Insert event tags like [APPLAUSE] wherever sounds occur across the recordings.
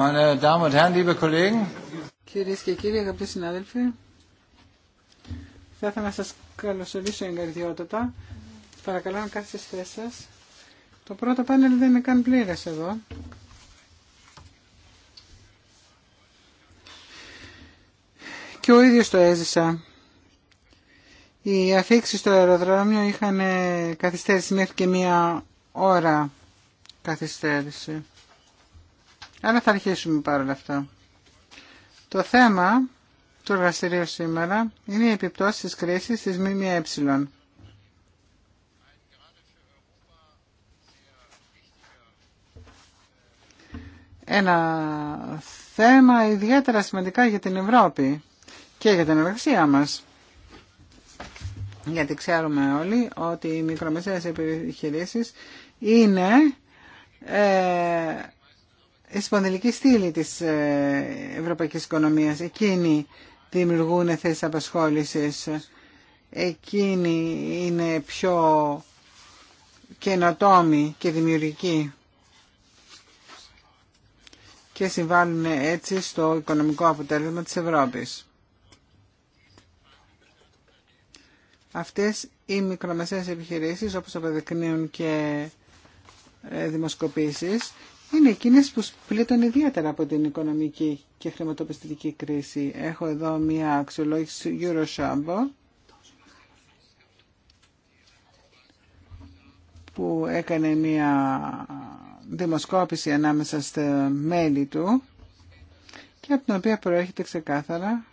Meine Κυρίες και κύριοι, αγαπητοί συνάδελφοι, θα ήθελα να σας καλωσορίσω εγκαρδιότατα. Παρακαλώ να κάτσετε στις θέσεις σας. Το πρώτο πάνελ δεν είναι καν πλήρες εδώ. Και ο ίδιος το έζησα. Οι αφήξεις στο αεροδρόμιο είχαν καθυστέρηση μέχρι και μία ώρα καθυστέρηση. Αλλά θα αρχίσουμε παρόλα αυτά. Το θέμα του εργαστηρίου σήμερα είναι η επιπτώσεις της κρίσης της ΜΜΕ. Ένα θέμα ιδιαίτερα σημαντικά για την Ευρώπη και για την εργασία μας. Γιατί ξέρουμε όλοι ότι οι μικρομεσαίες επιχειρήσεις είναι ε, σπονδυλική στήλη της ε, ευρωπαϊκής οικονομίας. Εκείνοι δημιουργούν θέσεις απασχόλησης. Εκείνοι είναι πιο καινοτόμοι και δημιουργικοί και συμβάλλουν έτσι στο οικονομικό αποτέλεσμα της Ευρώπης. Αυτές οι μικρομεσαίες επιχειρήσεις, όπως αποδεικνύουν και ε, δημοσκοπήσεις, είναι εκείνες που πλήττουν ιδιαίτερα από την οικονομική και χρηματοπιστωτική κρίση. Έχω εδώ μία αξιολόγηση Euroshambo που έκανε μία δημοσκόπηση ανάμεσα στα μέλη του και από την οποία προέρχεται ξεκάθαρα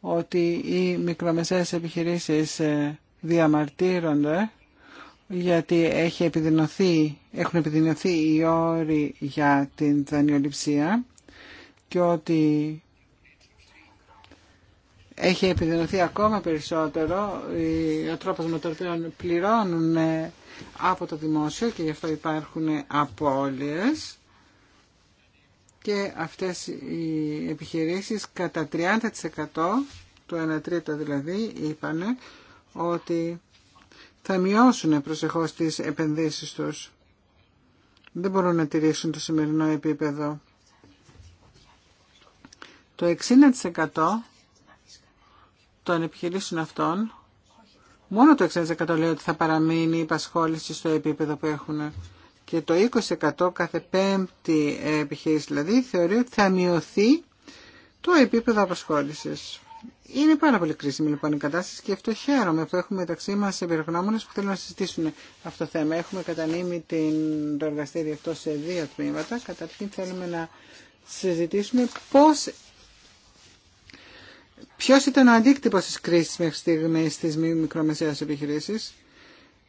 ότι οι μικρομεσαίες επιχειρήσεις ε, διαμαρτύρονται γιατί έχει επιδεινωθεί, έχουν επιδεινωθεί οι όροι για την δανειοληψία και ότι έχει επιδεινωθεί ακόμα περισσότερο οι τρόπος με τον οποίο πληρώνουν ε, από το δημόσιο και γι' αυτό υπάρχουν απώλειες και αυτές οι επιχειρήσεις κατά 30% το 1 τρίτο δηλαδή είπανε ότι θα μειώσουν προσεχώς τις επενδύσεις τους. Δεν μπορούν να τηρήσουν το σημερινό επίπεδο. Το 60% των επιχειρήσεων αυτών, μόνο το 60% λέει ότι θα παραμείνει η απασχόληση στο επίπεδο που έχουν. Και το 20% κάθε πέμπτη επιχείρηση δηλαδή θεωρεί ότι θα μειωθεί το επίπεδο απασχόλησης. Είναι πάρα πολύ κρίσιμη λοιπόν η κατάσταση και αυτό χαίρομαι που έχουμε μεταξύ μα εμπειρογνώμονε που θέλουν να συζητήσουν αυτό το θέμα. Έχουμε κατανείμει την, το εργαστήριο αυτό σε δύο τμήματα. Καταρχήν θέλουμε να συζητήσουμε πώ. Ποιο ήταν ο αντίκτυπο τη κρίση μέχρι στιγμή στι μικρομεσαίε επιχειρήσει.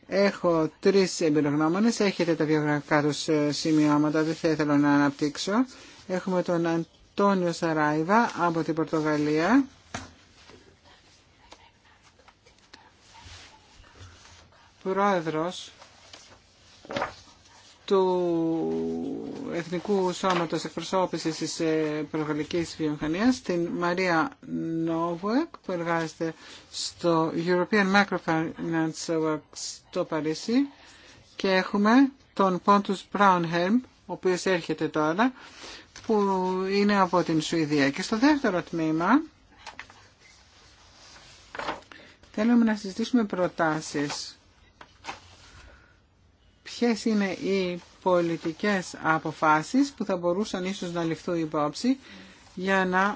Έχω τρει εμπειρογνώμονε. Έχετε τα βιογραφικά του ε, σημειώματα, δεν θα ήθελα να αναπτύξω. Έχουμε τον Αντώνιο Σαράιβα από την Πορτογαλία πρόεδρος του Εθνικού Σώματος Εκπροσώπησης της ε, Προγαλλικής Βιομηχανίας, την Μαρία Νόβουεκ, που εργάζεται στο European Microfinance Works στο Παρίσι. Και έχουμε τον Πόντους Μπράουνχερμ, ο οποίος έρχεται τώρα, που είναι από την Σουηδία. Και στο δεύτερο τμήμα θέλουμε να συζητήσουμε προτάσεις ποιες είναι οι πολιτικές αποφάσεις που θα μπορούσαν ίσως να ληφθούν υπόψη για να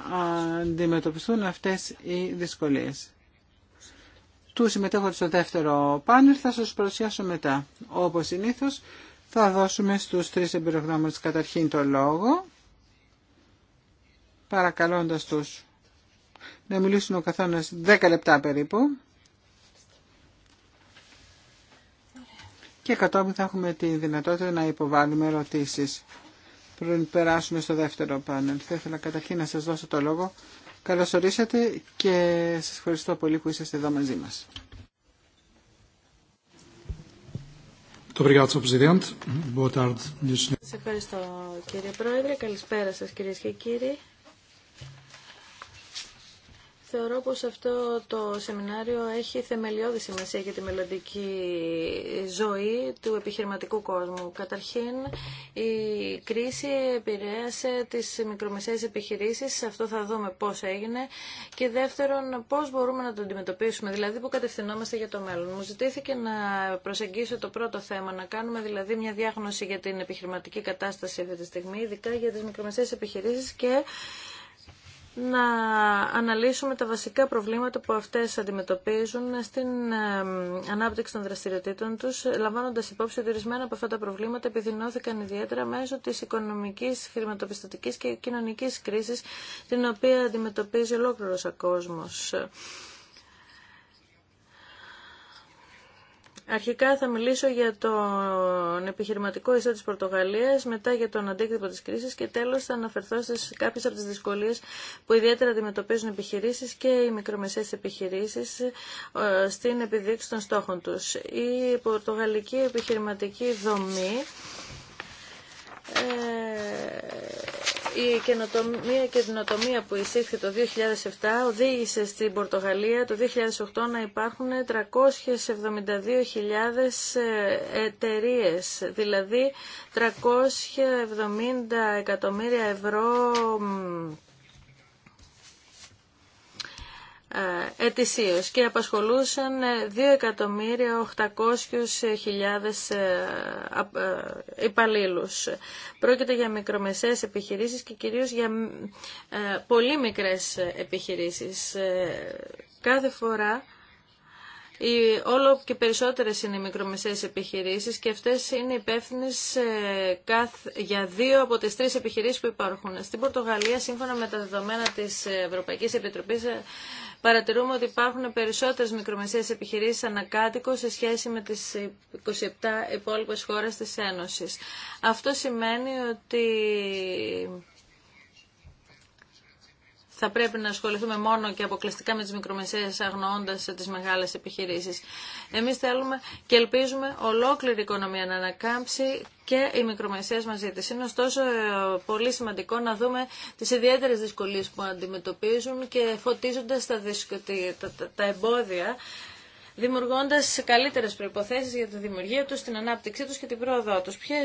αντιμετωπιστούν αυτές οι δυσκολίες. Του συμμετέχοντες στο δεύτερο πάνελ θα σας παρουσιάσω μετά. Όπως συνήθως θα δώσουμε στους τρεις εμπειρογνώμονες καταρχήν το λόγο, παρακαλώντας τους να μιλήσουν ο καθένας 10 λεπτά περίπου και κατόπιν θα έχουμε τη δυνατότητα να υποβάλουμε ερωτήσεις. Πριν περάσουμε στο δεύτερο πάνελ, θα ήθελα καταρχήν να σας δώσω το λόγο. Καλώς ορίσατε και σας ευχαριστώ πολύ που είσαστε εδώ μαζί μας. Σας ευχαριστώ κύριε Πρόεδρε, καλησπέρα σας κυρίες και κύριοι. Θεωρώ πως αυτό το σεμινάριο έχει θεμελιώδη σημασία για τη μελλοντική ζωή του επιχειρηματικού κόσμου. Καταρχήν, η κρίση επηρέασε τις μικρομεσαίες επιχειρήσεις, αυτό θα δούμε πώς έγινε. Και δεύτερον, πώς μπορούμε να το αντιμετωπίσουμε, δηλαδή που κατευθυνόμαστε για το μέλλον. Μου ζητήθηκε να προσεγγίσω το πρώτο θέμα, να κάνουμε δηλαδή μια διάγνωση για την επιχειρηματική κατάσταση αυτή τη στιγμή, ειδικά για τις μικρομεσαίες επιχειρήσεις και να αναλύσουμε τα βασικά προβλήματα που αυτές αντιμετωπίζουν στην ανάπτυξη των δραστηριοτήτων τους, λαμβάνοντας υπόψη ότι ορισμένα από αυτά τα προβλήματα επιδεινώθηκαν ιδιαίτερα μέσω της οικονομικής, χρηματοπιστωτικής και κοινωνικής κρίσης, την οποία αντιμετωπίζει ολόκληρος ο κόσμος. Αρχικά θα μιλήσω για τον επιχειρηματικό ιστό της Πορτογαλίας, μετά για τον αντίκτυπο της κρίσης και τέλος θα αναφερθώ σε κάποιες από τις δυσκολίες που ιδιαίτερα αντιμετωπίζουν επιχειρήσεις και οι μικρομεσαίες επιχειρήσεις ε, στην επιδείξη των στόχων τους. Η πορτογαλική επιχειρηματική δομή ε, η καινοτομία και την που εισήχθη το 2007 οδήγησε στην Πορτογαλία το 2008 να υπάρχουν 372.000 ε, εταιρείε, δηλαδή 370 εκατομμύρια ευρώ ετησίως και απασχολούσαν 2.800.000 ε, ε, ε, υπαλλήλους. Πρόκειται για μικρομεσαίες επιχειρήσεις και κυρίως για πολύ μικρές επιχειρήσεις. Κάθε φορά όλο και περισσότερες είναι οι μικρομεσαίες επιχειρήσεις και αυτές είναι υπεύθυνε ε, για δύο από τις τρεις επιχειρήσεις που υπάρχουν. Στην Πορτογαλία, σύμφωνα με τα δεδομένα της Ευρωπαϊκής Επιτροπής, ε, παρατηρούμε ότι υπάρχουν περισσότερες μικρομεσαίες επιχειρήσεις ανακάτοικο σε σχέση με τις 27 υπόλοιπες χώρες της Ένωσης. Αυτό σημαίνει ότι θα πρέπει να ασχοληθούμε μόνο και αποκλειστικά με τις μικρομεσαίες αγνοώντας τις μεγάλες επιχειρήσεις. Εμείς θέλουμε και ελπίζουμε ολόκληρη η οικονομία να ανακάμψει και οι μικρομεσαίες μαζί της. Είναι ωστόσο ε, πολύ σημαντικό να δούμε τις ιδιαίτερες δυσκολίες που αντιμετωπίζουν και φωτίζοντας τα, τα, τα εμπόδια Δημιουργώντα καλύτερε προποθέσει για τη δημιουργία του, την ανάπτυξή του και την πρόοδό του. Ποιο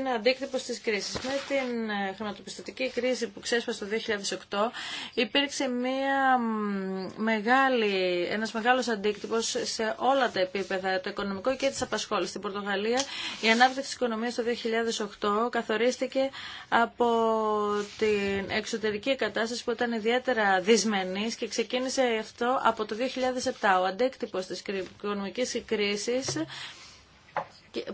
είναι ο αντίκτυπος της κρίσης. Με την ε, χρηματοπιστωτική κρίση που ξέσπασε το 2008 υπήρξε μια μεγάλη, ένας μεγάλος αντίκτυπος σε όλα τα επίπεδα, το οικονομικό και της απασχόλησης. Στην Πορτογαλία η ανάπτυξη της οικονομίας το 2008 καθορίστηκε από την εξωτερική κατάσταση που ήταν ιδιαίτερα δυσμενής και ξεκίνησε αυτό από το 2007. Ο αντίκτυπος οικονομικής κρίσης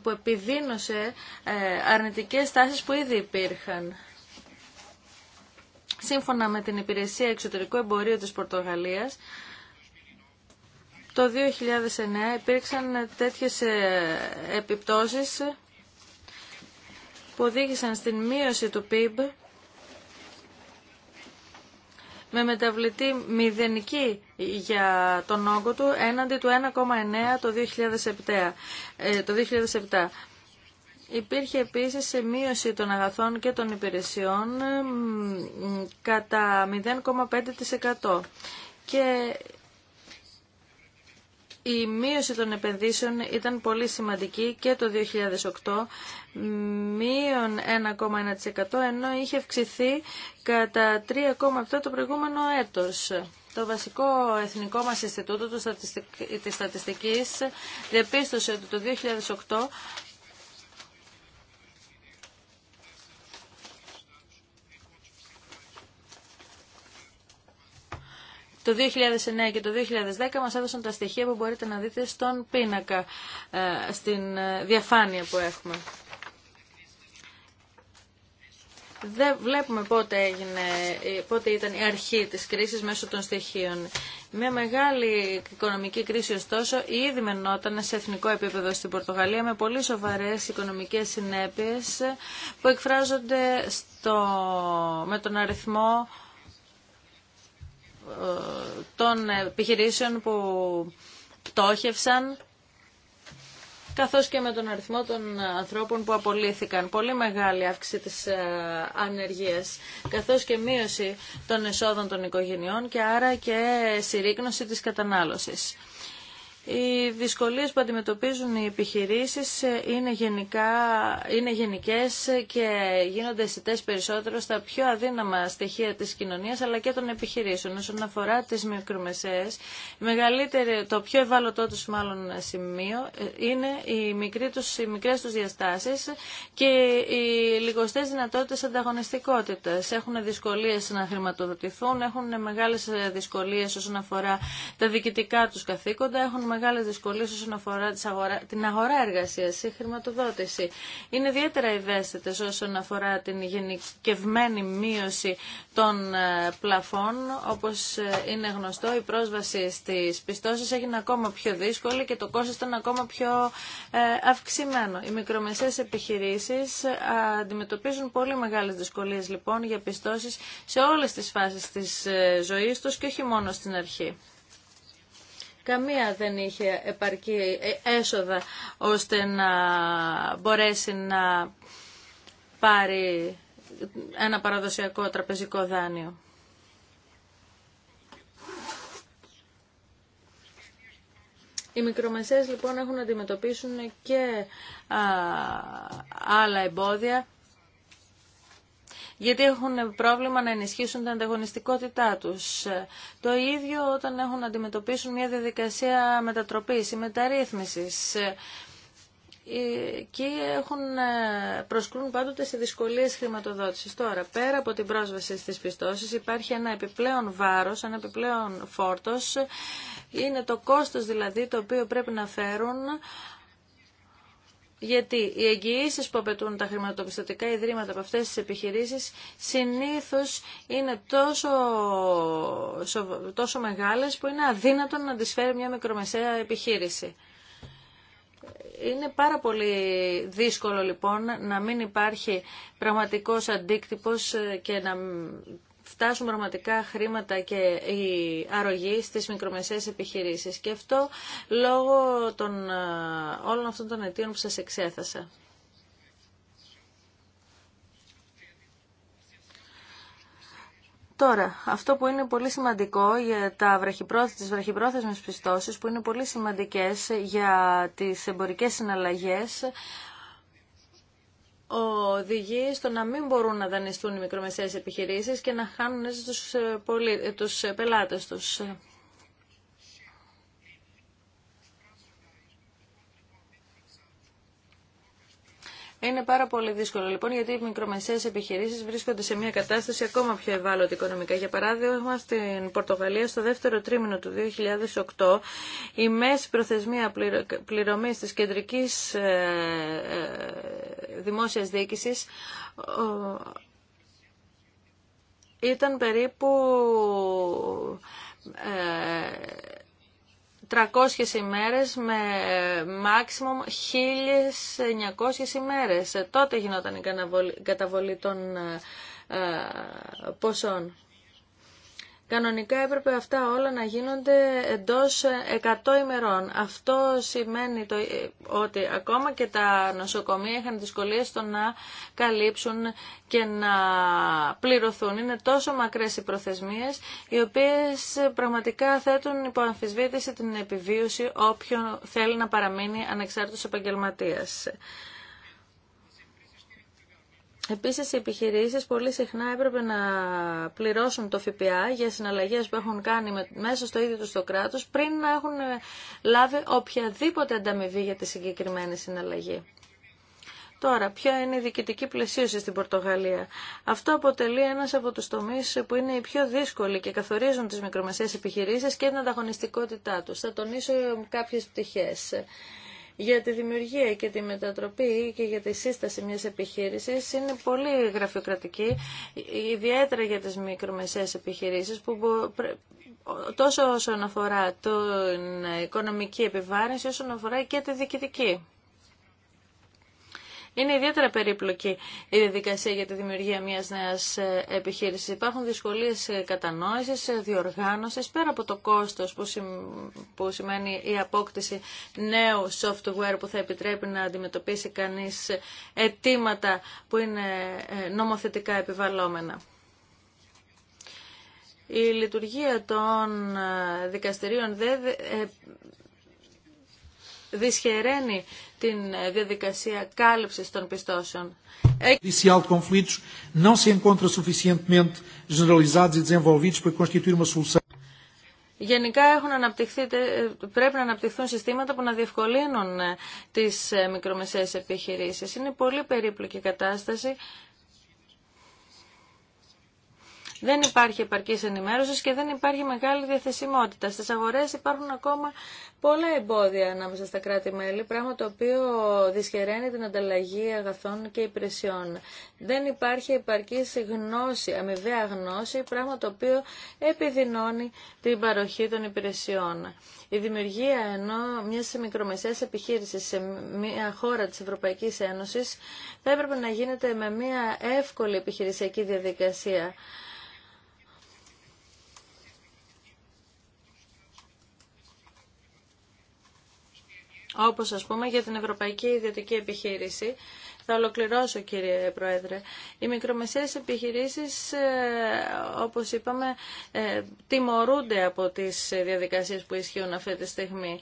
που επιδίνωσε ε, αρνητικές τάσεις που ήδη υπήρχαν. Σύμφωνα με την Υπηρεσία Εξωτερικού Εμπορίου της Πορτογαλίας, το 2009 υπήρξαν τέτοιες ε, επιπτώσεις που οδήγησαν στην μείωση του PIB με μεταβλητή μηδενική για τον όγκο του έναντι του 1,9 το 2007. Ε, το 2007. Υπήρχε επίσης σε μείωση των αγαθών και των υπηρεσιών κατά 0,5% και η μείωση των επενδύσεων ήταν πολύ σημαντική και το 2008, μείον 1,1% ενώ είχε αυξηθεί κατά 3,7% το προηγούμενο έτος. Το βασικό εθνικό μας Ινστιτούτο της Στατιστικής διαπίστωσε ότι το 2008 το 2009 και το 2010 μας έδωσαν τα στοιχεία που μπορείτε να δείτε στον πίνακα, ε, στην ε, διαφάνεια που έχουμε. Δεν βλέπουμε πότε, έγινε, ε, πότε ήταν η αρχή της κρίσης μέσω των στοιχείων. Μια μεγάλη οικονομική κρίση ωστόσο ήδη μενόταν σε εθνικό επίπεδο στην Πορτογαλία με πολύ σοβαρές οικονομικές συνέπειες που εκφράζονται στο, με τον αριθμό των επιχειρήσεων που πτώχευσαν καθώς και με τον αριθμό των ανθρώπων που απολύθηκαν. Πολύ μεγάλη αύξηση της ε, ανεργίας, καθώς και μείωση των εσόδων των οικογενειών και άρα και συρρήκνωση της κατανάλωσης. Οι δυσκολίες που αντιμετωπίζουν οι επιχειρήσεις ε, είναι, γενικά, είναι γενικές και γίνονται αισθητέ περισσότερο στα πιο αδύναμα στοιχεία της κοινωνίας αλλά και των επιχειρήσεων. Όσον αφορά τις μικρομεσαίες, το πιο ευάλωτό τους μάλλον σημείο ε, είναι οι, μικροί τους, οι μικρές τους διαστάσεις και οι λιγοστές δυνατότητες ανταγωνιστικότητας. Έχουν δυσκολίες να χρηματοδοτηθούν, έχουν μεγάλες δυσκολίες όσον αφορά τα διοικητικά τους καθήκοντα, έχουν μεγάλε δυσκολίε όσον αφορά την αγορά εργασία ή χρηματοδότηση. Είναι ιδιαίτερα ευαίσθητε όσον αφορά την γενικευμένη μείωση των ε, πλαφών. Όπω ε, είναι γνωστό, η πρόσβαση στι πιστώσει έγινε ακόμα πιο δύσκολη και το κόστο ήταν ακόμα πιο ε, αυξημένο. Οι μικρομεσαίε επιχειρήσει αντιμετωπίζουν πολύ μεγάλε δυσκολίε λοιπόν για πιστώσει σε όλε τι φάσει τη ζωή του και όχι μόνο στην αρχή καμία δεν είχε επαρκή έσοδα ώστε να μπορέσει να πάρει ένα παραδοσιακό τραπεζικό δάνειο. Οι μικρομεσαίες λοιπόν έχουν να αντιμετωπίσουν και άλλα εμπόδια γιατί έχουν πρόβλημα να ενισχύσουν την ανταγωνιστικότητά τους. Το ίδιο όταν έχουν να αντιμετωπίσουν μια διαδικασία μετατροπής ή μεταρρύθμισης ε, και έχουν, ε, προσκρούν πάντοτε σε δυσκολίες χρηματοδότησης. Τώρα, πέρα από την πρόσβαση στις πιστώσεις υπάρχει ένα επιπλέον βάρος, ένα επιπλέον φόρτος, είναι το κόστος δηλαδή το οποίο πρέπει να φέρουν γιατί οι εγγυήσει που απαιτούν τα χρηματοπιστωτικά ιδρύματα από αυτές τις επιχειρήσεις συνήθως είναι τόσο, τόσο μεγάλες που είναι αδύνατον να τι φέρει μια μικρομεσαία επιχείρηση. Είναι πάρα πολύ δύσκολο λοιπόν να μην υπάρχει πραγματικός αντίκτυπος και να φτάσουν πραγματικά χρήματα και η αρρωγή στις μικρομεσαίες επιχειρήσεις. Και αυτό λόγω των, όλων αυτών των αιτίων που σας εξέθασα. Τώρα, αυτό που είναι πολύ σημαντικό για τα βραχυπρόθεσμες, τις βραχυπρόθεσμες πιστώσεις, που είναι πολύ σημαντικές για τις εμπορικές συναλλαγές, οδηγεί στο να μην μπορούν να δανειστούν οι μικρομεσαίες επιχειρήσεις και να χάνουν τους, ε, πολι... Ε, τους πελάτες τους. Είναι πάρα πολύ δύσκολο λοιπόν γιατί οι μικρομεσαίες επιχειρήσεις βρίσκονται σε μια κατάσταση ακόμα πιο ευάλωτη οικονομικά. Για παράδειγμα στην Πορτογαλία στο δεύτερο τρίμηνο του 2008 η μέση προθεσμία πληρωμής της κεντρικής ε, ε, δημόσιας διοίκησης ήταν περίπου ε, 300 ημέρες με ε, maximum 1900 ημέρες. Ε, τότε γινόταν η καταβολή των ε, ποσών. Κανονικά έπρεπε αυτά όλα να γίνονται εντός 100 ημερών. Αυτό σημαίνει το, ε, ότι ακόμα και τα νοσοκομεία είχαν δυσκολίες στο να καλύψουν και να πληρωθούν. Είναι τόσο μακρές οι προθεσμίες, οι οποίες πραγματικά θέτουν υπό αμφισβήτηση την επιβίωση όποιον θέλει να παραμείνει ανεξάρτητος επαγγελματίας. Επίσης οι επιχειρήσεις πολύ συχνά έπρεπε να πληρώσουν το ΦΠΑ για συναλλαγές που έχουν κάνει μέσα στο ίδιο τους το κράτος πριν να έχουν ε, λάβει οποιαδήποτε ανταμοιβή για τη συγκεκριμένη συναλλαγή. Τώρα, ποια είναι η διοικητική πλαισίωση στην Πορτογαλία. Αυτό αποτελεί ένα από του τομεί που είναι οι πιο δύσκολοι και καθορίζουν τι μικρομεσαίες επιχειρήσει και την ανταγωνιστικότητά του. Θα τονίσω κάποιε πτυχέ για τη δημιουργία και τη μετατροπή και για τη σύσταση μιας επιχείρησης είναι πολύ γραφειοκρατική, ιδιαίτερα για τις μικρομεσαίες επιχειρήσεις που τόσο όσον αφορά την οικονομική επιβάρυνση, όσον αφορά και τη διοικητική. Είναι ιδιαίτερα περίπλοκη η διαδικασία για τη δημιουργία μια νέα ε, επιχείρηση. Υπάρχουν δυσκολίε κατανόηση, ε, διοργάνωση, πέρα από το κόστο που σημαίνει η απόκτηση νέου software που θα επιτρέπει να αντιμετωπίσει κανεί ε, αιτήματα που είναι νομοθετικά επιβαλλόμενα. Η λειτουργία των δικαστηρίων δεν δυσχεραίνει την ε, διαδικασία κάλυψης των πιστώσεων. Ε, Judicial de conflitos não se encontra suficientemente generalizados e desenvolvidos para constituir uma solução. Γενικά έχουν αναπτυχθεί, ε, πρέπει να αναπτυχθούν συστήματα που να διευκολύνουν τις μικρομεσαίες επιχειρήσεις. Είναι πολύ περίπλοκη κατάσταση δεν υπάρχει επαρκή ενημέρωση και δεν υπάρχει μεγάλη διαθεσιμότητα. Στι αγορέ υπάρχουν ακόμα πολλά εμπόδια ανάμεσα στα κράτη-μέλη, πράγμα το οποίο δυσχεραίνει την ανταλλαγή αγαθών και υπηρεσιών. Δεν υπάρχει επαρκής γνώση, αμοιβαία γνώση, πράγμα το οποίο επιδεινώνει την παροχή των υπηρεσιών. Η δημιουργία ενώ μια μικρομεσαία επιχείρηση σε μια χώρα τη Ευρωπαϊκή Ένωση θα έπρεπε να γίνεται με μια εύκολη επιχειρησιακή διαδικασία. όπως ας πούμε για την Ευρωπαϊκή Ιδιωτική Επιχείρηση. Θα ολοκληρώσω κύριε Πρόεδρε. Οι μικρομεσαίες επιχειρήσεις, ε, όπως είπαμε, ε, τιμωρούνται από τις διαδικασίες που ισχύουν αυτή τη στιγμή.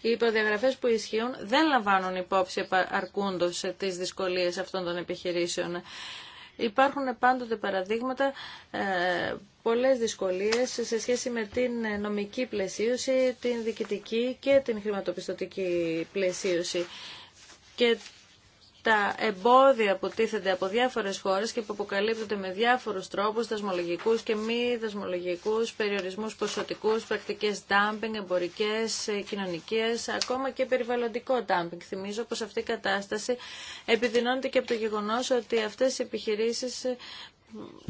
Οι προδιαγραφές που ισχύουν δεν λαμβάνουν υπόψη αρκούντως τις δυσκολίες αυτών των επιχειρήσεων. Υπάρχουν πάντοτε παραδείγματα ε, πολλές δυσκολίες σε σχέση με την νομική πλαισίωση, την διοικητική και την χρηματοπιστωτική πλαισίωση. Και τα εμπόδια που τίθενται από διάφορες χώρες και που αποκαλύπτονται με διάφορους τρόπους, δασμολογικούς και μη δασμολογικούς, περιορισμούς ποσοτικούς, πρακτικές dumping, εμπορικές, κοινωνικές, ακόμα και περιβαλλοντικό dumping. Θυμίζω πως αυτή η κατάσταση επιδεινώνεται και από το γεγονός ότι αυτές οι επιχειρήσεις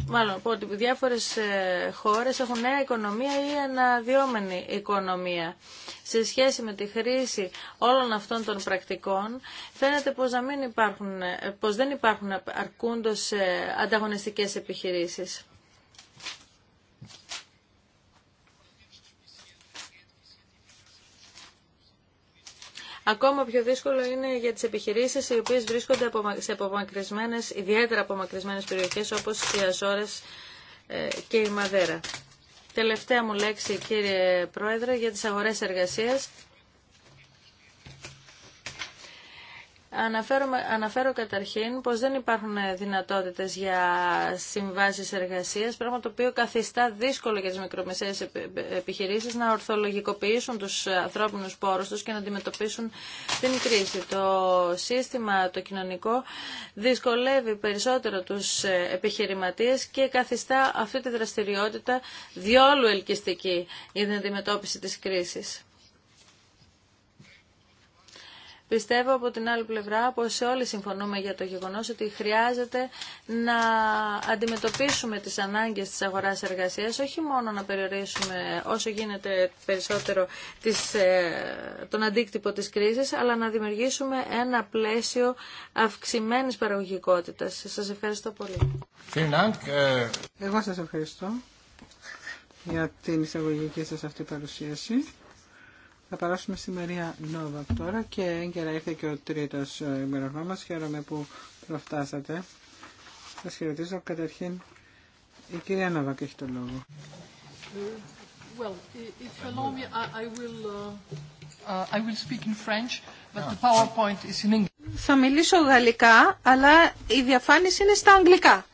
μάλλον πω ότι διάφορες ε, χώρες έχουν νέα οικονομία ή αναδυόμενη οικονομία. Σε σχέση με τη χρήση όλων αυτών των πρακτικών, φαίνεται πως, ε, πως δεν υπάρχουν αρκούντως ε, ανταγωνιστικές επιχειρήσεις. Ακόμα πιο δύσκολο είναι για τις επιχειρήσεις οι οποίες βρίσκονται σε απομακρυσμένες, ιδιαίτερα απομακρυσμένες περιοχές όπως οι Αζόρες ε, και η Μαδέρα. Τελευταία μου λέξη κύριε Πρόεδρε για τις αγορές εργασίας. Αναφέρω, καταρχήν πως δεν υπάρχουν δυνατότητες για συμβάσεις εργασίας, πράγμα το οποίο καθιστά δύσκολο για τις μικρομεσαίες επιχειρήσεις να ορθολογικοποιήσουν τους ανθρώπινους πόρους τους και να αντιμετωπίσουν την κρίση. Το σύστημα το κοινωνικό δυσκολεύει περισσότερο τους επιχειρηματίες και καθιστά αυτή τη δραστηριότητα διόλου ελκυστική για την αντιμετώπιση της κρίσης. Πιστεύω από την άλλη πλευρά πως όλοι συμφωνούμε για το γεγονός ότι χρειάζεται να αντιμετωπίσουμε τις ανάγκες της αγοράς εργασίας, όχι μόνο να περιορίσουμε όσο γίνεται περισσότερο ε, τον αντίκτυπο της κρίσης, αλλά να δημιουργήσουμε ένα πλαίσιο αυξημένης παραγωγικότητας. Σας ευχαριστώ πολύ. Εγώ σας ευχαριστώ για την εισαγωγική σας αυτή παρουσίαση. Θα περάσουμε στη Μαρία Νόβα τώρα και έγκαιρα ήρθε και ο τρίτος ημερογνώμα μας. Χαίρομαι που προφτάσατε. Σα χαιρετίζω καταρχήν η κυρία Νόβα και έχει το λόγο. Θα μιλήσω γαλλικά, αλλά η διαφάνιση είναι στα αγγλικά,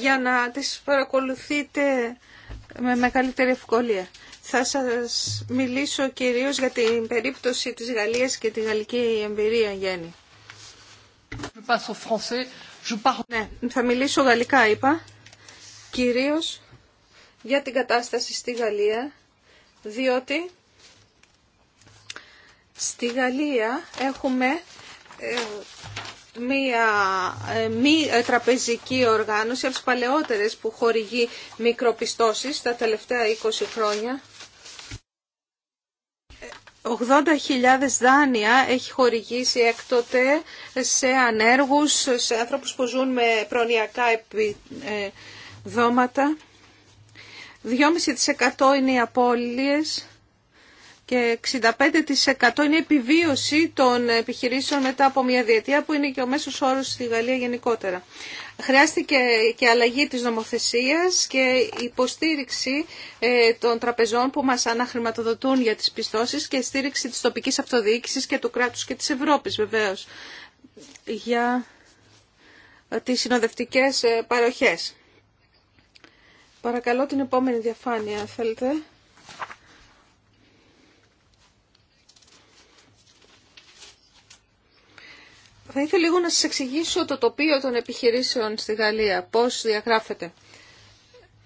για να τις παρακολουθείτε με μεγαλύτερη ευκολία. Θα σας μιλήσω κυρίως για την περίπτωση της Γαλλίας και τη γαλλική εμπειρία γέννη. Ναι, θα μιλήσω γαλλικά είπα, κυρίως για την κατάσταση στη Γαλλία, διότι στη Γαλλία έχουμε ε, μία ε, μη ε, τραπεζική οργάνωση από τις παλαιότερες που χορηγεί μικροπιστώσεις τα τελευταία 20 χρόνια 80.000 δάνεια έχει χορηγήσει έκτοτε σε ανέργους, σε άνθρωπους που ζουν με προνοιακά επιδόματα. Ε, 2,5% είναι οι απώλειες και 65% είναι η επιβίωση των επιχειρήσεων μετά από μια διετία που είναι και ο μέσος όρος στη Γαλλία γενικότερα. Χρειάστηκε και αλλαγή της νομοθεσίας και υποστήριξη ε, των τραπεζών που μας αναχρηματοδοτούν για τις πιστώσεις και στήριξη της τοπικής αυτοδιοίκησης και του κράτους και της Ευρώπης βεβαίως για ε, τις συνοδευτικές ε, παροχές. Παρακαλώ την επόμενη διαφάνεια, θέλετε. Θα ήθελα λίγο να σας εξηγήσω το τοπίο των επιχειρήσεων στη Γαλλία, πώς διαγράφεται.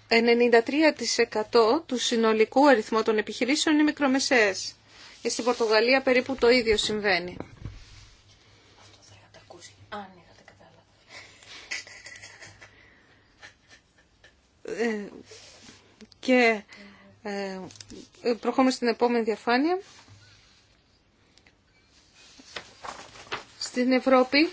93% του συνολικού αριθμού των επιχειρήσεων είναι μικρομεσαίες. Και στην Πορτογαλία περίπου το ίδιο συμβαίνει. Ε, και ε, προχώμε στην επόμενη διαφάνεια. στην Ευρώπη.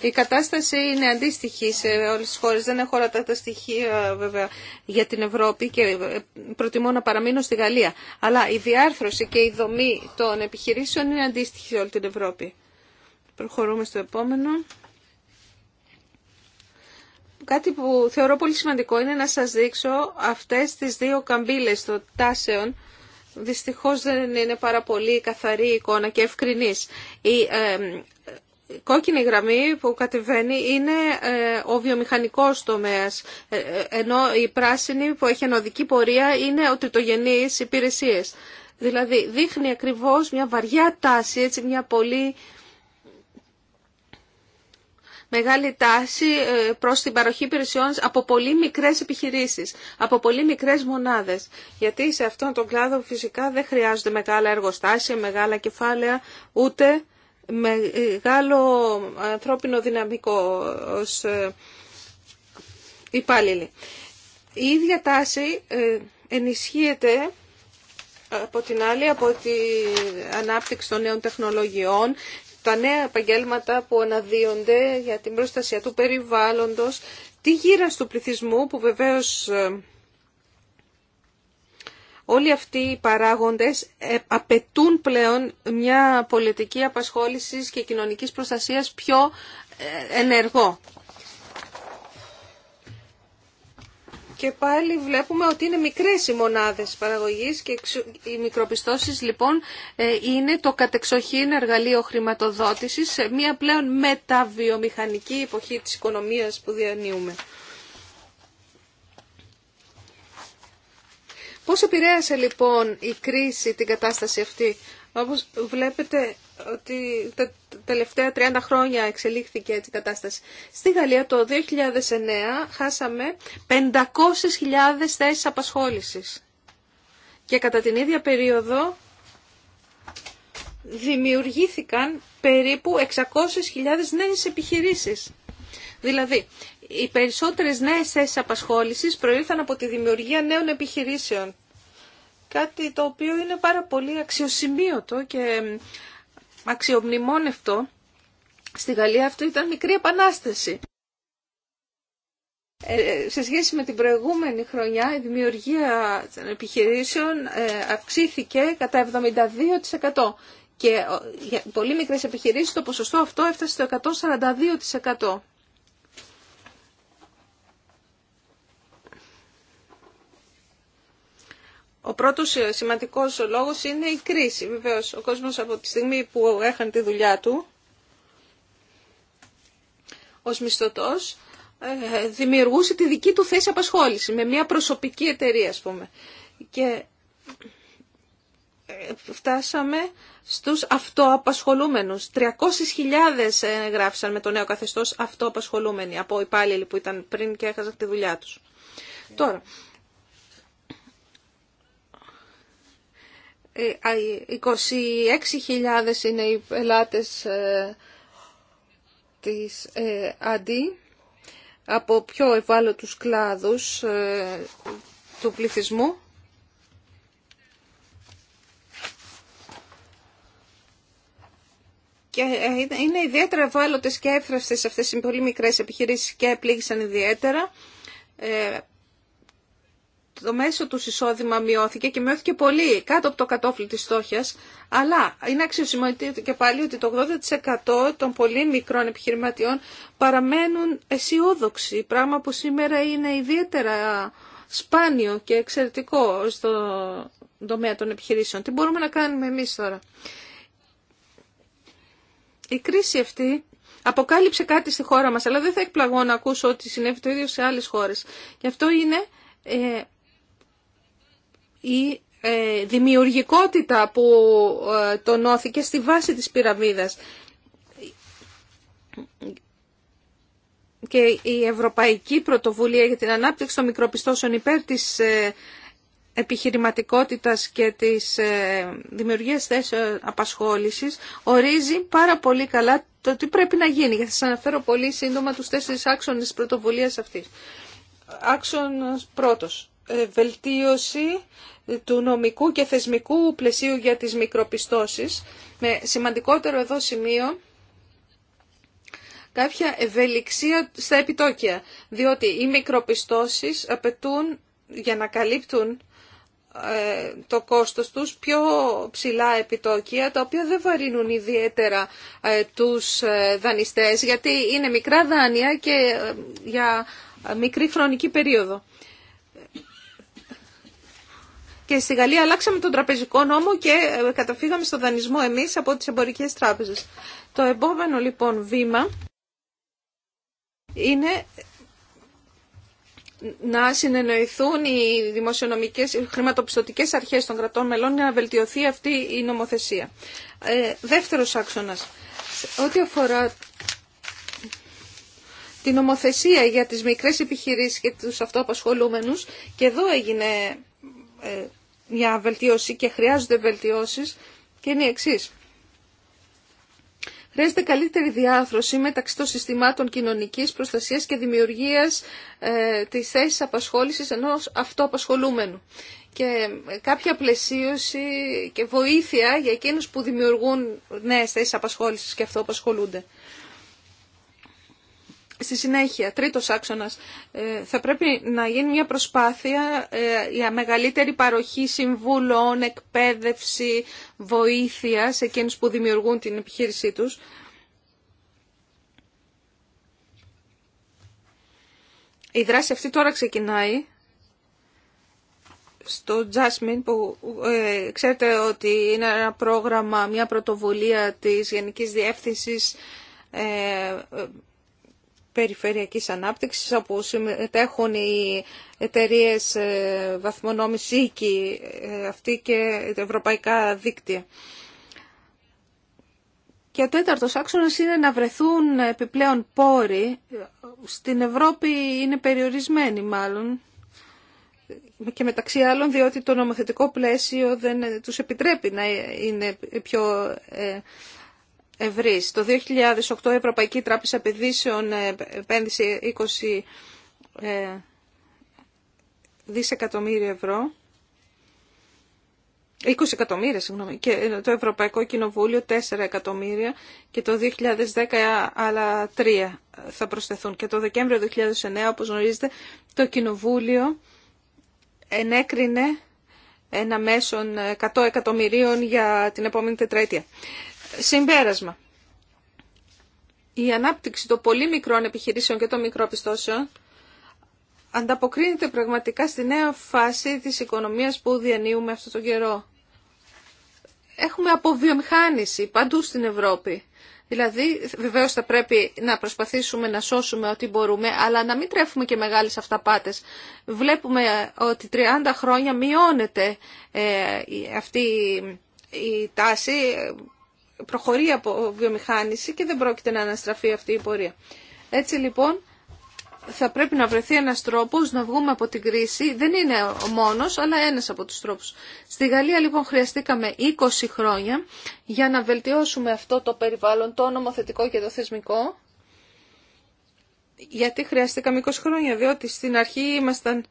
Η κατάσταση είναι αντίστοιχη σε όλες τις χώρες. Δεν έχω όλα τα στοιχεία βέβαια για την Ευρώπη και ε, προτιμώ να παραμείνω στη Γαλλία. Αλλά η διάρθρωση και η δομή των επιχειρήσεων είναι αντίστοιχη σε όλη την Ευρώπη. Προχωρούμε στο επόμενο. Κάτι που θεωρώ πολύ σημαντικό είναι να σας δείξω αυτές τις δύο καμπύλες των τάσεων Δυστυχώς δεν είναι πάρα πολύ καθαρή εικόνα και ευκρινής. Η ε, κόκκινη γραμμή που κατεβαίνει είναι ε, ο βιομηχανικός τομέας, ε, ενώ η πράσινη που έχει ενωδική πορεία είναι ο τριτογενής υπηρεσίες. Δηλαδή δείχνει ακριβώς μια βαριά τάση, έτσι μια πολύ μεγάλη τάση ε, προς την παροχή υπηρεσιών από πολύ μικρές επιχειρήσεις, από πολύ μικρές μονάδες. Γιατί σε αυτόν τον κλάδο φυσικά δεν χρειάζονται μεγάλα εργοστάσια, μεγάλα κεφάλαια, ούτε μεγάλο ανθρώπινο δυναμικό ως ε, υπάλληλοι. Η ίδια τάση ε, ενισχύεται από την άλλη από την ανάπτυξη των νέων τεχνολογιών τα νέα επαγγέλματα που αναδύονται για την προστασία του περιβάλλοντος, τη γύρα του πληθυσμού που βεβαίως ε, όλοι αυτοί οι παράγοντες ε, απαιτούν πλέον μια πολιτική απασχόλησης και κοινωνικής προστασίας πιο ε, ενεργό. Και πάλι βλέπουμε ότι είναι μικρές οι μονάδες παραγωγής και οι μικροπιστώσεις λοιπόν ε, είναι το κατεξοχήν εργαλείο χρηματοδότησης σε μια πλέον μεταβιομηχανική εποχή της οικονομίας που διανύουμε. Πώς επηρέασε λοιπόν η κρίση την κατάσταση αυτή. Όπως βλέπετε ότι τα τελευταία 30 χρόνια εξελίχθηκε έτσι η κατάσταση. Στη Γαλλία το 2009 χάσαμε 500.000 θέσεις απασχόλησης. Και κατά την ίδια περίοδο δημιουργήθηκαν περίπου 600.000 νέες επιχειρήσεις. Δηλαδή, οι περισσότερες νέες θέσεις απασχόλησης προήλθαν από τη δημιουργία νέων επιχειρήσεων. Κάτι το οποίο είναι πάρα πολύ αξιοσημείωτο και αξιομνημόνευτο, στη Γαλλία αυτό ήταν μικρή επανάσταση. Ε, ε, σε σχέση με την προηγούμενη χρονιά η δημιουργία των επιχειρήσεων ε, αυξήθηκε κατά 72% και ε, για πολύ μικρές επιχειρήσεις το ποσοστό αυτό έφτασε στο 142%. Ο πρώτος σημαντικός λόγος είναι η κρίση. Βεβαίω, ο κόσμος από τη στιγμή που έχανε τη δουλειά του ως μισθωτό, ε, δημιουργούσε τη δική του θέση απασχόληση με μια προσωπική εταιρεία, ας πούμε. Και ε, φτάσαμε στους αυτοαπασχολούμενους. 300.000 ε, γράφησαν με το νέο καθεστώς αυτοαπασχολούμενοι από υπάλληλοι που ήταν πριν και έχαζαν τη δουλειά τους. Τώρα, 26.000 ε, είναι οι πελάτες ε, της ε, ΑΝΤΙ από πιο ευάλωτους κλάδους του πληθυσμού. Και είναι ιδιαίτερα ευάλωτες και έφραυστες αυτές οι πολύ μικρές επιχειρήσεις και πλήγησαν ιδιαίτερα το μέσο του εισόδημα μειώθηκε και μειώθηκε πολύ κάτω από το κατόφλι της στόχιας, αλλά είναι αξιοσημωτή και πάλι ότι το 80% των πολύ μικρών επιχειρηματιών παραμένουν αισιόδοξοι, πράγμα που σήμερα είναι ιδιαίτερα σπάνιο και εξαιρετικό στον τομέα των επιχειρήσεων. Τι μπορούμε να κάνουμε εμείς τώρα. Η κρίση αυτή αποκάλυψε κάτι στη χώρα μας, αλλά δεν θα εκπλαγώ να ακούσω ότι συνέβη το ίδιο σε άλλες χώρες. γι' αυτό είναι ε, η ε, δημιουργικότητα που ε, τονώθηκε στη βάση της πυραμίδας. Και η Ευρωπαϊκή Πρωτοβουλία για την Ανάπτυξη των Μικροπιστώσεων υπέρ της ε, επιχειρηματικότητας και της δημιουργίας θέσεων απασχόλησης ορίζει πάρα πολύ καλά το τι πρέπει να γίνει. Θα σας αναφέρω πολύ σύντομα τους τέσσερις άξονες της πρωτοβουλίας αυτής. Άξονας πρώτος ε, βελτίωση του νομικού και θεσμικού πλαισίου για τις μικροπιστώσεις, με σημαντικότερο εδώ σημείο κάποια ευελιξία στα επιτόκια, διότι οι μικροπιστώσεις απαιτούν για να καλύπτουν ε, το κόστος τους πιο ψηλά επιτόκια, τα οποία δεν βαρύνουν ιδιαίτερα ε, τους δανειστές, γιατί είναι μικρά δάνεια και για μικρή χρονική περίοδο και στη Γαλλία αλλάξαμε τον τραπεζικό νόμο και ε, καταφύγαμε στο δανεισμό εμείς από τις εμπορικές τράπεζες. Το επόμενο λοιπόν βήμα είναι να συνεννοηθούν οι δημοσιονομικές, οι χρηματοπιστωτικές αρχές των κρατών μελών για να βελτιωθεί αυτή η νομοθεσία. Ε, δεύτερος άξονας, ό,τι αφορά την νομοθεσία για τις μικρές επιχειρήσεις και τους αυτοαπασχολούμενους, και εδώ έγινε ε, μια βελτίωση και χρειάζονται βελτιώσεις και είναι η εξής. Χρειάζεται καλύτερη διάθρωση μεταξύ των συστημάτων κοινωνικής προστασίας και δημιουργίας ε, της θέσης απασχόλησης ενός αυτοαπασχολούμενου. Και ε, κάποια πλαισίωση και βοήθεια για εκείνους που δημιουργούν νέες θέσεις απασχόλησης και αυτοαπασχολούνται. Στη συνέχεια, τρίτος άξονας, ε, θα πρέπει να γίνει μια προσπάθεια ε, για μεγαλύτερη παροχή συμβούλων, εκπαίδευση, βοήθεια σε εκείνους που δημιουργούν την επιχείρησή τους. Η δράση αυτή τώρα ξεκινάει στο Jasmine που ε, ξέρετε ότι είναι ένα πρόγραμμα, μια πρωτοβουλία της Γενικής Διεύθυνσης περιφερειακής ανάπτυξης όπου συμμετέχουν οι εταιρείε βαθμονόμηση οίκη ε, αυτή και τα ευρωπαϊκά δίκτυα. Και ο τέταρτος άξονας είναι να βρεθούν επιπλέον πόροι. Στην Ευρώπη είναι περιορισμένοι μάλλον και μεταξύ άλλων διότι το νομοθετικό πλαίσιο δεν τους επιτρέπει να είναι πιο ε, το 2008 η Ευρωπαϊκή Τράπεζα Επενδύσεων ε, επένδυσε 20 ε, δισεκατομμύρια ευρώ. 20 εκατομμύρια, συγγνώμη, και ε, το Ευρωπαϊκό Κοινοβούλιο 4 εκατομμύρια και το 2010 ε, άλλα 3 θα προσθεθούν. Και το Δεκέμβριο 2009, όπως γνωρίζετε, το Κοινοβούλιο ενέκρινε ένα μέσον 100 εκατομμυρίων για την επόμενη τετραετία. Συμπέρασμα. Η ανάπτυξη των πολύ μικρών επιχειρήσεων και των μικροπιστώσεων ανταποκρίνεται πραγματικά στη νέα φάση της οικονομίας που διανύουμε αυτό τον καιρό. Έχουμε αποβιομηχάνηση παντού στην Ευρώπη. Δηλαδή, βεβαίως θα πρέπει να προσπαθήσουμε να σώσουμε ό,τι μπορούμε, αλλά να μην τρέφουμε και μεγάλες αυταπάτες. Βλέπουμε ότι 30 χρόνια μειώνεται ε, αυτή η τάση προχωρεί από βιομηχάνηση και δεν πρόκειται να αναστραφεί αυτή η πορεία. Έτσι λοιπόν θα πρέπει να βρεθεί ένας τρόπος να βγούμε από την κρίση. Δεν είναι ο μόνος, αλλά ένας από τους τρόπους. Στη Γαλλία λοιπόν χρειαστήκαμε 20 χρόνια για να βελτιώσουμε αυτό το περιβάλλον, το νομοθετικό και το θεσμικό. Γιατί χρειαστήκαμε 20 χρόνια, διότι στην αρχή ήμασταν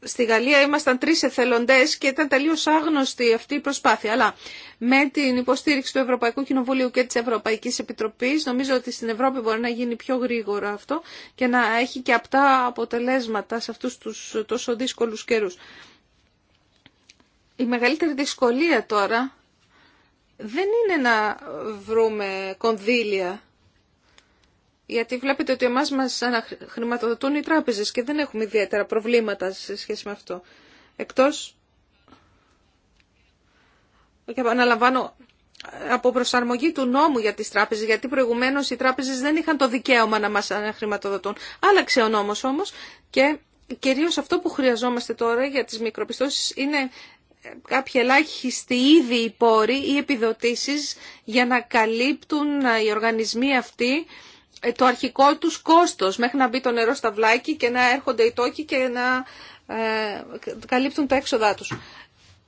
στη Γαλλία ήμασταν τρει εθελοντέ και ήταν τελείω άγνωστη αυτή η προσπάθεια. Αλλά με την υποστήριξη του Ευρωπαϊκού Κοινοβουλίου και της Ευρωπαϊκής Επιτροπής νομίζω ότι στην Ευρώπη μπορεί να γίνει πιο γρήγορα αυτό και να έχει και απτά αποτελέσματα σε αυτούς τους τόσο δύσκολους καιρού. Η μεγαλύτερη δυσκολία τώρα δεν είναι να βρούμε κονδύλια γιατί βλέπετε ότι εμάς μας χρηματοδοτούν οι τράπεζες και δεν έχουμε ιδιαίτερα προβλήματα σε σχέση με αυτό. Εκτός, και αναλαμβάνω, από προσαρμογή του νόμου για τις τράπεζες, γιατί προηγουμένως οι τράπεζες δεν είχαν το δικαίωμα να μας αναχρηματοδοτούν. Άλλαξε ο νόμος όμως και κυρίως αυτό που χρειαζόμαστε τώρα για τις μικροπιστώσεις είναι κάποιοι ελάχιστη ήδη οι πόροι ή επιδοτήσεις για να καλύπτουν οι οργανισμοί αυτοί ε, το αρχικό τους κόστος μέχρι να μπει το νερό στα βλάκι και να έρχονται οι τόκοι και να ε, καλύπτουν τα έξοδά τους.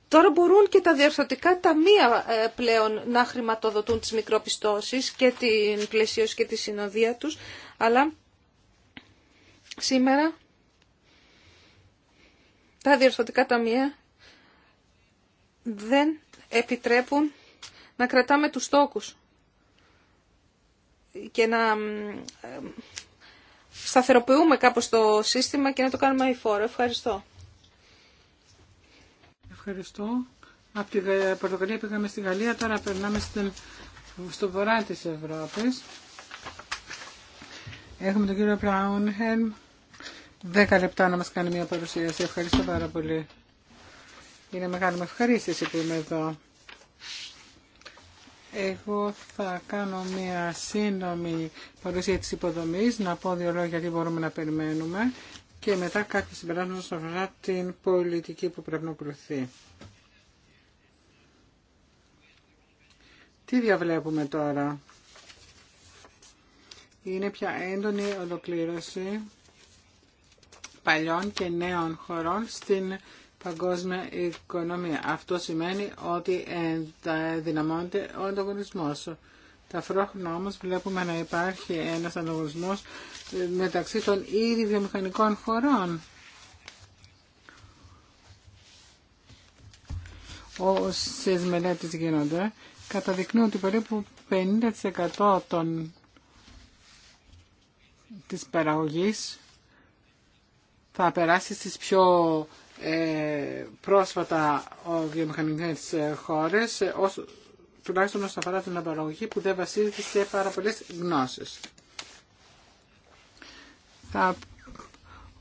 Τώρα μπορούν και τα διορθωτικά ταμεία ε, πλέον να χρηματοδοτούν τις μικροπιστώσεις και την πλαισίωση και τη συνοδεία τους, αλλά σήμερα τα διορθωτικά ταμεία δεν επιτρέπουν να κρατάμε τους τόκους και να σταθεροποιούμε κάπως το σύστημα και να το κάνουμε αηφόρο. Ευχαριστώ. Ευχαριστώ. Από την Πορτογαλία πήγαμε στη Γαλλία, τώρα περνάμε στην, στο βορρά της Ευρώπης. Έχουμε τον κύριο Πράουνχελμ. Δέκα λεπτά να μας κάνει μια παρουσίαση. Ευχαριστώ πάρα πολύ. Είναι μεγάλη μου ευχαρίστηση που είμαι εδώ. Εγώ θα κάνω μια σύντομη παρουσία της υποδομής, να πω δύο λόγια τι μπορούμε να περιμένουμε και μετά κάποια συμπεράσματα όσον αφορά την πολιτική που πρέπει να ακολουθεί. Τι διαβλέπουμε τώρα. Είναι πια έντονη ολοκλήρωση παλιών και νέων χωρών στην παγκόσμια οικονομία. Αυτό σημαίνει ότι ενδυναμώνεται ο ανταγωνισμό. Ταυτόχρονα όμω βλέπουμε να υπάρχει ένα ανταγωνισμό μεταξύ των ήδη βιομηχανικών χωρών. Όσε μελέτε γίνονται, καταδεικνύουν ότι περίπου 50% των, της παραγωγής θα περάσει στις πιο ε, πρόσφατα ο βιομηχανικές χώρες, ως, τουλάχιστον όσον αφορά την απαραγωγή που δεν βασίζεται σε πάρα πολλές γνώσεις. Θα,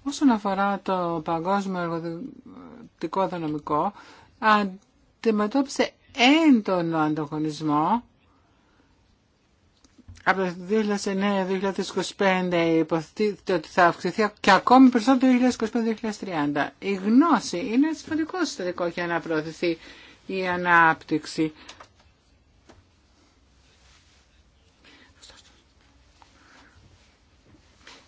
όσον αφορά το παγκόσμιο εργοδοτικό δυναμικό, αντιμετώπισε έντονο ανταγωνισμό από το 2009-2025 υποθέτει ότι θα αυξηθεί και ακόμη περισσότερο το 2025-2030. Η γνώση είναι σημαντικό συστατικό για να προωθηθεί η ανάπτυξη.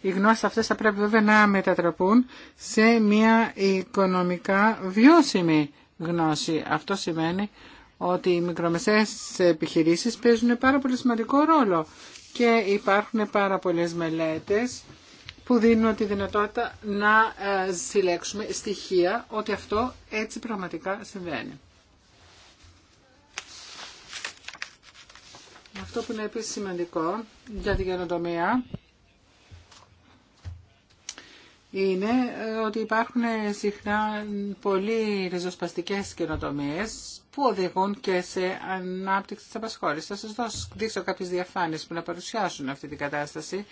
Οι γνώσεις αυτές θα πρέπει βέβαια να μετατραπούν σε μια οικονομικά βιώσιμη γνώση. Αυτό σημαίνει ότι οι μικρομεσαίες επιχειρήσεις παίζουν πάρα πολύ σημαντικό ρόλο και υπάρχουν πάρα πολλές μελέτες που δίνουν τη δυνατότητα να ε, συλλέξουμε στοιχεία ότι αυτό έτσι πραγματικά συμβαίνει. Αυτό που είναι επίσης σημαντικό για την καινοτομία είναι ε, ότι υπάρχουν συχνά πολύ ριζοσπαστικές καινοτομίες που οδηγούν και σε ανάπτυξη της απασχόλησης. Θα σας δείξω κάποιες διαφάνειες που να παρουσιάσουν αυτή την κατάσταση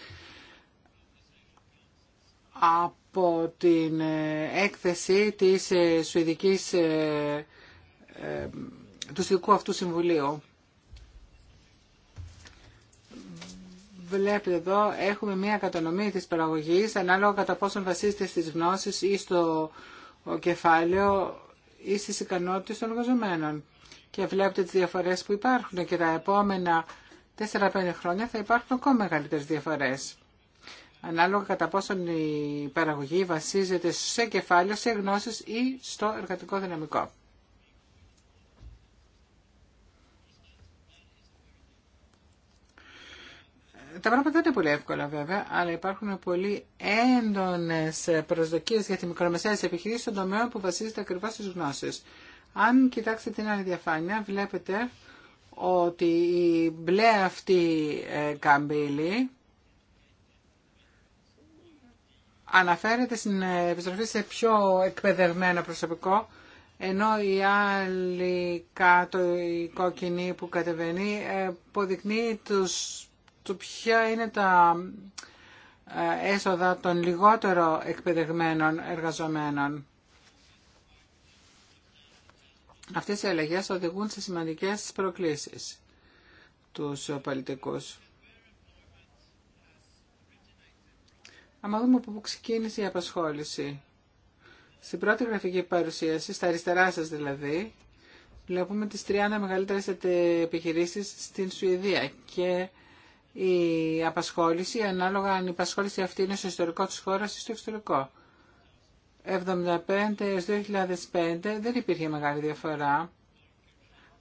από την ε, έκθεση της ε, Σουηδικής, ε, του Σουηδικού αυτού Συμβουλίου. Βλέπετε εδώ έχουμε μια κατανομή της παραγωγής ανάλογα κατά πόσον βασίζεται στις γνώσεις ή στο κεφάλαιο ή στις ικανότητες των εργαζομένων. Και βλέπετε τις διαφορές που υπάρχουν και τα επόμενα 4-5 χρόνια θα υπάρχουν ακόμα μεγαλύτερες διαφορές. Ανάλογα κατά πόσον η παραγωγή βασίζεται σε κεφάλαιο, σε γνώσεις ή στο εργατικό δυναμικό. Τα πράγματα δεν είναι πολύ εύκολα βέβαια, αλλά υπάρχουν πολύ έντονε προσδοκίε για τη μικρομεσαία επιχειρήση στον τομέα που βασίζεται ακριβώ στι γνώσει. Αν κοιτάξετε την άλλη διαφάνεια, βλέπετε ότι η μπλε αυτή ε, καμπύλη αναφέρεται στην ε, επιστροφή σε πιο εκπαιδευμένο προσωπικό, ενώ η άλλη κάτω η κόκκινη που κατεβαίνει ε, αποδεικνύει τους του ποια είναι τα ε, έσοδα των λιγότερο εκπαιδευμένων εργαζομένων. Αυτές οι αλλαγές οδηγούν σε σημαντικές προκλήσεις τους πολιτικούς. Άμα δούμε από πού ξεκίνησε η απασχόληση. Στην πρώτη γραφική παρουσίαση, στα αριστερά σας δηλαδή, βλέπουμε τις 30 μεγαλύτερες επιχειρήσεις στην Σουηδία και η απασχόληση, ανάλογα αν η απασχόληση αυτή είναι στο ιστορικό της χώρας ή στο εξωτερικό. 75 2005 δεν υπήρχε μεγάλη διαφορά,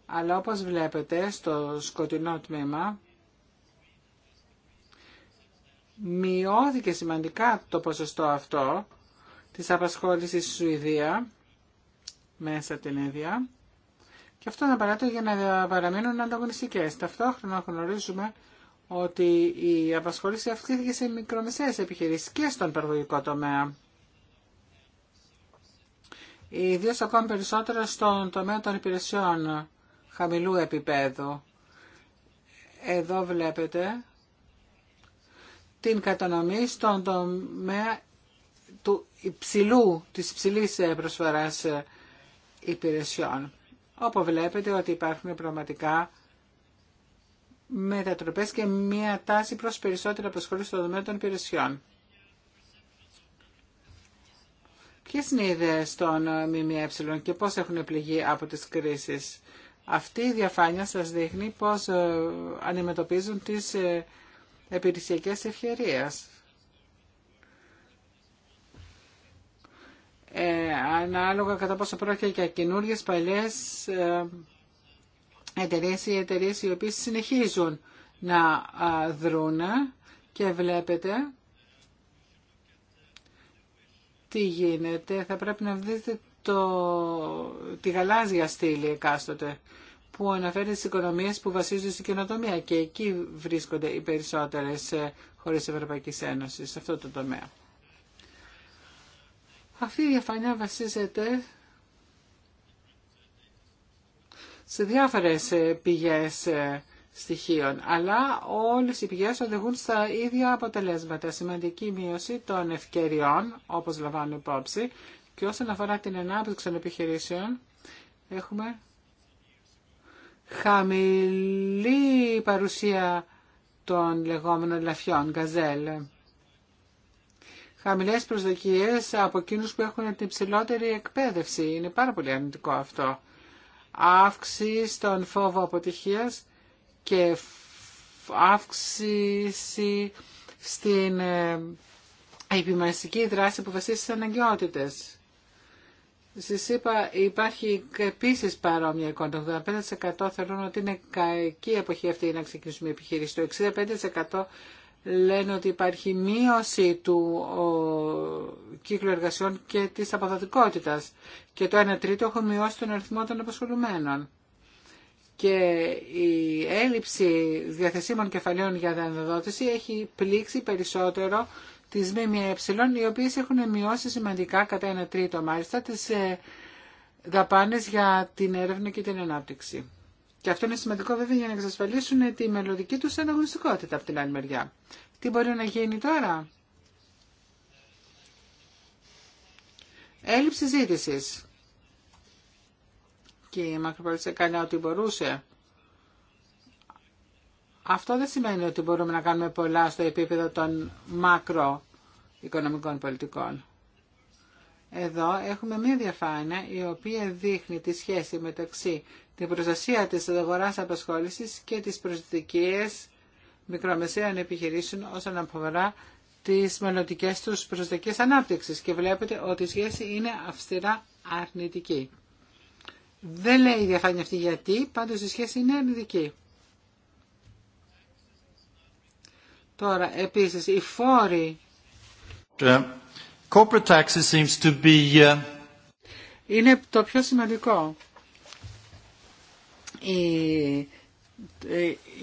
αλλά όπως βλέπετε στο σκοτεινό τμήμα, μειώθηκε σημαντικά το ποσοστό αυτό της απασχόλησης στη Σουηδία, μέσα την ίδια, και αυτό είναι απαραίτητο για να παραμείνουν ανταγωνιστικές. Ταυτόχρονα γνωρίζουμε ότι η απασχόληση αυξήθηκε σε μικρομεσαίες επιχειρήσεις και στον παραγωγικό τομέα. Ιδίω ακόμη περισσότερο στον τομέα των υπηρεσιών χαμηλού επίπεδου. Εδώ βλέπετε την κατανομή στον τομέα του υψηλού, της υψηλής ε, προσφοράς ε, υπηρεσιών. Όπου βλέπετε ότι υπάρχουν πραγματικά μετατροπές και μια τάση προς περισσότερη απασχόληση στο δομέα των υπηρεσιών. Ποιες είναι οι ιδέες των ΜΜΕ και πώς έχουν πληγεί από τις κρίσεις. Αυτή η διαφάνεια σας δείχνει πώς ε, αντιμετωπίζουν τις ε, επιρρησιακές ευκαιρίες. Ε, ανάλογα κατά πόσο πρόκειται για καινούριε παλιές ε, Εταιρείε ή εταιρείες οι οποίες συνεχίζουν να δρούν και βλέπετε τι γίνεται. Θα πρέπει να δείτε το, τη γαλάζια στήλη εκάστοτε που αναφέρει τις οικονομίες που βασίζονται στην καινοτομία και εκεί βρίσκονται οι περισσότερες ε, χώρες Ευρωπαϊκής Ένωσης, σε αυτό το τομέα. Αυτή η διαφάνεια βασίζεται σε διάφορες ε, πηγές ε, στοιχείων, αλλά όλες οι πηγές οδηγούν στα ίδια αποτελέσματα. Σημαντική μείωση των ευκαιριών, όπως λαμβάνω υπόψη, και όσον αφορά την ανάπτυξη των επιχειρήσεων, έχουμε χαμηλή παρουσία των λεγόμενων λαφιών, γκαζέλ. Χαμηλές προσδοκίες από εκείνους που έχουν την ψηλότερη εκπαίδευση. Είναι πάρα πολύ αρνητικό αυτό αύξηση στον φόβο αποτυχίας και αύξηση στην ε, επιμαστική δράση που βασίζεται στις αναγκαιότητες. Σα είπα υπάρχει επίση παρόμοια εικόνα. Το 85% θεωρούν ότι είναι κακή εποχή αυτή να ξεκινήσουμε επιχείρηση. Το 65% λένε ότι υπάρχει μείωση του κύκλου εργασιών και της αποδοτικότητας και το 1 τρίτο έχουν μειώσει τον αριθμό των απασχολουμένων. Και η έλλειψη διαθεσίμων κεφαλαίων για δανειοδότηση έχει πλήξει περισσότερο τις ΜΜΕ, οι οποίες έχουν μειώσει σημαντικά κατά ένα τρίτο μάλιστα τις ε, δαπάνες για την έρευνα και την ανάπτυξη. Και αυτό είναι σημαντικό βέβαια για να εξασφαλίσουν τη μελλοντική τους ανταγωνιστικότητα από την άλλη μεριά. Τι μπορεί να γίνει τώρα. Έλλειψη ζήτηση. Και η Μακροπολίτη έκανε ό,τι μπορούσε. Αυτό δεν σημαίνει ότι μπορούμε να κάνουμε πολλά στο επίπεδο των μακροοικονομικών πολιτικών. Εδώ έχουμε μία διαφάνεια η οποία δείχνει τη σχέση μεταξύ την προστασία της αγοράς απασχόλησης και τις προσδικίες μικρομεσαίων επιχειρήσεων όσον αφορά τις μελλοντικέ τους προσδικές ανάπτυξης και βλέπετε ότι η σχέση είναι αυστηρά αρνητική. Δεν λέει η διαφάνεια αυτή γιατί, πάντως η σχέση είναι αρνητική. Τώρα, επίσης, οι φόροι ε, Corporate seems to be... Uh, είναι το πιο σημαντικό. Οι,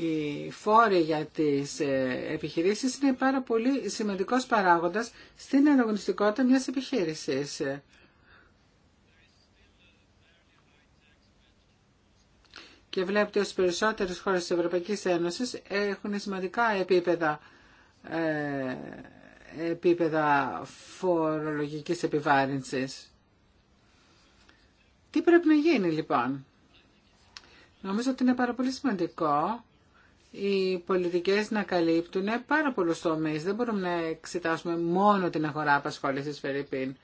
οι φόροι για τις ε, επιχειρήσεις είναι πάρα πολύ σημαντικός παράγοντας στην ανταγωνιστικότητα μιας επιχείρησης. Και βλέπετε ότι περισσότερες χώρες της Ευρωπαϊκής Ένωσης έχουν σημαντικά επίπεδα ε, επίπεδα φορολογικής επιβάρυνσης. Τι πρέπει να γίνει λοιπόν. Νομίζω ότι είναι πάρα πολύ σημαντικό οι πολιτικές να καλύπτουν πάρα πολλούς τομείς. Δεν μπορούμε να εξετάσουμε μόνο την αγορά απασχόλησης Φερρυπίν.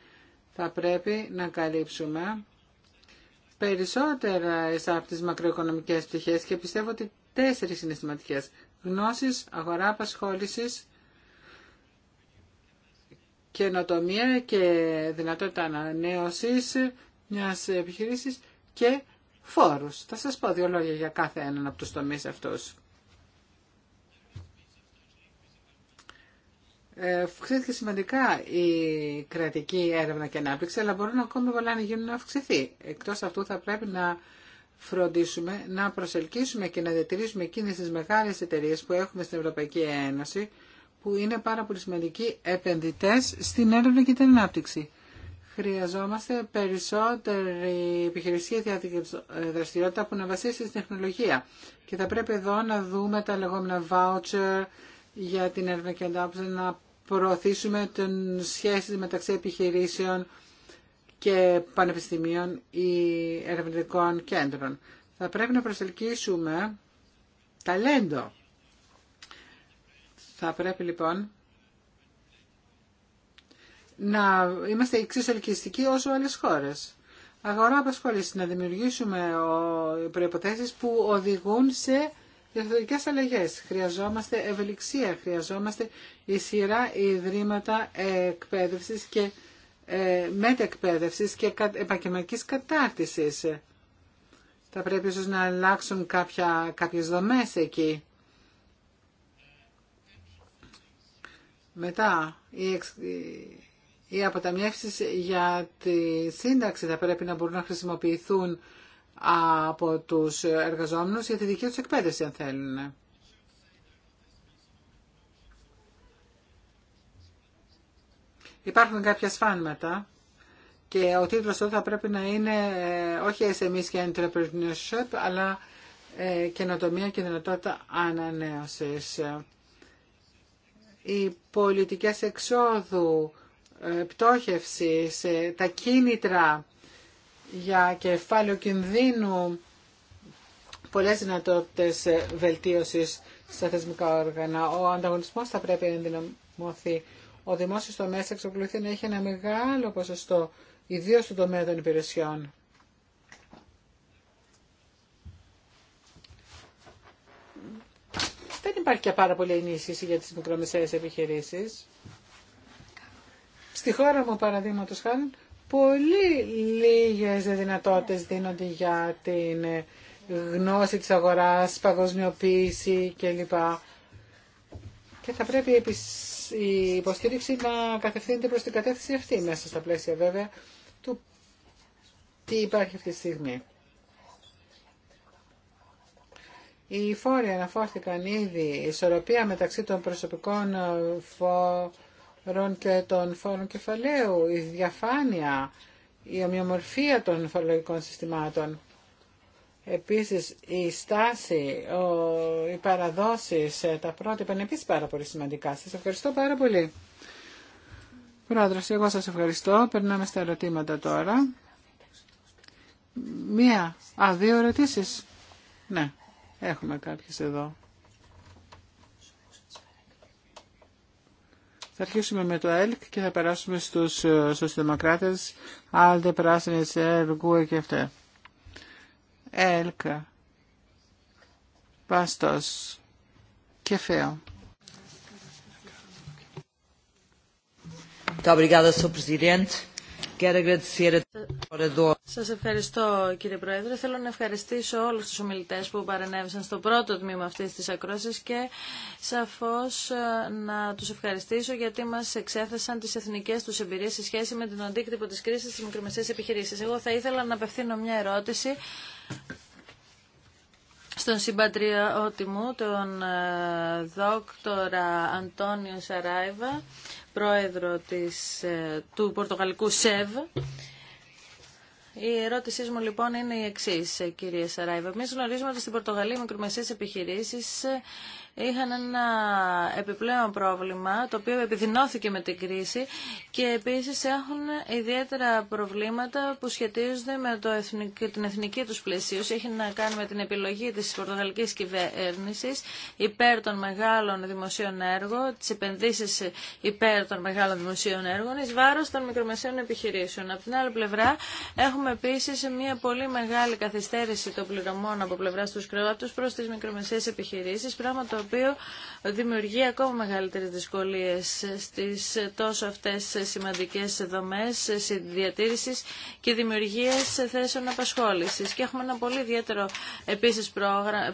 Θα πρέπει να καλύψουμε περισσότερα από τις μακροοικονομικές πτυχές και πιστεύω ότι τέσσερις είναι σημαντικές. Γνώσεις, αγορά απασχόλησης, καινοτομία και δυνατότητα ανανεωση μια επιχειρήση και φόρου. Θα σας πω δύο λόγια για κάθε έναν από τους τομείς αυτούς. Ε, αυξήθηκε σημαντικά η κρατική έρευνα και ανάπτυξη, αλλά μπορούν ακόμη πολλά να γίνουν να αυξηθεί. Εκτός αυτού θα πρέπει να φροντίσουμε, να προσελκύσουμε και να διατηρήσουμε εκείνες τις μεγάλες εταιρείες που έχουμε στην Ευρωπαϊκή Ένωση, που είναι πάρα πολύ σημαντικοί επενδυτές στην έρευνα και την ανάπτυξη. Χρειαζόμαστε περισσότερη επιχειρησιακή δραστηριότητα που να βασίσει στην τεχνολογία. Και θα πρέπει εδώ να δούμε τα λεγόμενα voucher για την έρευνα και ανάπτυξη, να προωθήσουμε την σχέση μεταξύ επιχειρήσεων και πανεπιστημίων ή ερευνητικών κέντρων. Θα πρέπει να προσελκύσουμε ταλέντο θα πρέπει λοιπόν να είμαστε εξή ελκυστικοί όσο άλλε χώρε. Αγορά απασχόληση, να δημιουργήσουμε προποθέσει που οδηγούν σε διαθετικέ αλλαγέ. Χρειαζόμαστε ευελιξία, χρειαζόμαστε ισχυρά ιδρύματα εκπαίδευση και ε, μετεκπαίδευση και επαγγελματική κατάρτιση. Θα πρέπει ίσω να αλλάξουν κάποιε δομέ εκεί. Μετά, οι, εξ, αποταμιεύσεις για τη σύνταξη θα πρέπει να μπορούν να χρησιμοποιηθούν από τους εργαζόμενους για τη δική τους εκπαίδευση, αν θέλουν. Υπάρχουν κάποια σφάλματα και ο τίτλος του θα πρέπει να είναι ε, όχι SMEs και entrepreneurship, αλλά ε, καινοτομία και δυνατότητα ανανέωσης οι πολιτικές εξόδου, ε, πτώχευση, τα κίνητρα για κεφάλαιο κινδύνου, πολλές δυνατότητες ε, βελτίωσης στα θεσμικά όργανα. Ο ανταγωνισμός θα πρέπει να ενδυναμωθεί. Ο δημόσιος τομέας εξακολουθεί να έχει ένα μεγάλο ποσοστό, ιδίως στον τομέα των υπηρεσιών. υπάρχει και πάρα πολύ ενίσχυση για τις μικρομεσαίες επιχειρήσεις. Στη χώρα μου, παραδείγματος χάρη, πολύ λίγες δυνατότητες δίνονται για την γνώση της αγοράς, παγκοσμιοποίηση κλπ. Και θα πρέπει η υποστήριξη να κατευθύνεται προς την κατεύθυνση αυτή μέσα στα πλαίσια βέβαια του τι υπάρχει αυτή τη στιγμή. Οι φόροι αναφόρθηκαν ήδη, η ισορροπία μεταξύ των προσωπικών ε, φόρων και των φόρων κεφαλαίου, η διαφάνεια, η ομοιομορφία των φορολογικών συστημάτων. Επίσης, η στάση, οι παραδόσεις, ε, τα πρότυπα είναι επίσης πάρα πολύ σημαντικά. Σας ευχαριστώ πάρα πολύ. Πρόεδρος, εγώ σας ευχαριστώ. Περνάμε στα ερωτήματα τώρα. Μία, α, δύο ερωτήσεις. Ναι. Έχουμε κάποιες εδώ. Θα αρχίσουμε με το ΕΛΚ και θα περάσουμε στους ε, σοσιαλδημοκράτες, Πράσινε, Πράσινες, εγώ και αυτά. ΕΛΚ, Πάστος και ΦΕΟ. Muito obrigada, Sr. Presidente. Σας ευχαριστώ κύριε Πρόεδρε. Θέλω να ευχαριστήσω όλους τους ομιλητές που παρενέβησαν στο πρώτο τμήμα αυτής της ακρόσης και σαφώς ε, να τους ευχαριστήσω γιατί μας εξέθεσαν τις εθνικές τους εμπειρίες σε σχέση με τον αντίκτυπο της κρίσης στις μικρομεσαίες επιχειρήσεις. Εγώ θα ήθελα να απευθύνω μια ερώτηση στον συμπατριώτη μου, τον ε, δόκτορα Αντώνιο Σαράιβα, πρόεδρο της, ε, του Πορτογαλικού ΣΕΒ. Η ερώτησή μου λοιπόν είναι η εξή, ε, κυρία Σαράιβα. Εμεί γνωρίζουμε ότι στην Πορτογαλία οι μικρομεσαίε επιχειρήσει ε, είχαν ένα επιπλέον πρόβλημα το οποίο επιδεινώθηκε με την κρίση και επίσης έχουν ιδιαίτερα προβλήματα που σχετίζονται με το την εθνική τους πλαισίωση. Έχει να κάνει με την επιλογή της πορτογαλικής κυβέρνησης υπέρ των μεγάλων δημοσίων έργων, τις επενδύσεις υπέρ των μεγάλων δημοσίων έργων εις βάρος των μικρομεσαίων επιχειρήσεων. Από την άλλη πλευρά έχουμε επίσης μια πολύ μεγάλη καθυστέρηση των πληρωμών από πλευρά του προς τις μικρομεσαίες επιχειρήσεις, πράγμα οποίο δημιουργεί ακόμα μεγαλύτερες δυσκολίες στις τόσο αυτές σημαντικές δομές διατήρησης και δημιουργίας θέσεων απασχόλησης. Και έχουμε ένα πολύ ιδιαίτερο επίσης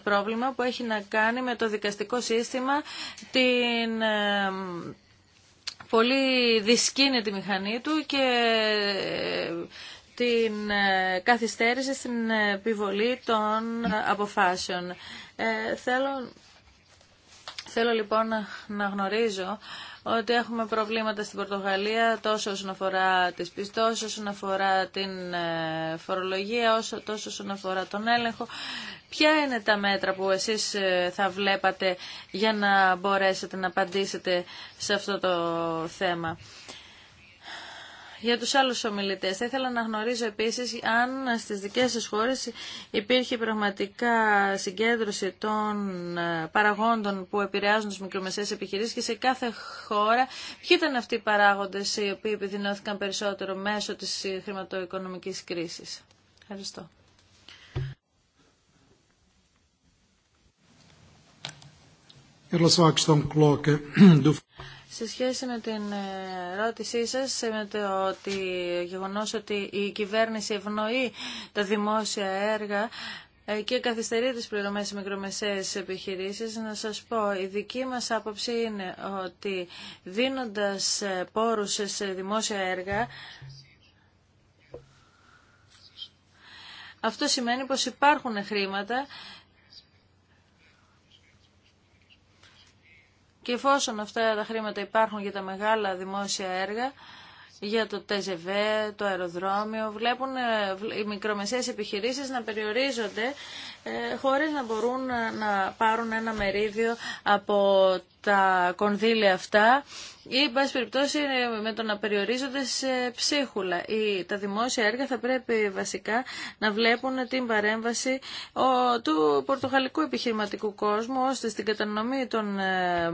πρόβλημα που έχει να κάνει με το δικαστικό σύστημα, την πολύ δυσκίνητη μηχανή του και την ε, καθυστέρηση στην επιβολή των ε, αποφάσεων. Ε, θέλω Θέλω λοιπόν να γνωρίζω ότι έχουμε προβλήματα στην Πορτογαλία τόσο όσον αφορά τις πιστώσεις, όσον αφορά την ε, φορολογία, όσο, τόσο όσον αφορά τον έλεγχο. Ποια είναι τα μέτρα που εσείς ε, θα βλέπατε για να μπορέσετε να απαντήσετε σε αυτό το θέμα για τους άλλους ομιλητές. Θα ήθελα να γνωρίζω επίσης αν στις δικές σας χώρες υπήρχε πραγματικά συγκέντρωση των ε, παραγόντων που επηρεάζουν τις μικρομεσαίες επιχειρήσεις και σε κάθε χώρα ποιοι ήταν αυτοί οι παράγοντες οι οποίοι επιδεινώθηκαν περισσότερο μέσω της χρηματοοικονομικής κρίσης. Ευχαριστώ. [CLEARS THROAT] σε σχέση με την ε, ερώτησή σας, με το ότι, γεγονός ότι η κυβέρνηση ευνοεί τα δημόσια έργα ε, και καθυστερεί τις πληρωμές σε μικρομεσαίες επιχειρήσεις, να σας πω, η δική μας άποψη είναι ότι δίνοντας ε, πόρους σε δημόσια έργα, αυτό σημαίνει πως υπάρχουν χρήματα Και εφόσον αυτά τα χρήματα υπάρχουν για τα μεγάλα δημόσια έργα, για το ΤΖΒ, το αεροδρόμιο, βλέπουν ε, οι μικρομεσαίες επιχειρήσεις να περιορίζονται ε, χωρίς να μπορούν να πάρουν ένα μερίδιο από τα κονδύλια αυτά ή, πάση περιπτώσει, με το να περιορίζονται σε ψίχουλα. τα δημόσια έργα θα πρέπει βασικά να βλέπουν την παρέμβαση του πορτογαλικού επιχειρηματικού κόσμου, ώστε στην κατανομή των ε,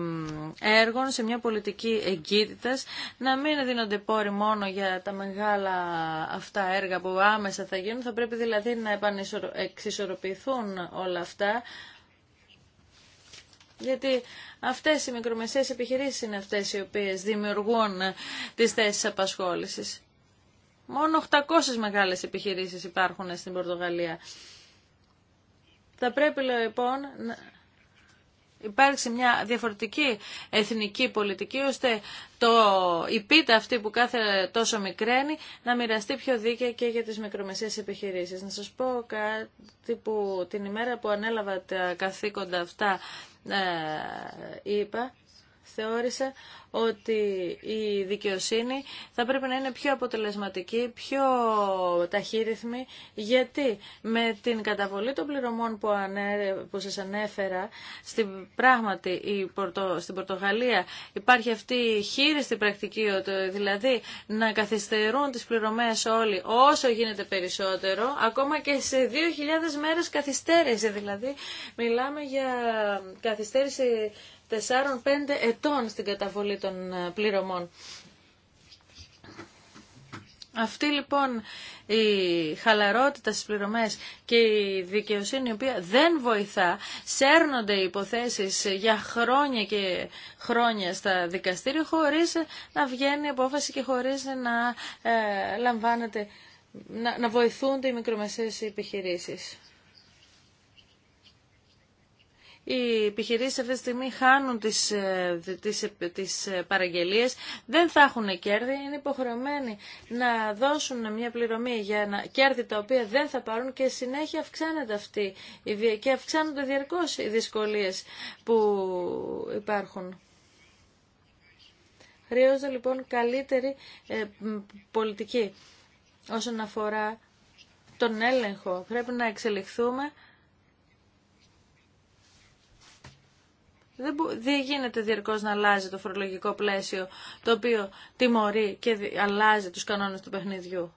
έργων σε μια πολιτική εγκύτητας να μην δίνονται πόροι μόνο για τα μεγάλα αυτά έργα που άμεσα θα γίνουν. Θα πρέπει δηλαδή να εξισορροπηθούν όλα αυτά γιατί αυτές οι μικρομεσαίες επιχειρήσεις είναι αυτές οι οποίες δημιουργούν τις θέσεις απασχόλησης. Μόνο 800 μεγάλες επιχειρήσεις υπάρχουν στην Πορτογαλία. Θα πρέπει λοιπόν υπάρξει μια διαφορετική εθνική πολιτική ώστε το, η πίτα αυτή που κάθε τόσο μικραίνει να μοιραστεί πιο δίκαια και για τις μικρομεσαίες επιχειρήσεις. Να σας πω κάτι που την ημέρα που ανέλαβα τα καθήκοντα αυτά ε, είπα θεώρησε ότι η δικαιοσύνη θα πρέπει να είναι πιο αποτελεσματική, πιο ταχύρυθμη, γιατί με την καταβολή των πληρωμών που, ανέ, που σας ανέφερα, στην, πράγματι η Πορτο, στην Πορτογαλία υπάρχει αυτή η χείριστη πρακτική, δηλαδή να καθυστερούν τις πληρωμές όλοι όσο γίνεται περισσότερο, ακόμα και σε 2.000 μέρες καθυστέρηση, δηλαδή μιλάμε για καθυστέρηση 4-5 ετών στην καταβολή των ε, πληρωμών. Αυτή λοιπόν η χαλαρότητα στις πληρωμές και η δικαιοσύνη η οποία δεν βοηθά, σέρνονται οι υποθέσεις για χρόνια και χρόνια στα δικαστήρια χωρίς να βγαίνει απόφαση και χωρίς να, ε, να, να βοηθούνται οι μικρομεσαίες επιχειρήσεις οι επιχειρήσεις αυτή τη στιγμή χάνουν τις, ε, τις, ε, ε, παραγγελίες, δεν θα έχουν κέρδη, είναι υποχρεωμένοι να δώσουν μια πληρωμή για κέρδη τα οποία δεν θα πάρουν και συνέχεια αυξάνεται αυτή και αυξάνονται διαρκώς οι δυσκολίες που υπάρχουν. Χρειάζεται λοιπόν καλύτερη πολιτική όσον αφορά τον έλεγχο. Πρέπει να εξελιχθούμε Δεν, δεν γίνεται διαρκώς να αλλάζει το φορολογικό πλαίσιο το οποίο τιμωρεί και αλλάζει τους κανόνες του παιχνιδιού.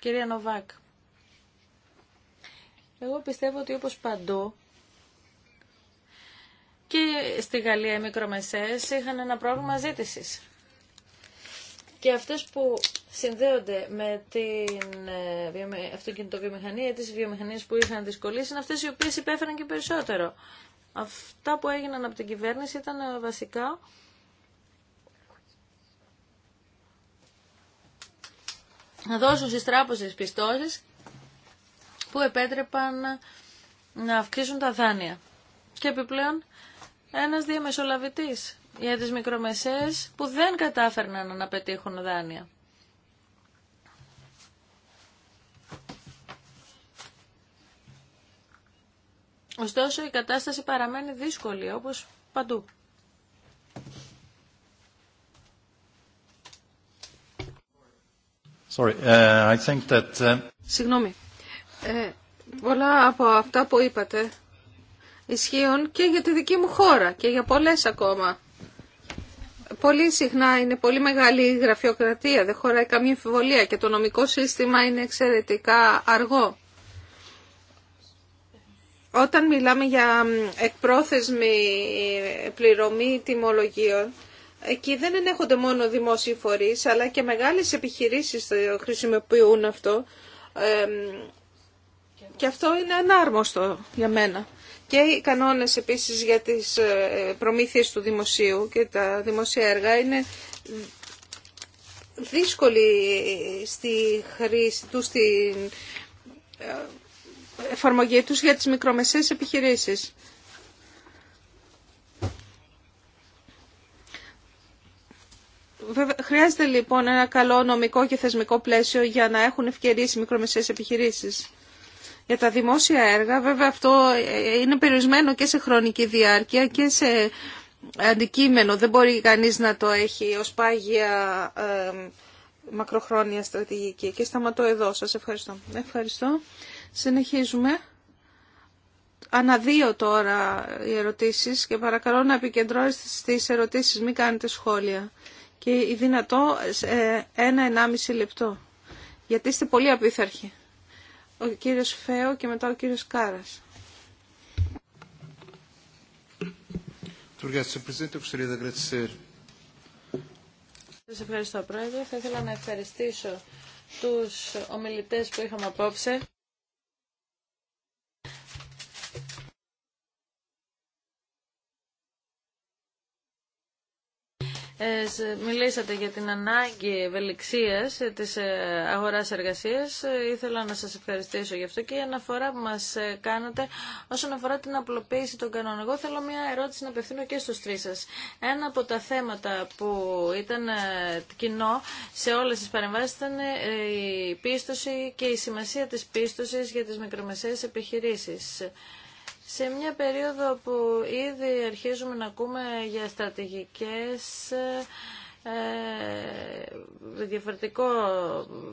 Κυρία Νοβάκ, εγώ πιστεύω ότι όπως παντού και στη Γαλλία οι μικρομεσαίες είχαν ένα πρόβλημα ζήτησης. Και αυτές που συνδέονται με την ε, αυτοκινητοβιομηχανία, τις βιομηχανίες που είχαν δυσκολίες, είναι αυτές οι οποίες υπέφεραν και περισσότερο. Αυτά που έγιναν από την κυβέρνηση ήταν ε, βασικά να δώσουν στις τράπεζες πιστώσεις που επέτρεπαν να αυξήσουν τα δάνεια. Και επιπλέον ένας διαμεσολαβητής για τις μικρομεσαίες που δεν κατάφερναν να πετύχουν δάνεια. Ωστόσο, η κατάσταση παραμένει δύσκολη, όπως παντού. Sorry, uh, I think that, uh... Συγγνώμη. Ε, πολλά από αυτά που είπατε ισχύουν και για τη δική μου χώρα και για πολλές ακόμα. Πολύ συχνά είναι πολύ μεγάλη η γραφειοκρατία, δεν χωράει καμία εμφιβολία και το νομικό σύστημα είναι εξαιρετικά αργό. Όταν μιλάμε για εκπρόθεσμη ε, πληρωμή τιμολογίων, εκεί δεν ενέχονται μόνο δημόσιοι φορείς, αλλά και μεγάλες επιχειρήσεις το χρησιμοποιούν αυτό. Και αυτό είναι ανάρμοστο για μένα. Και οι κανόνες επίσης για τις ε, προμήθειες του δημοσίου και τα δημόσια έργα είναι δύσκολοι στη χρήση του, στην ε, εφαρμογή τους για τις μικρομεσαίες επιχειρήσεις. Χρειάζεται λοιπόν ένα καλό νομικό και θεσμικό πλαίσιο για να έχουν ευκαιρίες οι μικρομεσαίες επιχειρήσεις. Για τα δημόσια έργα βέβαια αυτό είναι περιορισμένο και σε χρονική διάρκεια και σε αντικείμενο. Δεν μπορεί κανείς να το έχει ως πάγια ε, μακροχρόνια στρατηγική. Και σταματώ εδώ. Σας ευχαριστώ. Ευχαριστώ. Συνεχίζουμε. Αναδύω τώρα οι ερωτήσεις και παρακαλώ να επικεντρώσετε στις ερωτήσεις, μην κάνετε σχόλια. Και η δυνατό ε, ένα-ενάμιση λεπτό, γιατί είστε πολύ απίθαρχοι. Ο κύριος Φέο και μετά ο κύριος Κάρας. Σας ευχαριστώ, Πρόεδρε. Θα ήθελα να ευχαριστήσω τους ομιλητές που είχαμε απόψε. μιλήσατε για την ανάγκη ευελιξίας ε, της ε, αγοράς εργασίας. Ε, ήθελα να σας ευχαριστήσω γι' αυτό και η αναφορά που μας κάνατε όσον αφορά την απλοποίηση των κανόνων. Εγώ θέλω μια ερώτηση να απευθύνω και στους τρεις σας. Ένα από τα θέματα που ήταν κοινό σε όλες τις παρεμβάσεις ήταν η πίστοση και η σημασία της πίστοσης για τις μικρομεσαίες επιχειρήσεις σε μια περίοδο που ήδη αρχίζουμε να ακούμε για στρατηγικές ε, διαφορετικό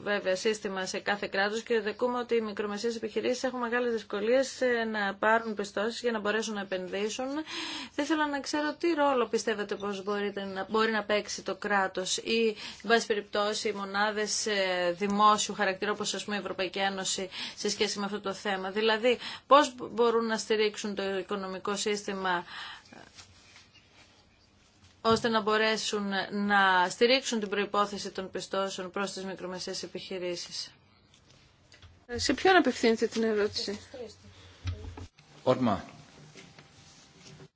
βέβαια σύστημα σε κάθε κράτος και δεκούμε ότι οι μικρομεσαίες επιχειρήσεις έχουν μεγάλες δυσκολίες ε, να πάρουν πιστώσεις για να μπορέσουν να επενδύσουν. Θα ήθελα να ξέρω τι ρόλο πιστεύετε πως μπορεί να παίξει το κράτος ή, εν πάση περιπτώσει, οι μονάδες ε, δημόσιου χαρακτήρα όπως ας πούμε η Ευρωπαϊκή Ένωση σε σχέση με αυτό το θέμα. Δηλαδή, πώς μπορούν να στηρίξουν το οικονομικό σύστημα ώστε να μπορέσουν να στηρίξουν την προϋπόθεση των πιστώσεων προς τις μικρομεσαίες επιχειρήσεις. Σε ποιον απευθύνεται την ερώτηση. Ότμα.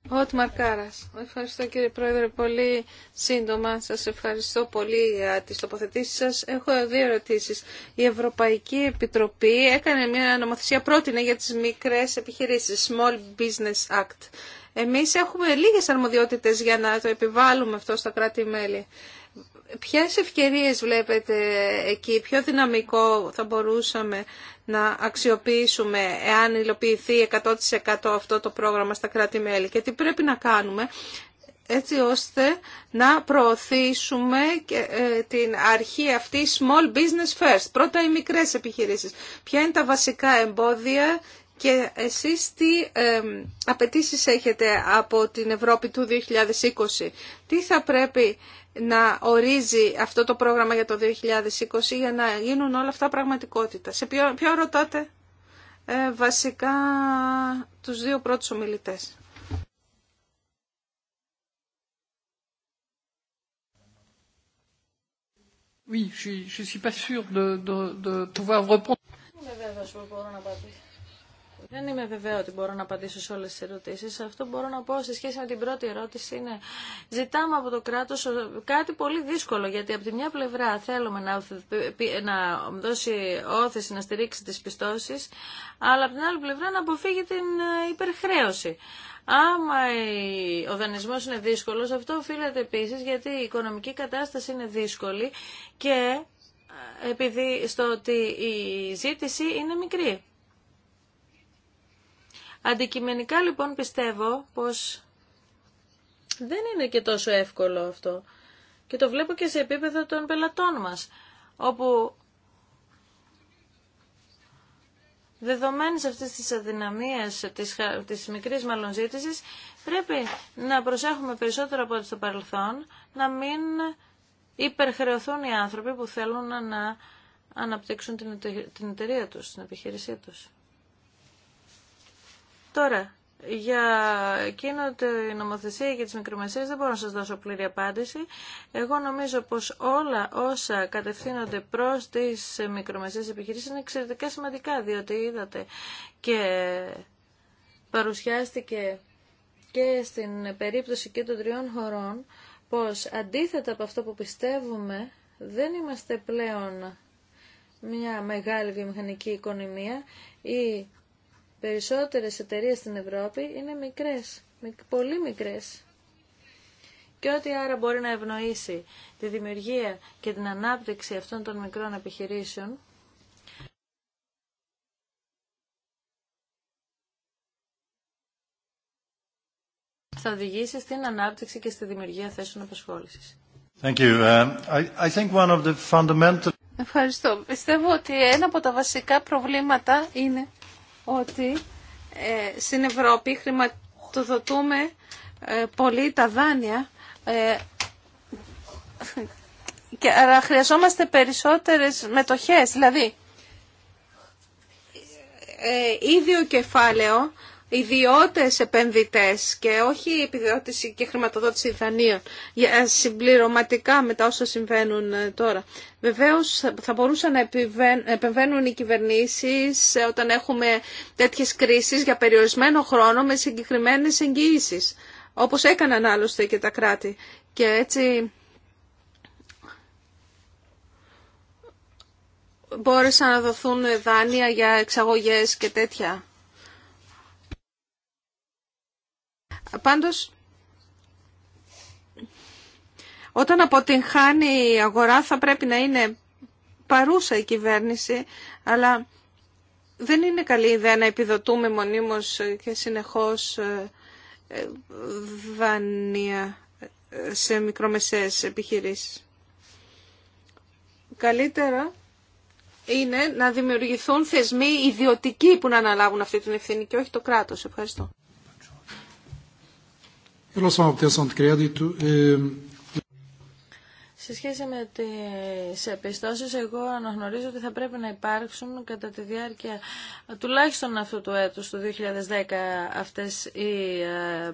Ότμαρ Κάρας. Ευχαριστώ κύριε Πρόεδρε πολύ σύντομα. Σας ευχαριστώ πολύ για τις τοποθετήσεις σας. Έχω δύο ερωτήσεις. Η Ευρωπαϊκή Επιτροπή έκανε μια νομοθεσία πρότεινε για τις μικρές επιχειρήσεις, Small Business Act. Εμείς έχουμε λίγες αρμοδιότητες για να το επιβάλλουμε αυτό στα κράτη-μέλη. Ποιες ευκαιρίες βλέπετε εκεί, πιο δυναμικό θα μπορούσαμε να αξιοποιήσουμε εάν υλοποιηθεί 100% αυτό το πρόγραμμα στα κράτη-μέλη και τι πρέπει να κάνουμε έτσι ώστε να προωθήσουμε και, ε, την αρχή αυτή small business first, πρώτα οι μικρές επιχειρήσεις. Ποια είναι τα βασικά εμπόδια και εσείς τι ε, απαιτήσει έχετε από την Ευρώπη του 2020. Τι θα πρέπει να ορίζει αυτό το πρόγραμμα για το 2020 για να γίνουν όλα αυτά πραγματικότητα. Σε ποιο, ποιο ρωτάτε ε, βασικά τους δύο πρώτους ομιλητές. Oui, je, je suis pas sûr de, de pouvoir répondre. Δεν είμαι βεβαία ότι μπορώ να απαντήσω σε όλες τις ερωτήσεις. Αυτό μπορώ να πω σε σχέση με την πρώτη ερώτηση είναι ζητάμε από το κράτος κάτι πολύ δύσκολο γιατί από τη μια πλευρά θέλουμε να, να δώσει όθεση να στηρίξει τις πιστώσεις αλλά από την άλλη πλευρά να αποφύγει την ε, υπερχρέωση. Άμα ο δανεισμός είναι δύσκολος, αυτό οφείλεται επίσης γιατί η οικονομική κατάσταση είναι δύσκολη και ε, επειδή στο ότι η ζήτηση είναι μικρή. Αντικειμενικά λοιπόν πιστεύω πως δεν είναι και τόσο εύκολο αυτό. Και το βλέπω και σε επίπεδο των πελατών μας, όπου δεδομένης αυτής της αδυναμίας, της, της μικρής μάλλον πρέπει να προσέχουμε περισσότερο από ό,τι στο παρελθόν, να μην υπερχρεωθούν οι άνθρωποι που θέλουν να αναπτύξουν την εταιρεία τους, την επιχείρησή τους. Τώρα, για εκείνο την νομοθεσία για τις μικρομεσαίες δεν μπορώ να σας δώσω πλήρη απάντηση. Εγώ νομίζω πως όλα όσα κατευθύνονται προς τις μικρομεσαίες επιχειρήσεις είναι εξαιρετικά σημαντικά, διότι είδατε και παρουσιάστηκε και στην περίπτωση και των τριών χωρών πως αντίθετα από αυτό που πιστεύουμε δεν είμαστε πλέον μια μεγάλη βιομηχανική οικονομία ή περισσότερες εταιρείες στην Ευρώπη είναι μικρές, πολύ μικρές. Και ό,τι άρα μπορεί να ευνοήσει τη δημιουργία και την ανάπτυξη αυτών των μικρών επιχειρήσεων, θα οδηγήσει στην ανάπτυξη και στη δημιουργία θέσεων απασχόλησης. Thank you. Uh, I think one of the fundamental... Ευχαριστώ. Πιστεύω ότι ένα από τα βασικά προβλήματα είναι ότι ε, στην Ευρώπη χρηματοδοτούμε ε, πολύ τα δάνεια ε, και αλλά χρειαζόμαστε περισσότερες μετοχές, δηλαδή ίδιο κεφάλαιο ιδιώτες επενδυτές και όχι επιδότηση και χρηματοδότηση δανείων ε, συμπληρωματικά με τα όσα συμβαίνουν ε, τώρα. Βεβαίως θα μπορούσαν να επεμβαίνουν οι κυβερνήσεις ε, όταν έχουμε τέτοιες κρίσεις για περιορισμένο χρόνο με συγκεκριμένες εγγύησεις, όπως έκαναν άλλωστε και τα κράτη. Και έτσι μπόρεσαν να δοθούν δάνεια για εξαγωγές και τέτοια Πάντως, όταν αποτυγχάνει η αγορά θα πρέπει να είναι παρούσα η κυβέρνηση, αλλά δεν είναι καλή ιδέα να επιδοτούμε μονίμως και συνεχώς ε, ε, δάνεια ε, σε μικρομεσαίες επιχειρήσεις. Καλύτερα είναι να δημιουργηθούν θεσμοί ιδιωτικοί που να αναλάβουν αυτή την ευθύνη και όχι το κράτος. Ευχαριστώ. Ε, σε σχέση με τις επιστώσει, εγώ αναγνωρίζω ότι θα πρέπει να υπάρξουν κατά τη διάρκεια τουλάχιστον αυτού του έτους, του 2010, αυτές οι ε,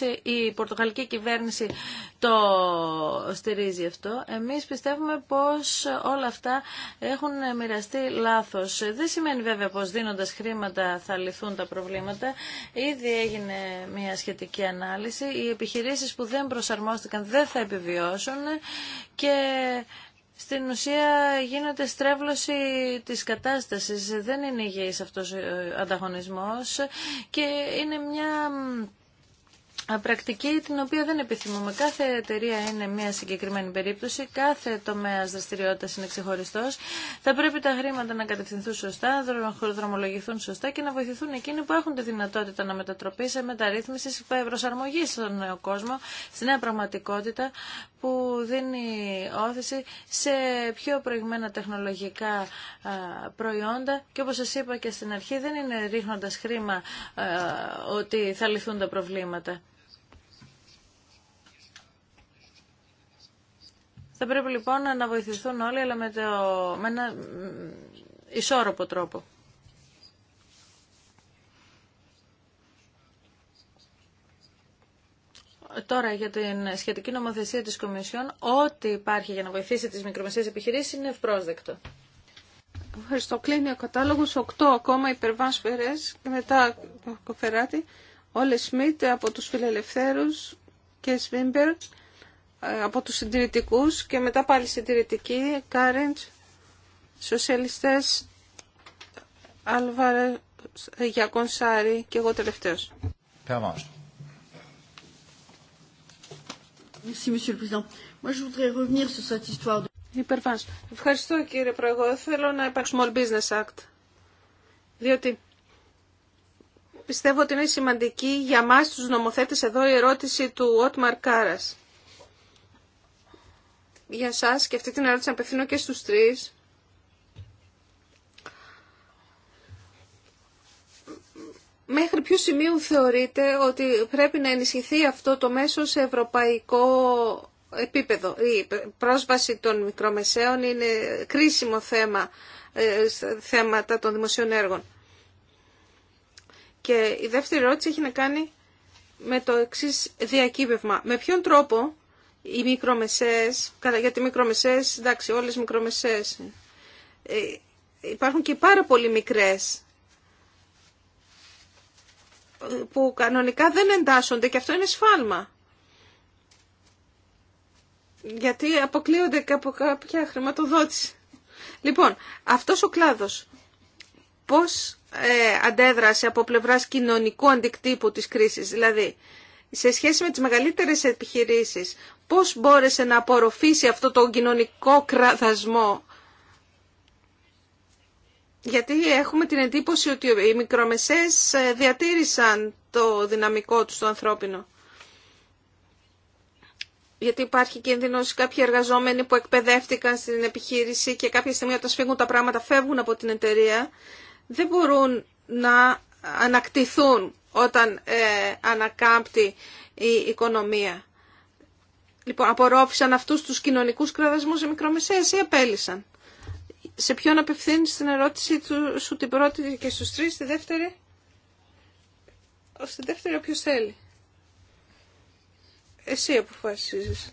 ε, η πορτογαλική κυβέρνηση το στηρίζει αυτό. Εμείς πιστεύουμε πως όλα αυτά έχουν μοιραστεί λάθος. Δεν σημαίνει βέβαια πως δίνοντας χρήματα θα λυθούν τα προβλήματα. Ήδη έγινε μια σχετική ανάλυση. Οι επιχειρήσεις που δεν προσαρμόστηκαν δεν θα επιβιώσουν και στην ουσία γίνεται στρέβλωση της κατάστασης. Δεν είναι υγιής αυτός ο ανταγωνισμός και είναι μια πρακτική την οποία δεν επιθυμούμε. Κάθε εταιρεία είναι μια συγκεκριμένη περίπτωση, κάθε τομέα δραστηριότητα είναι ξεχωριστό. Θα πρέπει τα χρήματα να κατευθυνθούν σωστά, να δρομολογηθούν σωστά και να βοηθηθούν εκείνοι που έχουν τη δυνατότητα να μετατροπεί σε μεταρρύθμιση προσαρμογή στον νέο κόσμο, στη νέα πραγματικότητα που δίνει όθηση σε πιο προηγμένα τεχνολογικά προϊόντα και όπως σας είπα και στην αρχή δεν είναι ρίχνοντας χρήμα ότι θα λυθούν τα προβλήματα. Θα πρέπει λοιπόν να βοηθηθούν όλοι, αλλά με, το, ένα ισόρροπο τρόπο. Τώρα για την σχετική νομοθεσία της Κομισιόν, ό,τι υπάρχει για να βοηθήσει τις μικρομεσαίες επιχειρήσεις είναι ευπρόσδεκτο. Ευχαριστώ. Κλείνει ο κατάλογος. Οκτώ ακόμα υπερβάνς και μετά Κοφεράτη. Όλε Σμιτ από τους φιλελευθέρους και Σβίμπερ ε, από τους συντηρητικούς και μετά πάλι συντηρητικοί, Κάριντς, σοσιαλιστές, Γιακόν Σάρη και εγώ τελευταίος. Ευχαριστώ κύριε Πρόεδρε. Θέλω να υπάρξει Small Business Act. Διότι πιστεύω ότι είναι σημαντική για μας τους νομοθέτες εδώ η ερώτηση του Ότμαρ Κάρας για σας και αυτή την ερώτηση απευθύνω και στους τρεις. Μέχρι ποιο σημείο θεωρείτε ότι πρέπει να ενισχυθεί αυτό το μέσο σε ευρωπαϊκό επίπεδο. Η πρόσβαση των μικρομεσαίων είναι κρίσιμο θέμα ε, θέματα των δημοσίων έργων. Και η δεύτερη ερώτηση έχει να κάνει με το εξής διακύβευμα. Με ποιον τρόπο οι μικρομεσαίες, γιατί μικρομεσές, οι εντάξει όλες οι μικρομεσαίες, ε, υπάρχουν και πάρα πολλοί μικρές που κανονικά δεν εντάσσονται και αυτό είναι σφάλμα. Γιατί αποκλείονται και από κάποια χρηματοδότηση. Λοιπόν, αυτός ο κλάδος πώς ε, αντέδρασε από πλευράς κοινωνικού αντικτύπου της κρίσης. Δηλαδή, σε σχέση με τις μεγαλύτερες επιχειρήσεις, πώς μπόρεσε να απορροφήσει αυτό το κοινωνικό κραδασμό. Γιατί έχουμε την εντύπωση ότι οι μικρομεσές ε, διατήρησαν το δυναμικό τους το ανθρώπινο. Γιατί υπάρχει κίνδυνο κάποιοι εργαζόμενοι που εκπαιδεύτηκαν στην επιχείρηση και κάποια στιγμή όταν σφίγγουν τα πράγματα φεύγουν από την εταιρεία, δεν μπορούν να ανακτηθούν όταν ε, ανακάμπτει η οικονομία. Λοιπόν, απορρόφησαν αυτούς τους κοινωνικούς κραδασμούς οι μικρομεσαίες ή απέλησαν Σε ποιον απευθύνει την ερώτηση του, σου την πρώτη και στους τρεις, στη δεύτερη. Στη δεύτερη όποιος θέλει. Εσύ αποφασίζεις.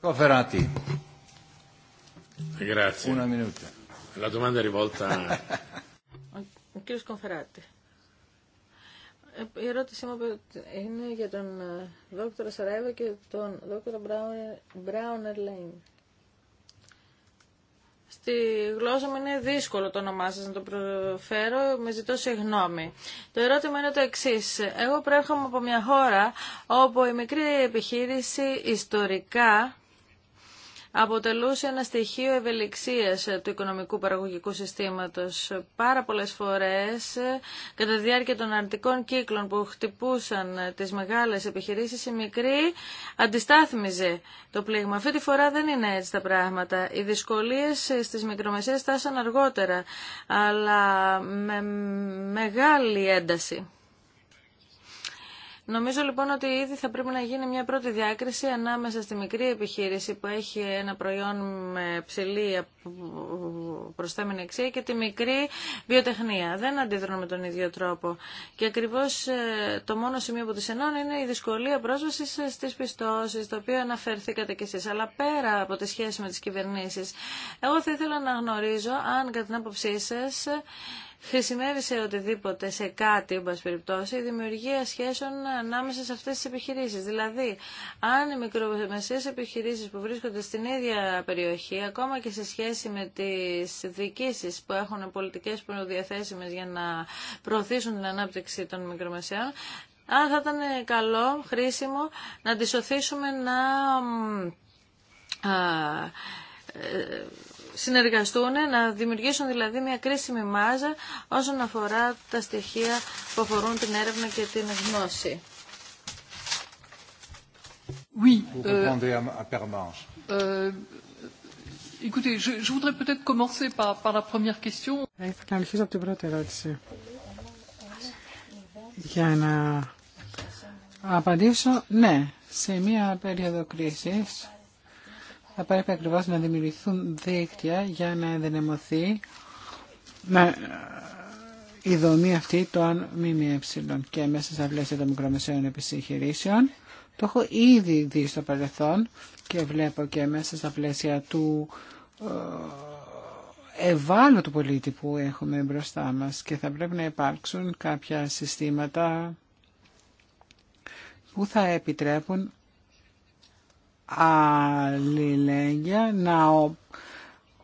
Κοφεράτη. La domanda è rivolta... Ο Η ερώτησή μου είναι για τον ε, Δόκτωρο Σαράιβα και τον Δόκτωρο Μπράουνερ Λέιν. Στη γλώσσα μου είναι δύσκολο το όνομά σας να το προφέρω, με ζητώ συγγνώμη. Το ερώτημα είναι το εξής. Εγώ προέρχομαι από μια χώρα όπου η μικρή επιχείρηση ιστορικά αποτελούσε ένα στοιχείο ευελιξίας ε, του οικονομικού παραγωγικού συστήματος. Πάρα πολλές φορές, ε, κατά τη διάρκεια των αρνητικών κύκλων που χτυπούσαν ε, τις μεγάλες επιχειρήσεις, η μικρή αντιστάθμιζε το πλήγμα. Αυτή τη φορά δεν είναι έτσι τα πράγματα. Οι δυσκολίες στις μικρομεσαίες στάσαν αργότερα, αλλά με μεγάλη ένταση. Νομίζω λοιπόν ότι ήδη θα πρέπει να γίνει μια πρώτη διάκριση ανάμεσα στη μικρή επιχείρηση που έχει ένα προϊόν με ψηλή προστάμενη αξία και τη μικρή βιοτεχνία. Δεν αντιδρούν με τον ίδιο τρόπο. Και ακριβώς ε, το μόνο σημείο που τις ενώνει είναι η δυσκολία πρόσβαση στις πιστώσεις, το οποίο αναφερθήκατε κι εσεί. Αλλά πέρα από τη σχέση με τι κυβερνήσει. εγώ θα ήθελα να γνωρίζω αν κατά την άποψή σα χρησιμεύει σε οτιδήποτε, σε κάτι, εν περιπτώσει, η δημιουργία σχέσεων ανάμεσα σε αυτές τι επιχειρήσει. Δηλαδή, αν οι μικρομεσαίε επιχειρήσει που βρίσκονται στην ίδια περιοχή, ακόμα και σε σχέση με τις διοικήσει που έχουν πολιτικέ που είναι διαθέσιμες για να προωθήσουν την ανάπτυξη των μικρομεσαίων, αν θα ήταν καλό, χρήσιμο, να τις οθήσουμε να ε, συνεργαστούν, να δημιουργήσουν δηλαδή μια κρίσιμη μάζα όσον αφορά τα στοιχεία που αφορούν την έρευνα και την γνώση. Oui. Euh, euh, Écoutez, je, je voudrais peut-être commencer par, par la première question. Για να απαντήσω, ναι, σε μια περίοδο κρίσης θα πρέπει ακριβώ να δημιουργηθούν δίκτυα για να ενδυναμωθεί να, ε, η δομή αυτή των ΜΜΕ και μέσα στα πλαίσια των μικρομεσαίων επιχειρήσεων. Το έχω ήδη δει στο παρελθόν και βλέπω και μέσα στα πλαίσια του ε, ευάλωτου πολίτη που έχουμε μπροστά μας και θα πρέπει να υπάρξουν κάποια συστήματα που θα επιτρέπουν αλληλέγγυα να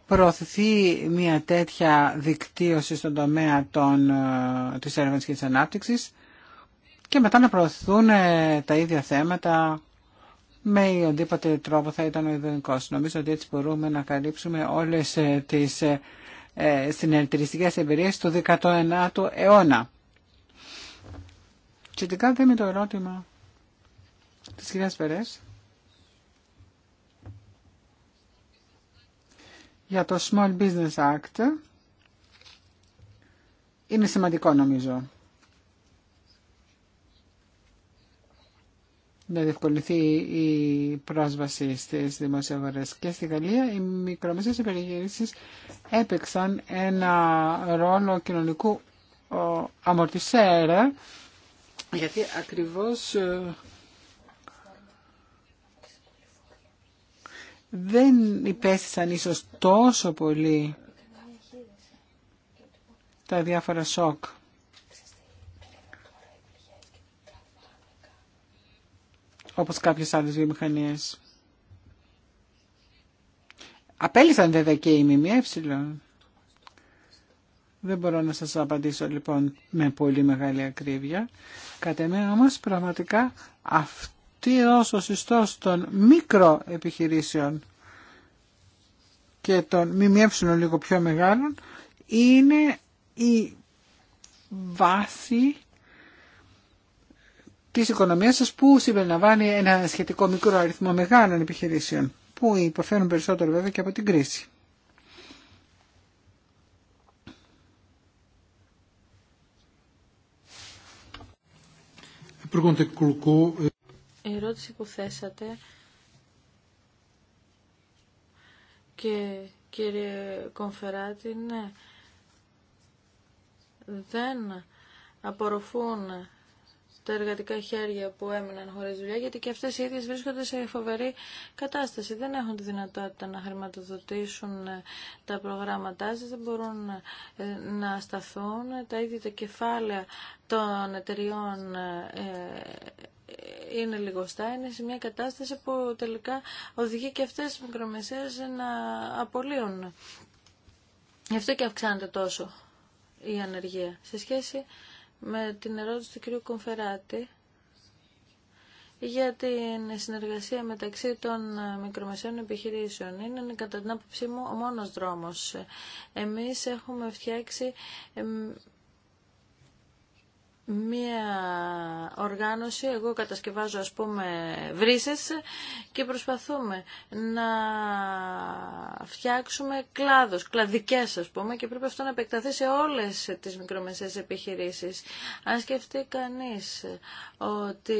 προωθηθεί μια τέτοια δικτύωση στον τομέα των, ε, της έρευνας και της ανάπτυξης και μετά να προωθούν ε, τα ίδια θέματα με οτιδήποτε τρόπο θα ήταν ο ιδανικός. Νομίζω ότι έτσι μπορούμε να καλύψουμε όλες ε, τις ε, συνελτηριστικές εμπειρίες του 19ου αιώνα. Σχετικά δε με το ερώτημα της κυρίας Περές. για το Small Business Act είναι σημαντικό νομίζω. να διευκολυνθεί η πρόσβαση στις δημοσιογορές. Και στη Γαλλία οι μικρομεσαίες επιχειρήσεις έπαιξαν ένα ρόλο κοινωνικού αμορτισέρα γιατί ακριβώς ε, δεν υπέστησαν ίσως τόσο πολύ τα διάφορα σοκ. όπως κάποιες άλλες βιομηχανίες. Απέλησαν βέβαια και οι ΜΜΕ. Δεν μπορώ να σας απαντήσω λοιπόν με πολύ μεγάλη ακρίβεια. Κατ' εμένα όμως πραγματικά αυτό αυτός ο συστός των μικροεπιχειρήσεων και των ΜΜΕ λίγο πιο μεγάλων είναι η βάση της οικονομίας σας που συμπεριλαμβάνει ένα σχετικό μικρό αριθμό μεγάλων επιχειρήσεων που υποφέρουν περισσότερο βέβαια και από την κρίση η ερώτηση που θέσατε και κύριε Κομφεράτη, ναι, δεν απορροφούν τα εργατικά χέρια που έμειναν χωρί δουλειά, γιατί και αυτές οι ίδιε βρίσκονται σε φοβερή κατάσταση. Δεν έχουν τη δυνατότητα να χρηματοδοτήσουν ε, τα προγράμματά σα, δεν μπορούν ε, να σταθούν. Τα ίδια τα κεφάλαια των εταιριών ε, είναι λιγοστά, είναι σε μια κατάσταση που τελικά οδηγεί και αυτές τις μικρομεσαίες να απολύουν. Γι' αυτό και αυξάνεται τόσο η ανεργία σε σχέση με την ερώτηση του κ. Κομφεράτη για την συνεργασία μεταξύ των ε, μικρομεσαίων επιχειρήσεων. Είναι κατά την άποψή μου ο μόνος δρόμος. Εμείς έχουμε φτιάξει μία οργάνωση, εγώ κατασκευάζω ας πούμε βρύσες και προσπαθούμε να φτιάξουμε κλάδος, κλαδικές ας πούμε και πρέπει αυτό να επεκταθεί σε όλες τις μικρομεσαίες επιχειρήσεις. Αν σκεφτεί κανείς ότι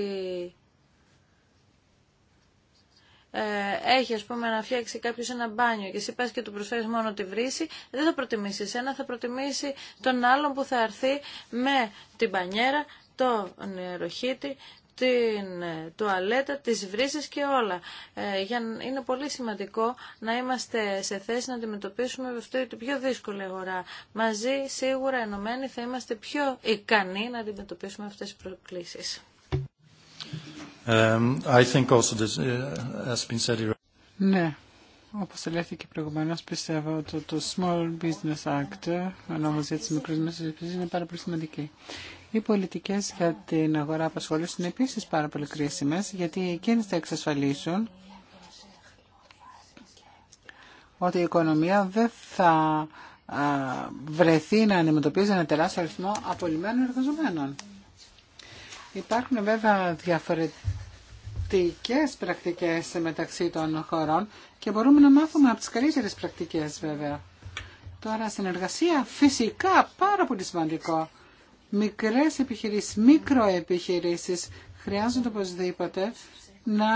ε, έχει ας πούμε να φτιάξει κάποιο ένα μπάνιο και εσύ πας και του προσφέρεις μόνο τη βρύση, δεν θα προτιμήσει εσένα θα προτιμήσει τον άλλον που θα έρθει με την πανιέρα, το νεροχύτη, την ε, τουαλέτα, τις βρύσεις και όλα. Ε, για, είναι πολύ σημαντικό να είμαστε σε θέση να αντιμετωπίσουμε αυτή την πιο δύσκολη αγορά. Μαζί, σίγουρα, ενωμένοι, θα είμαστε πιο ικανοί να αντιμετωπίσουμε αυτές τις προκλήσεις ναι, όπως ελέγχθηκε προηγουμένως, πιστεύω ότι το Small Business Act, ο νόμος για τις μικρές επιχειρήσεις είναι πάρα πολύ σημαντική. Οι πολιτικές για την αγορά απασχόλησης είναι επίσης πάρα πολύ κρίσιμες, γιατί εκείνες θα εξασφαλίσουν ότι η οικονομία δεν θα βρεθεί να αντιμετωπίζει ένα τεράστιο αριθμό απολυμμένων εργαζομένων. Υπάρχουν βέβαια διαφορετικές πρακτικές μεταξύ των χωρών και μπορούμε να μάθουμε από τις καλύτερες πρακτικές βέβαια. Τώρα συνεργασία φυσικά πάρα πολύ σημαντικό. Μικρές επιχειρήσεις, μικροεπιχειρήσεις χρειάζονται οπωσδήποτε να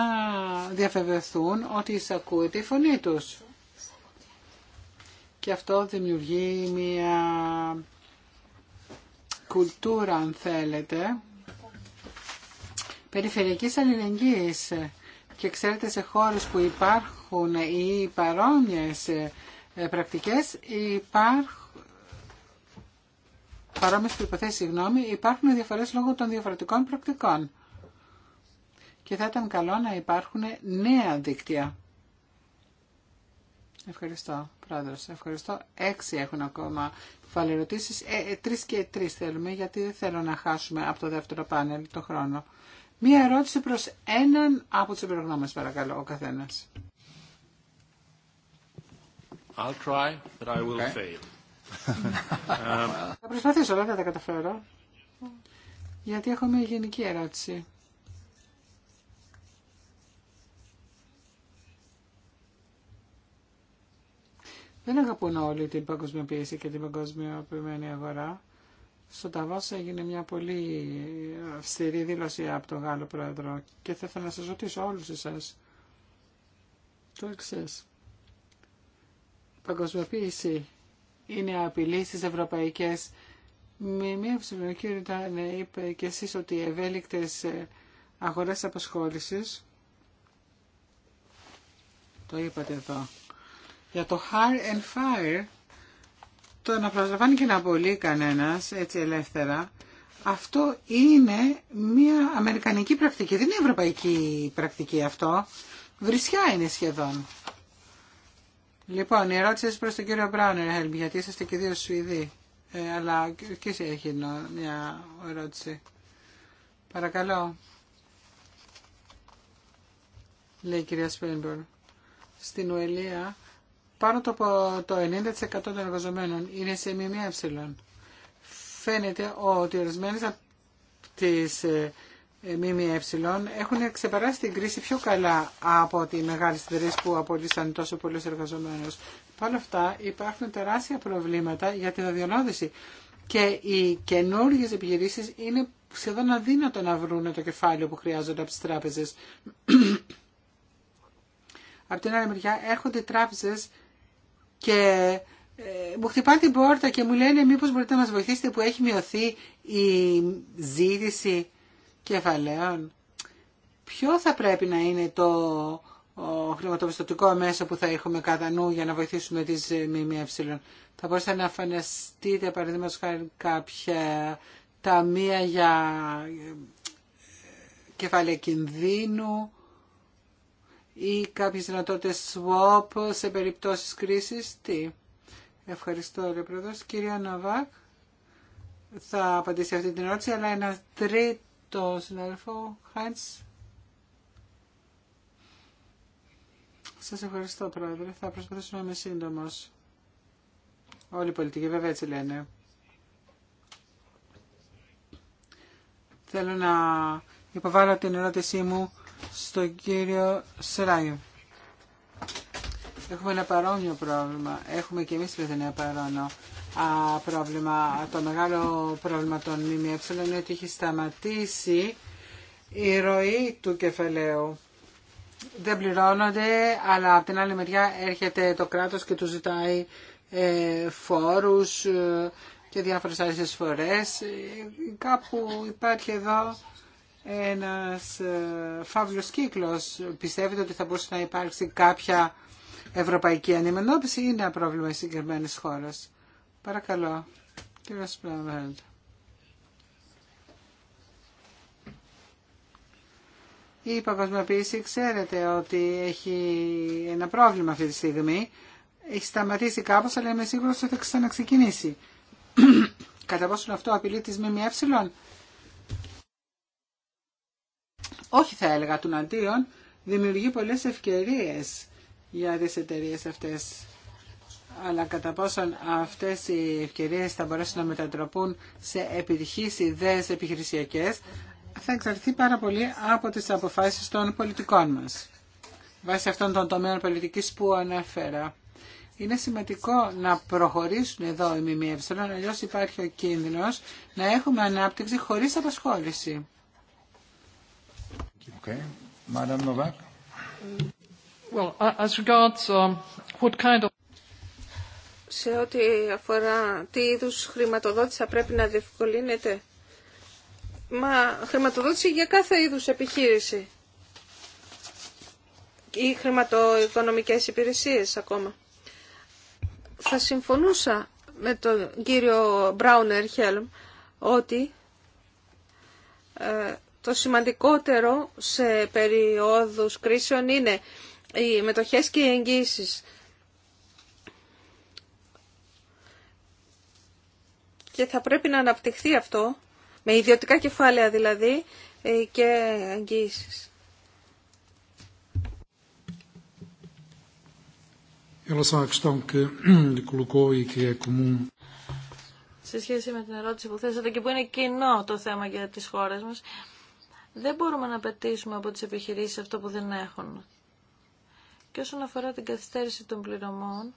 διαβεβαιωθούν ότι εισακούεται η φωνή τους. Και αυτό δημιουργεί μια κουλτούρα αν θέλετε περιφερειακής αλληλεγγύης. Και ξέρετε σε χώρες που υπάρχουν οι παρόμοιες ε, πρακτικές, υπάρχουν παρόμοιες προϋποθέσεις, υπάρχουν διαφορές λόγω των διαφορετικών πρακτικών. Και θα ήταν καλό να υπάρχουν νέα δίκτυα. Ευχαριστώ, πρόεδρος. Ευχαριστώ. Έξι έχουν ακόμα φαλερωτήσεις. Ε, ε, τρεις και τρεις θέλουμε, γιατί δεν θέλω να χάσουμε από το δεύτερο πάνελ το χρόνο. Μία ερώτηση προς έναν από τους εμπειρογνώμες, παρακαλώ, ο καθένας. [LAUGHS] Θα προσπαθήσω, αλλά δεν τα καταφέρω. Γιατί έχω μια γενική ερώτηση. Δεν αγαπούν όλοι την παγκοσμιοποίηση και την παγκοσμιοποιημένη αγορά. Στο Ταβό έγινε μια πολύ αυστηρή δήλωση από τον Γάλλο Πρόεδρο και θα ήθελα να σας ρωτήσω όλους εσάς το εξής. Παγκοσμιοποίηση είναι απειλή στις ευρωπαϊκές με μια ψηφιακή ναι, είπε και εσείς ότι οι ευέλικτες ε, αγορές απασχόλησης το είπατε εδώ για το «Hard and fire το να προσλαμβάνει και να απολύει κανένα έτσι ελεύθερα, αυτό είναι μια αμερικανική πρακτική. Δεν είναι ευρωπαϊκή πρακτική αυτό. Βρισιά είναι σχεδόν. Λοιπόν, η ερώτηση προ τον κύριο Μπράουνερ, γιατί είσαστε και δύο Σουηδοί. Ε, αλλά και εσύ έχει μια ερώτηση. Παρακαλώ. Λέει η κυρία Σπίλμπορν. Στην Ουελία πάνω από το 90% των εργαζομένων είναι σε ΜΜΕ. Φαίνεται ότι ορισμένε από τι ε, ΜΜΕ έχουν ξεπεράσει την κρίση πιο καλά από τι μεγάλε εταιρείε που απολύσαν τόσο πολλού εργαζομένου. Παρ' όλα αυτά υπάρχουν τεράστια προβλήματα για την δαδιολόγηση και οι καινούργιε επιχειρήσει είναι σχεδόν αδύνατο να βρουν το κεφάλαιο που χρειάζονται από τι τράπεζε. [CLEARS THROAT] Από την άλλη μεριά έρχονται τράπεζε και ε, μου χτυπάνε την πόρτα και μου λένε μήπως μπορείτε να μας βοηθήσετε που έχει μειωθεί η ζήτηση κεφαλαίων. Ποιο θα πρέπει να είναι το χρηματοπιστωτικό μέσο που θα έχουμε κατά νου για να βοηθήσουμε τις ε, ΜΜΕ. Θα μπορούσατε να φανταστείτε παραδείγματος χάρη κάποια ταμεία για ε, κεφάλαια κινδύνου ή κάποιες δυνατότητες swap σε περιπτώσεις κρίσης. Τι. Ευχαριστώ, ρε Πρόεδρος. Κυρία Νοβάκ, θα απαντήσει αυτή την ερώτηση, αλλά ένα τρίτο συνάδελφο, Χάιντς. Σας ευχαριστώ, Πρόεδρε. Θα προσπαθήσω να είμαι σύντομος. Όλοι οι πολιτικοί βέβαια έτσι λένε. Θέλω να υποβάλω την ερώτησή μου στον κύριο Σράγιο. Έχουμε ένα παρόμοιο πρόβλημα. Έχουμε και εμείς πριν ένα παρόμοιο πρόβλημα. Το μεγάλο πρόβλημα των ΜΜΕ είναι ότι έχει σταματήσει η ροή του κεφαλαίου. Δεν πληρώνονται, αλλά από την άλλη μεριά έρχεται το κράτος και του ζητάει ε, φόρους ε, και διάφορες άλλες φορές. Ε, κάπου υπάρχει εδώ ένας ε, φαύλος κύκλος. Πιστεύετε ότι θα μπορούσε να υπάρξει κάποια ευρωπαϊκή ανεμενόπιση ή είναι ένα πρόβλημα συγκεκριμένη χώρα. Παρακαλώ. Κύριε Σπλαβέλ. Η παγκοσμιοποίηση ξέρετε ότι η παγκοσμιοποιηση ένα πρόβλημα αυτή τη στιγμή. Έχει σταματήσει κάπως, αλλά είμαι σίγουρος ότι θα ξαναξεκινήσει. [CLEARS THROAT] Κατά πόσο αυτό απειλεί τις ΜΜΕ, όχι θα έλεγα του αντίον, δημιουργεί πολλές ευκαιρίες για τις εταιρείε αυτές. Αλλά κατά πόσον αυτές οι ευκαιρίες θα μπορέσουν να μετατροπούν σε επιτυχείς ιδέες επιχειρησιακές, θα εξαρτηθεί πάρα πολύ από τις αποφάσεις των πολιτικών μας. Βάσει αυτών των τομέων πολιτικής που αναφέρα. Είναι σημαντικό να προχωρήσουν εδώ οι ΜΜΕ, αλλιώς υπάρχει ο κίνδυνος να έχουμε ανάπτυξη χωρίς απασχόληση. Okay. Novak. Well, as regards um, what kind of σε ό,τι αφορά τι είδους χρηματοδότηση θα πρέπει να διευκολύνεται. Μα χρηματοδότηση για κάθε είδους επιχείρηση. Ή χρηματοοικονομικές υπηρεσίες ακόμα. Θα συμφωνούσα με τον κύριο Μπράουνερ Χέλμ ότι ε, το σημαντικότερο σε περιόδους κρίσεων είναι οι μετοχές και οι εγγύησεις. Και θα πρέπει να αναπτυχθεί αυτό, με ιδιωτικά κεφάλαια δηλαδή, ε, και εγγύησεις. [CLEARS THROAT] E σε σχέση με την ερώτηση που θέσατε και που είναι κοινό το θέμα για τις χώρες μας, δεν μπορούμε να απαιτήσουμε από τις επιχειρήσεις αυτό που δεν έχουν. Και όσον αφορά την καθυστέρηση των πληρωμών,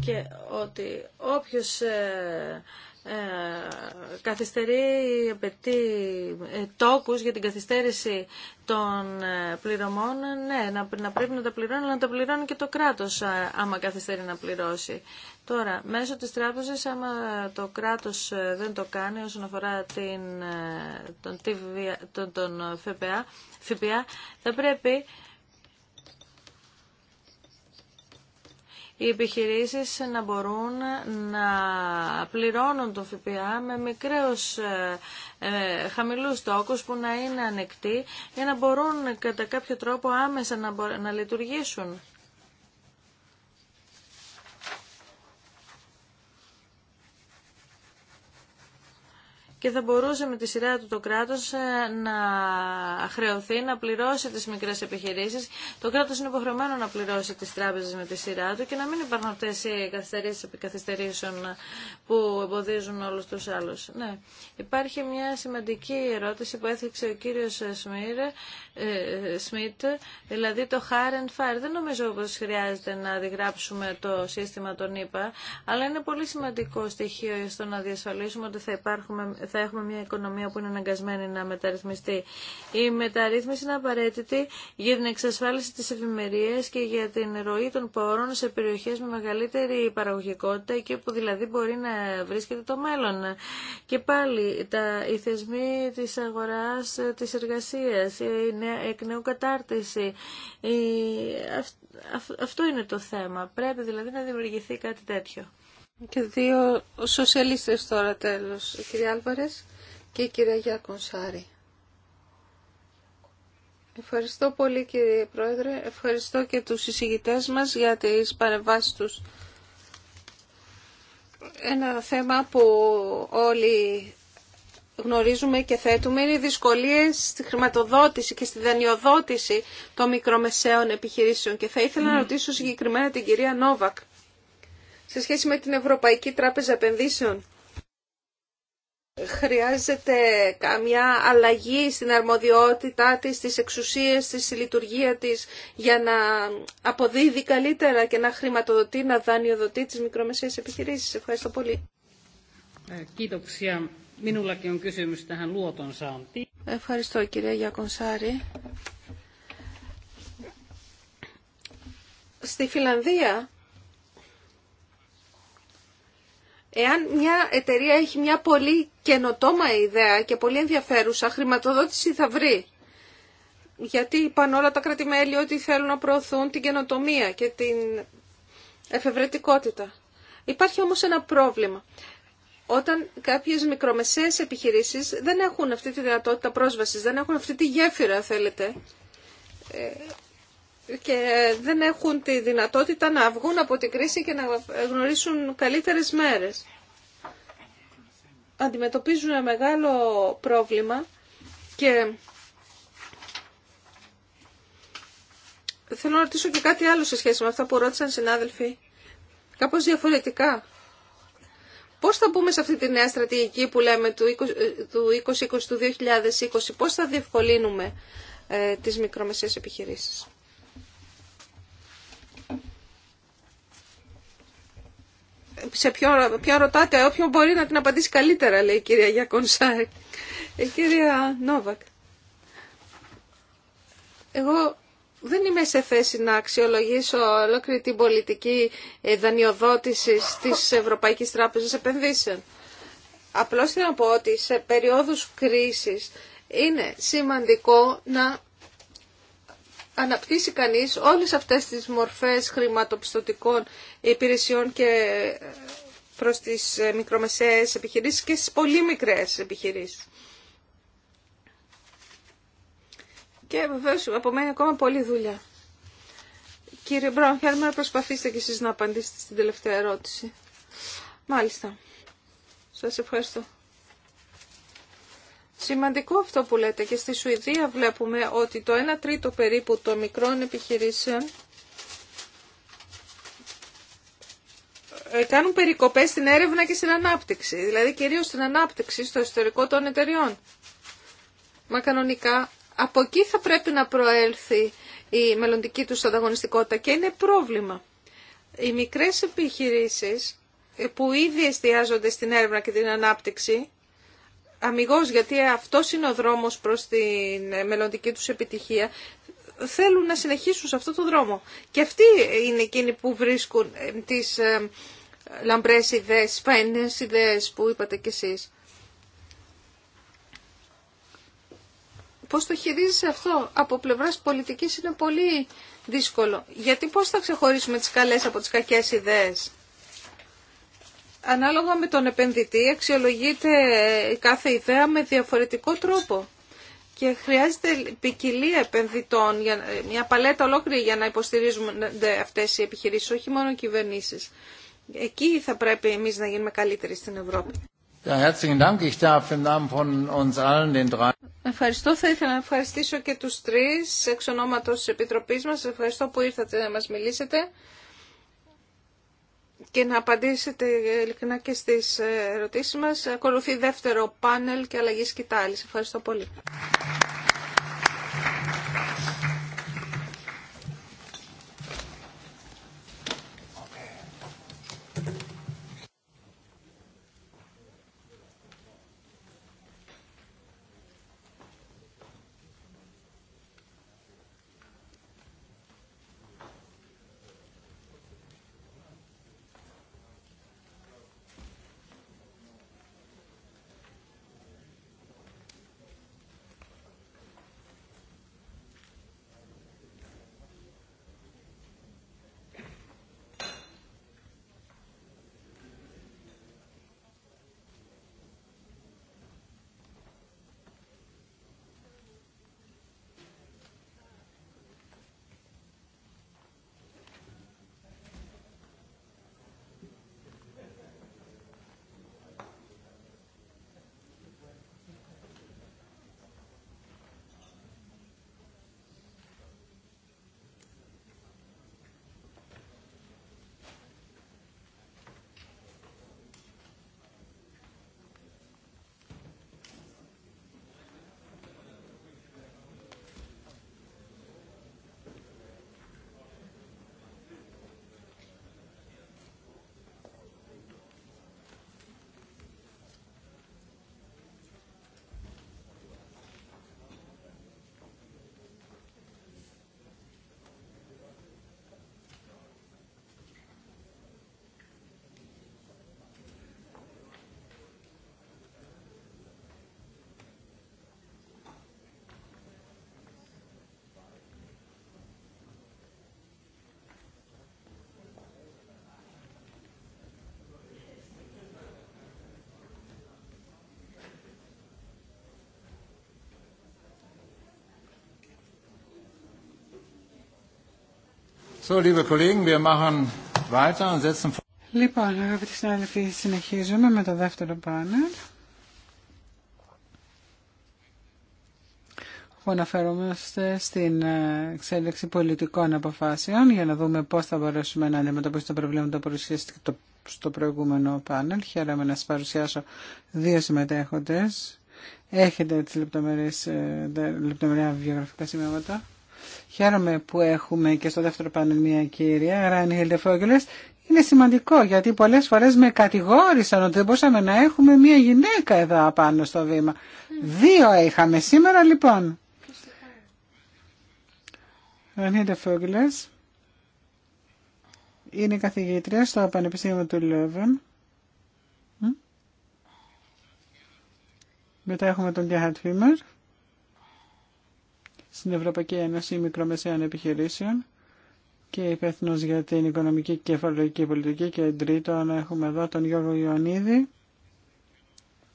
και ότι όποιος ε, ε, καθυστερεί, απαιτεί ε, τόκους για την καθυστέρηση των ε, πληρωμών. Ναι, να, πρέπει να τα πληρώνει, αλλά να τα πληρώνει και το κράτος άμα καθυστερεί να πληρώσει. Τώρα, μέσω της τράπεζας, άμα το κράτος δεν το κάνει όσον αφορά την, τον, τον, τον ΦΠΑ, ΦΠΑ, θα πρέπει οι επιχειρήσεις να μπορούν να πληρώνουν το ΦΠΑ με μικρές ε, ε, χαμηλούς τόκους που να είναι ανεκτοί για να μπορούν κατά κάποιο τρόπο άμεσα να, να λειτουργήσουν. και θα μπορούσε με τη σειρά του το κράτος ε, να χρεωθεί, να πληρώσει τις μικρές επιχειρήσεις. Το κράτος είναι υποχρεωμένο να πληρώσει τις τράπεζες με τη σειρά του και να μην υπάρχουν αυτές οι καθυστερήσεις επικαθυστερήσεων ε, που εμποδίζουν όλους τους άλλους. Ναι. Υπάρχει μια σημαντική ερώτηση που έθιξε ο κύριος ε, Σμιτ, δηλαδή το hard and fire. Δεν νομίζω πως χρειάζεται να αντιγράψουμε το σύστημα των ΗΠΑ, αλλά είναι πολύ σημαντικό στοιχείο στο να διασφαλίσουμε ότι θα, υπάρχουμε, θα έχουμε μια οικονομία που είναι αναγκασμένη να μεταρρυθμιστεί. Η μεταρρύθμιση είναι απαραίτητη για την εξασφάλιση της ευημερία και για την ροή των πόρων σε περιοχές με μεγαλύτερη παραγωγικότητα και που δηλαδή μπορεί να βρίσκεται το μέλλον. Και πάλι τα, οι θεσμοί της αγοράς της εργασίας, η εκ νέου κατάρτιση, αυτό είναι το θέμα. Πρέπει δηλαδή να δημιουργηθεί κάτι τέτοιο. Και δύο σοσιαλίστες τώρα τέλος, η κυρία Άλβαρες και η κυρία Σάρη. Ευχαριστώ πολύ κύριε Πρόεδρε, ευχαριστώ και τους εισηγητές μας για τις παρεμβάσεις τους. Ένα θέμα που όλοι γνωρίζουμε και θέτουμε είναι οι δυσκολίες στη χρηματοδότηση και στη δανειοδότηση των μικρομεσαίων επιχειρήσεων και θα ήθελα να ρωτήσω συγκεκριμένα την κυρία Νόβακ σε σχέση με την Ευρωπαϊκή Τράπεζα Επενδύσεων. Χρειάζεται καμιά αλλαγή στην αρμοδιότητά της, στις εξουσίες της, στη λειτουργία της για να αποδίδει καλύτερα και να χρηματοδοτεί, να δανειοδοτεί τις μικρομεσαίες επιχειρήσεις. Ευχαριστώ πολύ. Ε, Ευχαριστώ κυρία Γιακονσάρη. Στη Φιλανδία Εάν μια εταιρεία έχει μια πολύ καινοτόμα ιδέα και πολύ ενδιαφέρουσα, χρηματοδότηση θα βρει. Γιατί είπαν όλα τα κρατημέλη ότι θέλουν να προωθούν την καινοτομία και την εφευρετικότητα. Υπάρχει όμως ένα πρόβλημα. Όταν κάποιες μικρομεσαίες επιχειρήσεις δεν έχουν αυτή τη δυνατότητα πρόσβασης, δεν έχουν αυτή τη γέφυρα, θέλετε, ε, και δεν έχουν τη δυνατότητα να βγουν από την κρίση και να γνωρίσουν καλύτερες μέρες. Αντιμετωπίζουν ένα μεγάλο πρόβλημα και θέλω να ρωτήσω και κάτι άλλο σε σχέση με αυτά που ρώτησαν συνάδελφοι. Κάπως διαφορετικά. Πώς θα μπούμε σε αυτή τη νέα στρατηγική που λέμε του 2020 του 2020, 2020 πώς θα διευκολύνουμε ε, τις μικρομεσαίες επιχειρήσεις. σε ποιο, ποια ρωτάτε, όποιον μπορεί να την απαντήσει καλύτερα, λέει η κυρία Γιακονσάρη. Η κυρία Νόβακ. Εγώ δεν είμαι σε θέση να αξιολογήσω ολόκληρη την πολιτική ε, δανειοδότηση της Ευρωπαϊκής Τράπεζας Επενδύσεων. Απλώς θέλω να πω ότι σε περιόδους κρίσης είναι σημαντικό να αναπτύσσει κανείς όλες αυτές τις μορφές χρηματοπιστωτικών υπηρεσιών και προς τις ε, μικρομεσαίες επιχειρήσεις και στις πολύ μικρές επιχειρήσεις. Και βεβαίω απομένει ακόμα πολλή δουλειά. Κύριε Μπρόν, θέλουμε να προσπαθήσετε κι εσείς να απαντήσετε στην τελευταία ερώτηση. Μάλιστα. Σας ευχαριστώ. Σημαντικό αυτό που λέτε και στη Σουηδία βλέπουμε ότι το 1 τρίτο περίπου των μικρών επιχειρήσεων ε, κάνουν περικοπές στην έρευνα και στην ανάπτυξη, δηλαδή κυρίως στην ανάπτυξη στο εσωτερικό των εταιριών. Μα κανονικά από εκεί θα πρέπει να προέλθει η μελλοντική τους ανταγωνιστικότητα και είναι πρόβλημα. Οι μικρές επιχειρήσεις ε, που ήδη εστιάζονται στην έρευνα και την ανάπτυξη αμυγός, γιατί αυτό είναι ο δρόμος προς τη μελλοντική τους επιτυχία, θέλουν να συνεχίσουν σε αυτό το δρόμο. Και αυτοί είναι εκείνοι που βρίσκουν ε, τις ε, λαμπρές ιδέες, φαίνες ιδέες που είπατε κι εσείς. Πώς το χειρίζεσαι αυτό από πλευράς πολιτικής είναι πολύ δύσκολο. Γιατί πώς θα ξεχωρίσουμε τις καλές από τις κακές ιδέες ανάλογα με τον επενδυτή αξιολογείται κάθε ιδέα με διαφορετικό τρόπο και χρειάζεται ποικιλία επενδυτών, μια παλέτα ολόκληρη για να υποστηρίζουν αυτές οι επιχειρήσεις, όχι μόνο οι κυβερνήσεις. Εκεί θα πρέπει εμείς να γίνουμε καλύτεροι στην Ευρώπη. Ευχαριστώ. Θα ήθελα να ευχαριστήσω και τους τρεις εξ ονόματος της Επιτροπής μας. Ευχαριστώ που ήρθατε να μας μιλήσετε και να απαντήσετε ειλικρινά και στις ερωτήσεις μας. Ακολουθεί δεύτερο πάνελ και αλλαγή σκητάλης. Ευχαριστώ πολύ. Λοιπόν, αγαπητοί συνάδελφοι, συνεχίζουμε με το δεύτερο πάνελ. που αναφερόμαστε στην ε, εξέλιξη πολιτικών αποφάσεων για να δούμε πώς θα μπορέσουμε να αντιμετωπίσουμε τα προβλήματα που παρουσιάστηκε στο προηγούμενο πάνελ. Χαίρομαι να σας παρουσιάσω δύο συμμετέχοντες. Έχετε τις λεπτομερείς, ε, λεπτομεριά βιογραφικά σημείωματα. Χαίρομαι που έχουμε και στο δεύτερο πάνελ μια κυρία, Ράνι Χελτεφόγγελε. Είναι σημαντικό γιατί πολλές φορές με κατηγόρησαν ότι δεν μπορούσαμε να έχουμε μια γυναίκα εδώ απάνω στο βήμα. Δύο είχαμε σήμερα λοιπόν. Ράνι Χελτεφόγγελε είναι καθηγήτρια στο Πανεπιστήμιο του Λέβεν. Μετά έχουμε τον Γιάννη Φίμερ στην Ευρωπαϊκή Ένωση Μικρομεσαίων Επιχειρήσεων και υπεύθυνο για την οικονομική και εφαρμογική πολιτική και τρίτον έχουμε εδώ τον Γιώργο Ιωαννίδη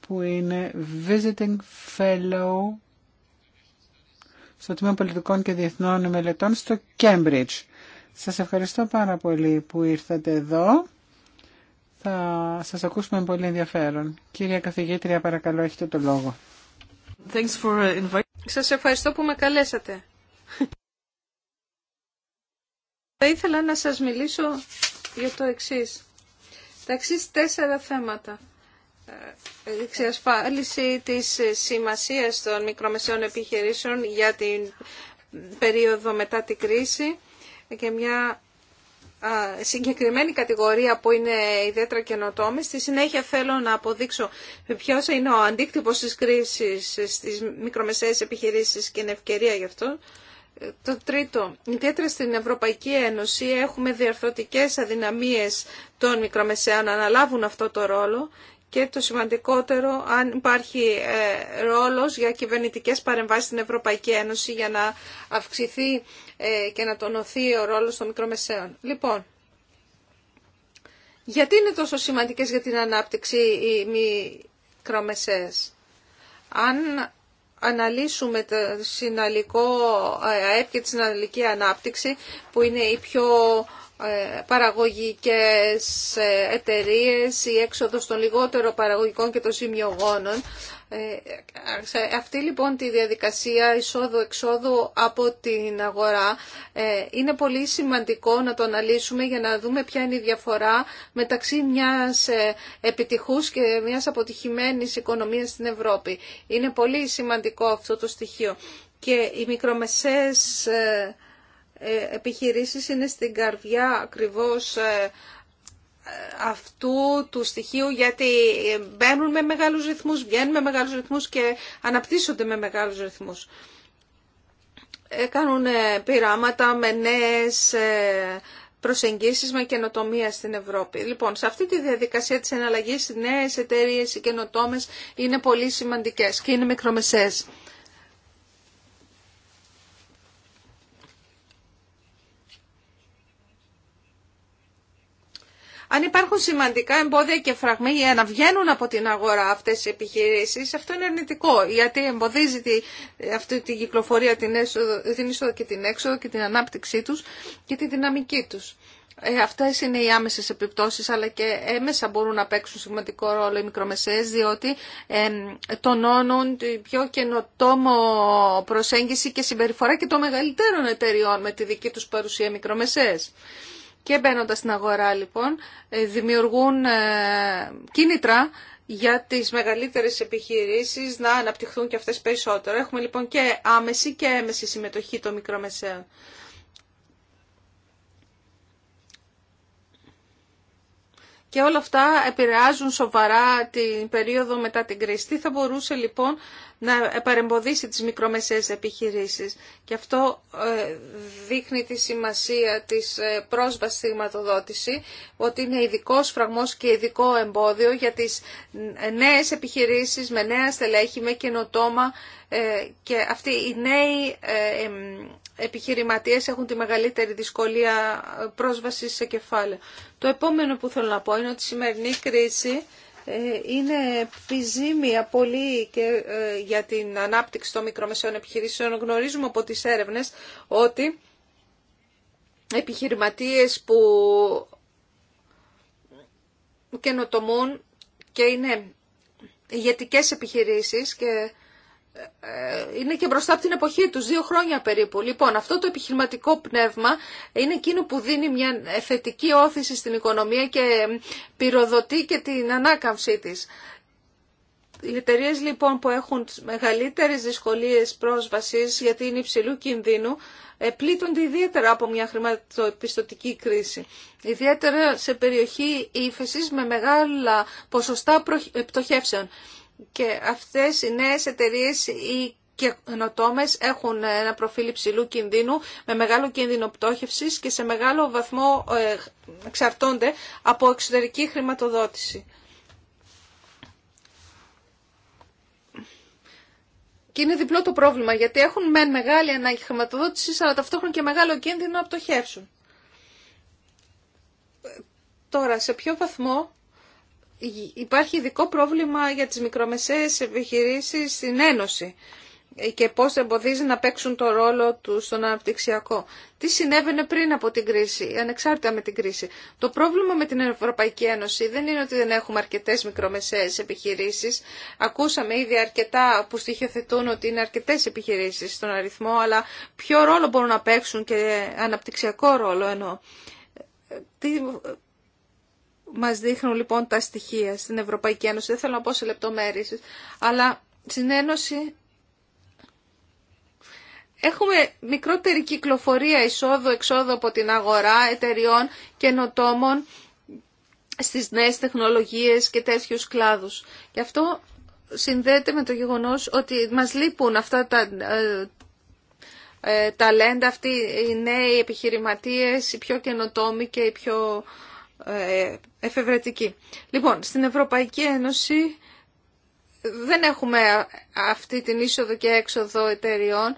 που είναι Visiting Fellow στο Τμήμα Πολιτικών και Διεθνών Μελετών στο Cambridge. Σας ευχαριστώ πάρα πολύ που ήρθατε εδώ. Θα σας ακούσουμε πολύ ενδιαφέρον. Κυρία Καθηγήτρια, παρακαλώ, έχετε το λόγο. Σας ευχαριστώ που με καλέσατε. Θα ήθελα να σας μιλήσω για το εξής. Τα εξής τέσσερα θέματα. Ε, εξασφάλιση της σημασίας των μικρομεσαίων επιχειρήσεων για την περίοδο μετά την κρίση και μια συγκεκριμένη κατηγορία που είναι ιδιαίτερα καινοτόμη. Στη συνέχεια θέλω να αποδείξω ποιο είναι ο αντίκτυπο της κρίσης στις μικρομεσαίες επιχειρήσεις και είναι ευκαιρία γι' αυτό. Το τρίτο, ιδιαίτερα στην Ευρωπαϊκή Ένωση έχουμε διαρθρωτικές αδυναμίες των μικρομεσαίων να αναλάβουν αυτό το ρόλο και το σημαντικότερο αν υπάρχει ε, ρόλος για κυβερνητικές παρεμβάσεις στην Ευρωπαϊκή Ένωση για να αυξηθεί ε, και να τονωθεί ο ρόλος των μικρομεσαίων. Λοιπόν, γιατί είναι τόσο σημαντικές για την ανάπτυξη οι μικρομεσαίες. Αν αναλύσουμε το συναλλικό ε, και τη συναλλική ανάπτυξη που είναι οι πιο ε, παραγωγικές εταιρείες, η έξοδος των λιγότερων παραγωγικών και των σημειογόνων, ε, ε, αυτή λοιπόν τη διαδικασία εισόδου-εξόδου από την αγορά ε, είναι πολύ σημαντικό να το αναλύσουμε για να δούμε ποια είναι η διαφορά μεταξύ μιας επιτυχούς και μιας αποτυχημένης οικονομίας στην Ευρώπη. Είναι πολύ σημαντικό αυτό το στοιχείο. Και οι μικρομεσαίες επιχειρήσεις είναι στην καρδιά ακριβώς αυτού του στοιχείου γιατί μπαίνουν με μεγάλους ρυθμούς, βγαίνουν με μεγάλους ρυθμούς και αναπτύσσονται με μεγάλους ρυθμούς. Ε, κάνουν ε, πειράματα με νέες ε, προσεγγίσεις με καινοτομία στην Ευρώπη. Λοιπόν, σε αυτή τη διαδικασία της εναλλαγής οι νέες εταιρείες, οι καινοτόμες είναι πολύ σημαντικές και είναι μικρομεσαίες. Αν υπάρχουν σημαντικά εμπόδια και φραγμοί για να βγαίνουν από την αγορά αυτέ οι επιχειρήσει, αυτό είναι αρνητικό, γιατί εμποδίζει αυτή την κυκλοφορία, την, έσοδο, την είσοδο και την έξοδο και την ανάπτυξή του και τη δυναμική του. Ε, είναι οι άμεσε επιπτώσει, αλλά και έμεσα μπορούν να παίξουν σημαντικό ρόλο οι μικρομεσαίε, διότι ε, τονώνουν την πιο καινοτόμο προσέγγιση και συμπεριφορά και των μεγαλύτερων εταιριών με τη δική του παρουσία μικρομεσαίε και μπαίνοντας στην αγορά λοιπόν ε, δημιουργούν ε, κίνητρα για τις μεγαλύτερες επιχειρήσεις να αναπτυχθούν και αυτές περισσότερο. Έχουμε λοιπόν και άμεση και έμεση συμμετοχή των μικρομεσαίων. Και όλα αυτά επηρεάζουν σοβαρά την περίοδο μετά την κρίση. Τι θα μπορούσε λοιπόν να επαρεμποδίσει τις μικρομεσαίες επιχειρήσεις. Και αυτό ε, δείχνει τη σημασία της ε, πρόσβασης στη ότι είναι ειδικό φραγμός και ειδικό εμπόδιο για τις ε, νέες επιχειρήσεις με νέα στελέχη, με καινοτόμα και αυτοί οι νέοι επιχειρηματίες έχουν τη μεγαλύτερη δυσκολία πρόσβασης σε κεφάλαιο. Το επόμενο που θέλω να πω είναι ότι η σημερινή κρίση ε, είναι επιζήμια πολύ και ε, για την ανάπτυξη των μικρομεσαίων επιχειρήσεων. Γνωρίζουμε από τις έρευνες ότι επιχειρηματίες που καινοτομούν και είναι ηγετικές επιχειρήσεις και είναι και μπροστά από την εποχή τους, δύο χρόνια περίπου. Λοιπόν, αυτό το επιχειρηματικό πνεύμα είναι εκείνο που δίνει μια θετική όθηση στην οικονομία και πυροδοτεί και την ανάκαμψή της. Οι εταιρείε λοιπόν που έχουν μεγαλύτερες δυσκολίες πρόσβασης γιατί είναι υψηλού κινδύνου πλήττονται ιδιαίτερα από μια χρηματοπιστωτική κρίση. Ιδιαίτερα σε περιοχή ύφεση με μεγάλα ποσοστά πτωχεύσεων. Και αυτές οι νέες εταιρείες, οι καινοτόμες, έχουν ένα προφίλ υψηλού κινδύνου, με μεγάλο κίνδυνο πτώχευσης και σε μεγάλο βαθμό ε, εξαρτώνται από εξωτερική χρηματοδότηση. Και είναι διπλό το πρόβλημα, γιατί έχουν μεν μεγάλη ανάγκη χρηματοδότηση, αλλά ταυτόχρονα και μεγάλο κίνδυνο να πτωχεύσουν. Ε, τώρα, σε ποιο βαθμό υπάρχει ειδικό πρόβλημα για τις μικρομεσαίες επιχειρήσεις στην Ένωση και πώς εμποδίζει να παίξουν το ρόλο του στον αναπτυξιακό. Τι συνέβαινε πριν από την κρίση, ανεξάρτητα με την κρίση. Το πρόβλημα με την Ευρωπαϊκή Ένωση δεν είναι ότι δεν έχουμε αρκετές μικρομεσαίες επιχειρήσεις. Ακούσαμε ήδη αρκετά που στοιχειοθετούν ότι είναι αρκετές επιχειρήσεις στον αριθμό, αλλά ποιο ρόλο μπορούν να παίξουν και αναπτυξιακό ρόλο εννοώ. Μα δείχνουν λοιπόν τα στοιχεία στην Ευρωπαϊκή Ένωση. Δεν θέλω να πω σε λεπτομέρειε, αλλά στην Ένωση έχουμε μικρότερη κυκλοφορία εισόδου-εξόδου από την αγορά εταιριών καινοτόμων στις νέες τεχνολογίες και τέτοιους κλάδους. Και αυτό συνδέεται με το γεγονός ότι μας λείπουν αυτά τα ε, ε, ταλέντα, αυτοί οι νέοι επιχειρηματίες, οι πιο καινοτόμοι και οι πιο ε, εφευρετική. Λοιπόν, στην Ευρωπαϊκή Ένωση δεν έχουμε αυτή την είσοδο και έξοδο εταιριών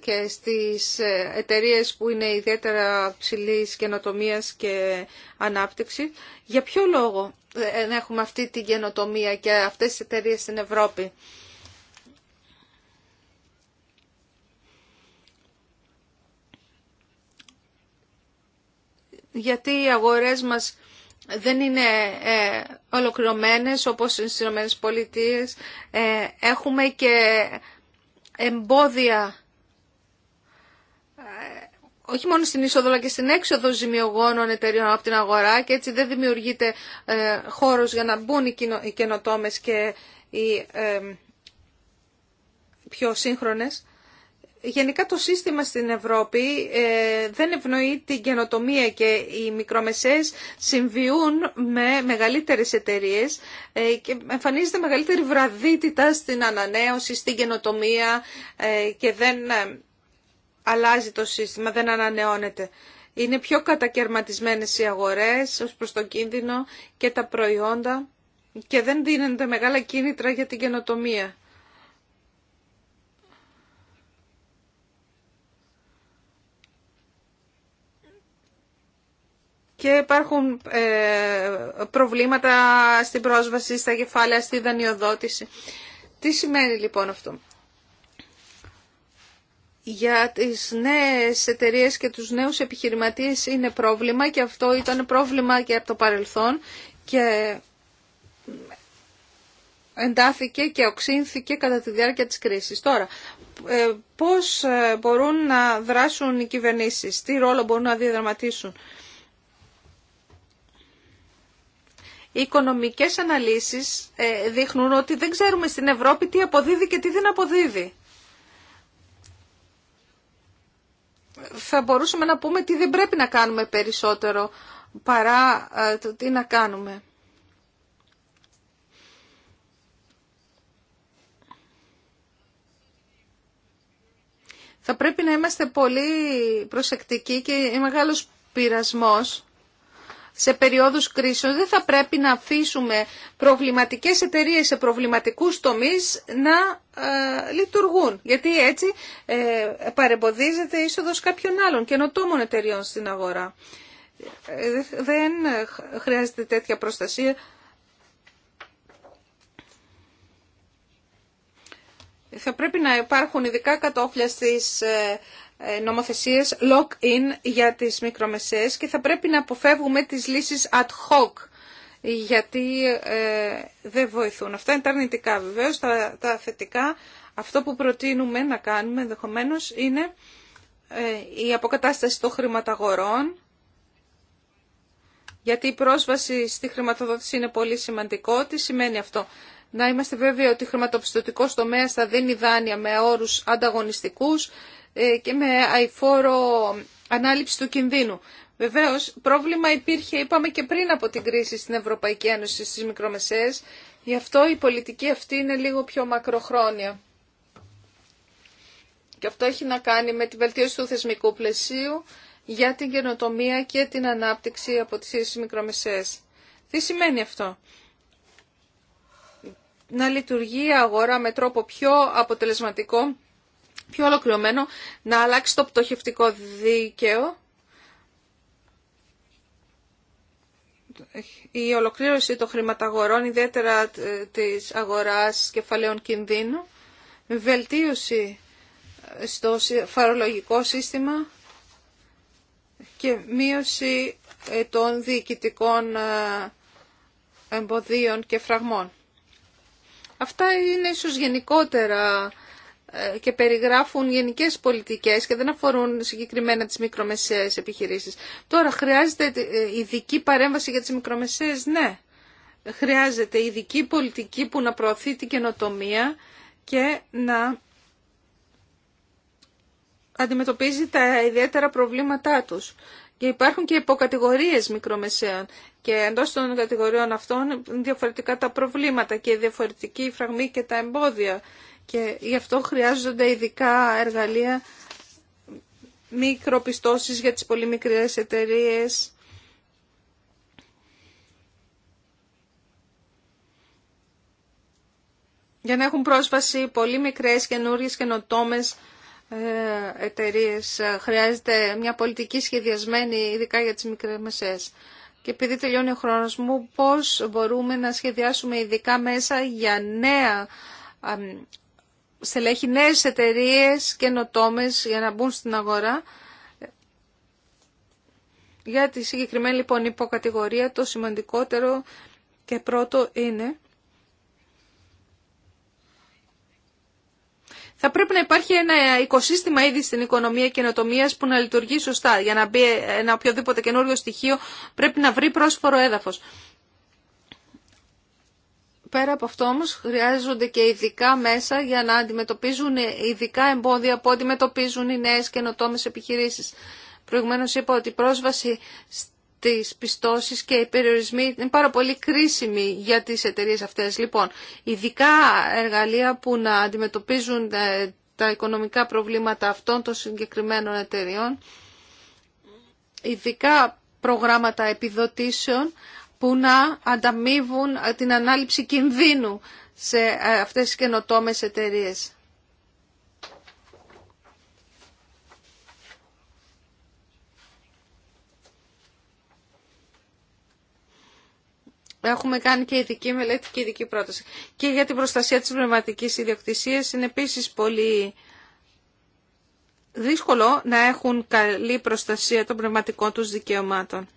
και στις ε, εταιρείε που είναι ιδιαίτερα ψηλής καινοτομία και ανάπτυξη. Για ποιο λόγο δεν έχουμε αυτή την καινοτομία και αυτές τις εταιρείε στην Ευρώπη. γιατί οι αγορές μας δεν είναι ε, ολοκληρωμένες όπως στις Ηνωμένες Πολιτείες. Ε, έχουμε και εμπόδια ε, όχι μόνο στην είσοδο αλλά και στην έξοδο ζημιογόνων εταιριών από την αγορά και έτσι δεν δημιουργείται ε, χώρος για να μπουν οι, κοινο, καινοτόμες και οι ε, πιο σύγχρονες. Γενικά το σύστημα στην Ευρώπη ε, δεν ευνοεί την καινοτομία και οι μικρομεσαίες συμβιούν με μεγαλύτερες εταιρείες ε, και εμφανίζεται μεγαλύτερη βραδύτητα στην ανανέωση, στην καινοτομία ε, και δεν αλλάζει το σύστημα, δεν ανανεώνεται. Είναι πιο κατακαιρματισμένες οι αγορές ως προς το κίνδυνο και τα προϊόντα και δεν δίνονται μεγάλα κίνητρα για την καινοτομία. και υπάρχουν ε, προβλήματα στην πρόσβαση, στα κεφάλαια, στη δανειοδότηση. Τι σημαίνει λοιπόν αυτό. Για τις νέες εταιρείες και τους νέους επιχειρηματίες είναι πρόβλημα και αυτό ήταν πρόβλημα και από το παρελθόν και εντάθηκε και οξύνθηκε κατά τη διάρκεια της κρίσης. Τώρα, ε, πώς ε, μπορούν να δράσουν οι κυβερνήσεις, τι ρόλο μπορούν να διαδραματίσουν. Οι οικονομικές αναλύσεις ε, δείχνουν ότι δεν ξέρουμε στην Ευρώπη τι αποδίδει και τι δεν αποδίδει. Θα μπορούσαμε να πούμε τι δεν πρέπει να κάνουμε περισσότερο παρά ε, το τι να κάνουμε. Θα πρέπει να είμαστε πολύ προσεκτικοί και μεγάλος πειρασμός σε περιόδους κρίσεων δεν θα πρέπει να αφήσουμε προβληματικές εταιρείες σε προβληματικούς τομείς να ε, λειτουργούν. Γιατί έτσι ε, παρεμποδίζεται η είσοδος κάποιων άλλων καινοτόμων εταιρείων στην αγορά. Ε, δεν χρειάζεται τέτοια προστασία. Θα πρέπει να υπάρχουν ειδικά κατόφλια στις ε, ε, νομοθεσίες lock-in για τις μικρομεσαίες και θα πρέπει να αποφεύγουμε τις λύσεις ad hoc γιατί ε, δεν βοηθούν. Αυτά είναι τα αρνητικά βεβαίως, τα, τα θετικά. Αυτό που προτείνουμε να κάνουμε ενδεχομένω είναι ε, η αποκατάσταση των χρηματαγορών γιατί η πρόσβαση στη χρηματοδότηση είναι πολύ σημαντικό. Τι σημαίνει αυτό. Να είμαστε βέβαιοι ότι ο χρηματοπιστωτικός τομέα θα δίνει δάνεια με όρους ανταγωνιστικούς ε, και με αηφόρο ανάληψη του κινδύνου. Βεβαίως, πρόβλημα υπήρχε, είπαμε και πριν από την κρίση στην Ευρωπαϊκή Ένωση στις μικρομεσαίες, γι' αυτό η πολιτική αυτή είναι λίγο πιο μακροχρόνια. Και αυτό έχει να κάνει με τη βελτίωση του θεσμικού πλαισίου για την καινοτομία και την ανάπτυξη από τις ίδιες μικρομεσαίες. Τι σημαίνει αυτό. Να λειτουργεί η αγορά με τρόπο πιο αποτελεσματικό πιο ολοκληρωμένο, να αλλάξει το πτωχευτικό δίκαιο. Η ολοκλήρωση των χρηματαγορών, ιδιαίτερα της αγοράς κεφαλαίων κινδύνου, βελτίωση στο φαρολογικό σύστημα και μείωση ε, των διοικητικών ε, εμποδίων και φραγμών. Αυτά είναι ίσως γενικότερα ε, και περιγράφουν γενικές πολιτικές και δεν αφορούν συγκεκριμένα τις μικρομεσαίες επιχειρήσεις. Τώρα, χρειάζεται ε, ειδική παρέμβαση για τις μικρομεσαίες, ναι. Χρειάζεται ειδική πολιτική που να προωθεί την καινοτομία και να αντιμετωπίζει τα ιδιαίτερα προβλήματά τους. Και υπάρχουν και υποκατηγορίες μικρομεσαίων και εντός των κατηγοριών αυτών διαφορετικά τα προβλήματα και διαφορετική φραγμή και τα εμπόδια και γι' αυτό χρειάζονται ειδικά εργαλεία μικροπιστώσεις για τις πολύ μικρές εταιρείες. για να έχουν πρόσβαση πολύ μικρές καινούριες καινοτόμες ε, εταιρείε. Ε, χρειάζεται μια πολιτική σχεδιασμένη ειδικά για τις μεσές. Και επειδή τελειώνει ο χρόνος μου, πώς μπορούμε να σχεδιάσουμε ειδικά μέσα για νέα στελέχει νέες και καινοτόμε για να μπουν στην αγορά. Για τη συγκεκριμένη λοιπόν υποκατηγορία το σημαντικότερο και πρώτο είναι Θα πρέπει να υπάρχει ένα οικοσύστημα ήδη στην οικονομία καινοτομία που να λειτουργεί σωστά. Για να μπει ένα οποιοδήποτε καινούριο στοιχείο πρέπει να βρει πρόσφορο έδαφο. Πέρα από αυτό όμως χρειάζονται και ειδικά μέσα για να αντιμετωπίζουν ειδικά εμπόδια που αντιμετωπίζουν οι νέες καινοτόμες επιχειρήσεις. Προηγουμένως είπα ότι η πρόσβαση στις πιστώσεις και οι περιορισμοί είναι πάρα πολύ κρίσιμη για τις εταιρείες αυτές. Λοιπόν, ειδικά εργαλεία που να αντιμετωπίζουν ε, τα οικονομικά προβλήματα αυτών των συγκεκριμένων εταιρεών, ειδικά προγράμματα επιδοτήσεων, που να ανταμείβουν ε, την ανάληψη κινδύνου σε ε, αυτές τις καινοτόμες εταιρείε. Έχουμε κάνει και ειδική μελέτη και ειδική πρόταση. Και για την προστασία της πνευματικής ιδιοκτησίας είναι επίσης πολύ δύσκολο να έχουν καλή προστασία των πνευματικών τους δικαιωμάτων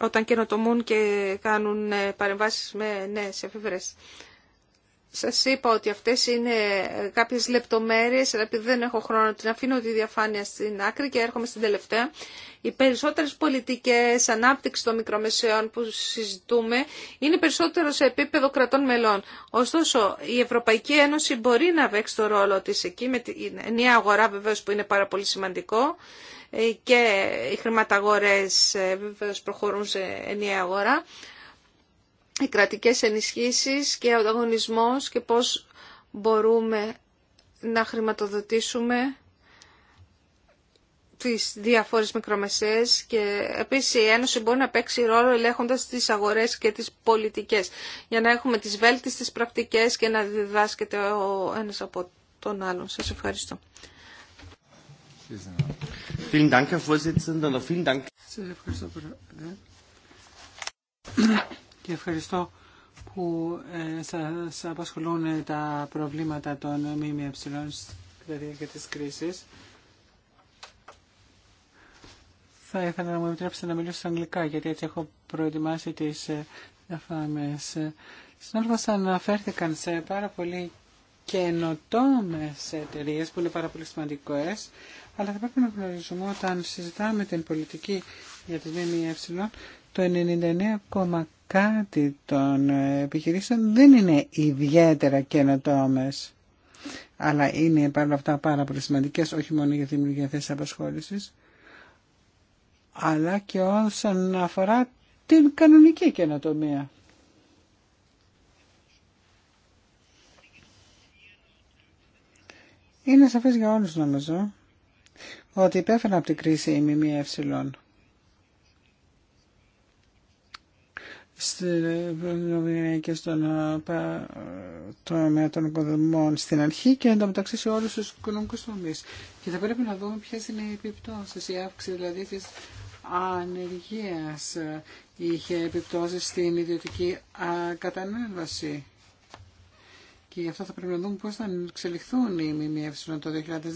όταν καινοτομούν και κάνουν ε, παρεμβάσεις με νέες εφηβρέ. Σας είπα ότι αυτές είναι ε, κάποιες λεπτομέρειες, αλλά επειδή δεν έχω χρόνο την αφήνω τη διαφάνεια στην άκρη και έρχομαι στην τελευταία. Οι περισσότερες πολιτικές ανάπτυξη των μικρομεσαίων που συζητούμε είναι περισσότερο σε επίπεδο κρατών μελών. Ωστόσο, η Ευρωπαϊκή Ένωση μπορεί να βέξει το ρόλο της εκεί, με την ενιαία αγορά βεβαίως που είναι πάρα πολύ σημαντικό, ε, και οι χρηματαγορές ε, βεβαίω προχωρούν σε ενιαία αγορά, οι κρατικές ενισχύσεις και ο ανταγωνισμός και πώς μπορούμε να χρηματοδοτήσουμε τις διαφόρες μικρομεσαίες και επίσης η Ένωση μπορεί να παίξει ρόλο ελέγχοντας τις αγορές και τις πολιτικές για να έχουμε τις βέλτιστες πρακτικές και να διδάσκεται ο ένας από τον άλλον. Σας ευχαριστώ. Σας ευχαριστώ, Και που ε, σας απασχολούν τα προβλήματα των ΜΜΕ δηλαδή διάρκεια της κρίσης. Θα ήθελα να μου επιτρέψετε να μιλήσω αγγλικά, γιατί έτσι έχω προετοιμάσει τις ε, διαφάμες. να αναφέρθηκαν σε πάρα πολύ καινοτόμε εταιρείε που είναι πάρα πολύ σημαντικέ, αλλά θα πρέπει να γνωρίζουμε όταν συζητάμε την πολιτική για τη ΜΜΕ, το 99, κάτι των επιχειρήσεων δεν είναι ιδιαίτερα καινοτόμε, Αλλά είναι παρόλα αυτά πάρα πολύ σημαντικέ, όχι μόνο για τη δημιουργία θέση απασχόληση, αλλά και όσον αφορά την κανονική καινοτομία. Είναι σαφές για όλους νομίζω ότι υπέφεραν από την κρίση η ΜΜΕ. και στον τομέα των οικοδομών στην αρχή και μεταξύ σε όλους τους οικονομικούς τομείς. Και θα πρέπει να δούμε ποιες είναι οι επιπτώσεις, η αύξηση δηλαδή της ανεργίας είχε επιπτώσεις στην ιδιωτική κατανάλωση και γι' αυτό θα πρέπει να δούμε πώς θα εξελιχθούν οι ΜΜΕ το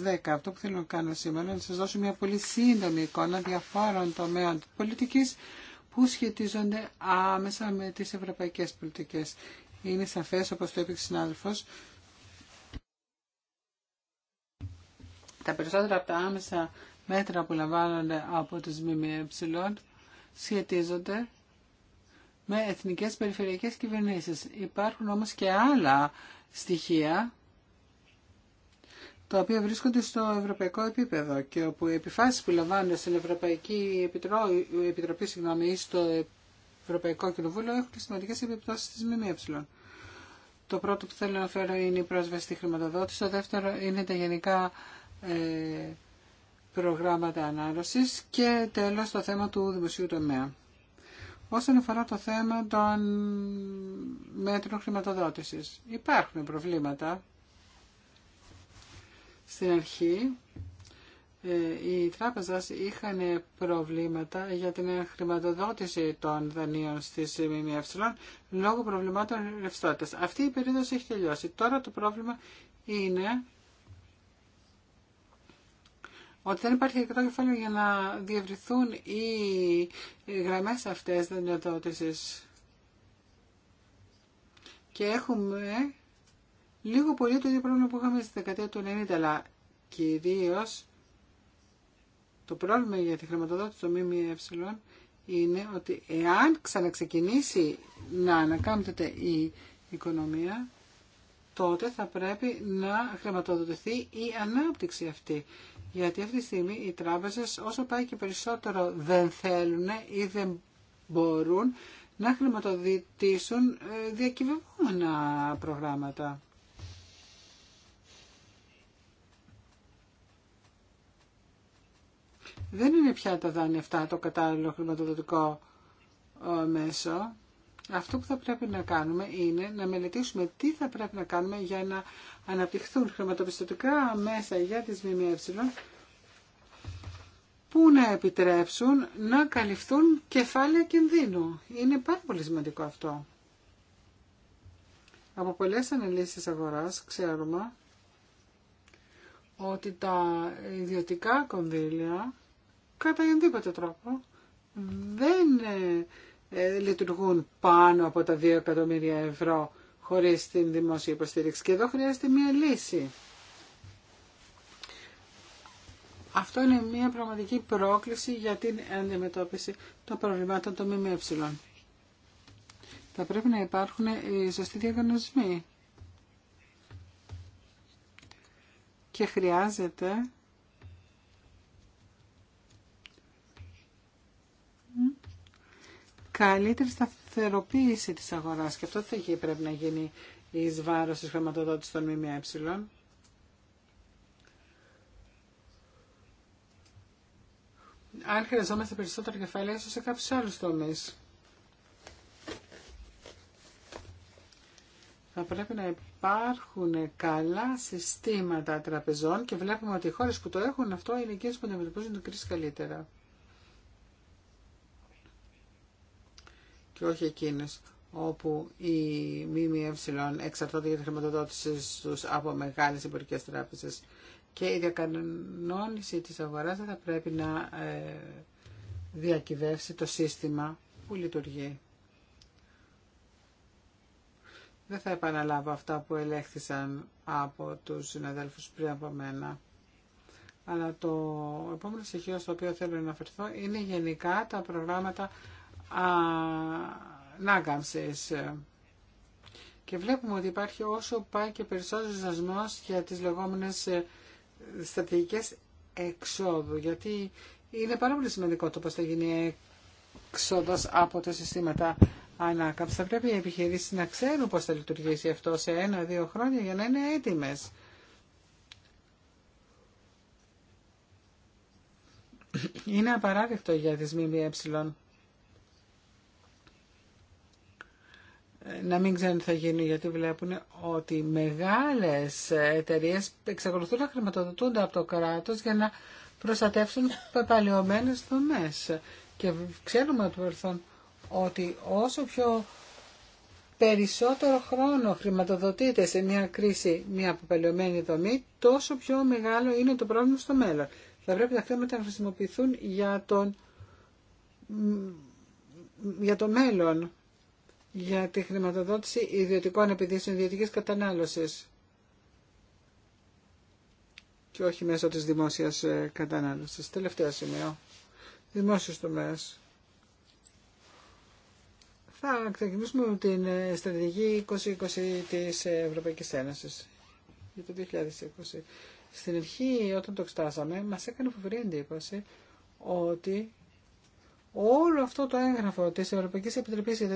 2010. Αυτό που θέλω να κάνω σήμερα είναι να σας δώσω μια πολύ σύντομη εικόνα διαφόρων τομέων πολιτικής που σχετίζονται άμεσα με τις ευρωπαϊκές πολιτικές. Είναι σαφές, όπως το είπε συνάδελφος, τα περισσότερα από τα άμεσα μέτρα που λαμβάνονται από τις ΜΜΕ σχετίζονται με εθνικές περιφερειακές κυβερνήσεις. Υπάρχουν όμως και άλλα στοιχεία τα οποία βρίσκονται στο ευρωπαϊκό επίπεδο και όπου οι επιφάσεις που λαμβάνουν στην Ευρωπαϊκή Επιτροπή συγγνώμη, ή στο Ευρωπαϊκό Κοινοβούλιο έχουν σημαντικές επιπτώσεις της ΜΜΕ. Το πρώτο που θέλω να φέρω είναι η πρόσβαση στη χρηματοδότηση, το δεύτερο είναι τα γενικά ε, προγράμματα ανάρρωσης και τέλος το θέμα του δημοσίου τομέα. Όσον αφορά το θέμα των μέτρων χρηματοδότησης, υπάρχουν προβλήματα. Στην αρχή, ε, οι τράπεζες είχαν προβλήματα για την χρηματοδότηση των δανείων στις ΜΜΕ λόγω προβλημάτων ρευστότητας. Αυτή η περίοδος έχει τελειώσει. Τώρα το πρόβλημα είναι ότι δεν υπάρχει αρκετό κεφάλαιο για να διευρυθούν οι γραμμές αυτές δυνατότητες. Και έχουμε λίγο πολύ το ίδιο πρόβλημα που είχαμε στη δεκαετία του 90, αλλά κυρίω το πρόβλημα για τη χρηματοδότηση των ΜΜΕ είναι ότι εάν ξαναξεκινήσει να ανακάμπτεται η οικονομία, τότε θα πρέπει να χρηματοδοτηθεί η ανάπτυξη αυτή. Γιατί αυτή τη στιγμή οι τράπεζες όσο πάει και περισσότερο δεν θέλουν ή δεν μπορούν να χρηματοδοτήσουν ε, διακυβευόμενα προγράμματα. Δεν είναι πια τα δάνεια αυτά το κατάλληλο χρηματοδοτικό ε, μέσο αυτό που θα πρέπει να κάνουμε είναι να μελετήσουμε τι θα πρέπει να κάνουμε για να αναπτυχθούν χρηματοπιστωτικά μέσα για τις ΜΜΕ που να επιτρέψουν να καλυφθούν κεφάλαια κινδύνου. Είναι πάρα πολύ σημαντικό αυτό. Από πολλές αναλύσεις αγοράς ξέρουμε ότι τα ιδιωτικά κονδύλια κατά οποιονδήποτε τρόπο δεν ε, ε, λειτουργούν πάνω από τα 2 εκατομμύρια ευρώ χωρίς την δημόσια υποστήριξη. Και εδώ χρειάζεται μία λύση. Αυτό είναι μία πραγματική πρόκληση για την αντιμετώπιση των προβλημάτων των ΜΜΕ. Θα πρέπει να υπάρχουν οι σωστοί διαγωνισμοί. Και χρειάζεται καλύτερη σταθεροποίηση της αγοράς και αυτό δεν πρέπει να γίνει η βάρος της χρηματοδότησης των ΜΜΕ. Αν χρειαζόμαστε περισσότερα κεφάλαια, ίσως σε κάποιους άλλους τομείς. Θα πρέπει να υπάρχουν καλά συστήματα τραπεζών και βλέπουμε ότι οι χώρες που το έχουν αυτό είναι εκείνες που αντιμετωπίζουν την κρίση καλύτερα. και όχι εκείνες όπου οι ΜΜΕ εξαρτώνται για τη χρηματοδότηση του από μεγάλε εμπορικέ τράπεζε. Και η διακανόνιση της αγορά δεν θα πρέπει να ε, διακυβεύσει το σύστημα που λειτουργεί. Δεν θα επαναλάβω αυτά που ελέγχθησαν από τους συναδέλφους πριν από μένα. Αλλά το επόμενο στοιχείο στο οποίο θέλω να αναφερθώ είναι γενικά τα προγράμματα ανάκαμψης. Και βλέπουμε ότι υπάρχει όσο πάει και περισσότερο ζασμός για τις λεγόμενες ε, στρατηγικές εξόδου, γιατί είναι πάρα πολύ σημαντικό το πώς θα γίνει εξόδος από τα συστήματα ανάκαμψη. Θα πρέπει οι επιχειρήσεις να ξέρουν πώς θα λειτουργήσει αυτό σε ένα-δύο χρόνια για να είναι έτοιμες. Είναι απαράδεκτο για τις ΜΜΕ να μην ξέρουν τι θα γίνει γιατί βλέπουν ότι μεγάλες εταιρείε εξακολουθούν να χρηματοδοτούνται από το κράτος για να προστατεύσουν πεπαλαιωμένες δομές. Και ξέρουμε από ότι όσο πιο περισσότερο χρόνο χρηματοδοτείται σε μια κρίση μια πεπαλαιωμένη δομή, τόσο πιο μεγάλο είναι το πρόβλημα στο μέλλον. Θα πρέπει τα χρήματα να χρησιμοποιηθούν για, τον, για το μέλλον για τη χρηματοδότηση ιδιωτικών επιδίσεων ιδιωτικής κατανάλωσης και όχι μέσω της δημόσιας ε, κατανάλωσης. Τελευταίο σημείο. Δημόσιος τομέας. Θα ξεκινήσουμε με την ε, στρατηγική 2020 της Ευρωπαϊκής Ένωσης για το 2020. Στην αρχή όταν το εξτάσαμε μας έκανε φοβερή εντύπωση ότι Όλο αυτό το έγγραφο της Ευρωπαϊκής Επιτροπής για το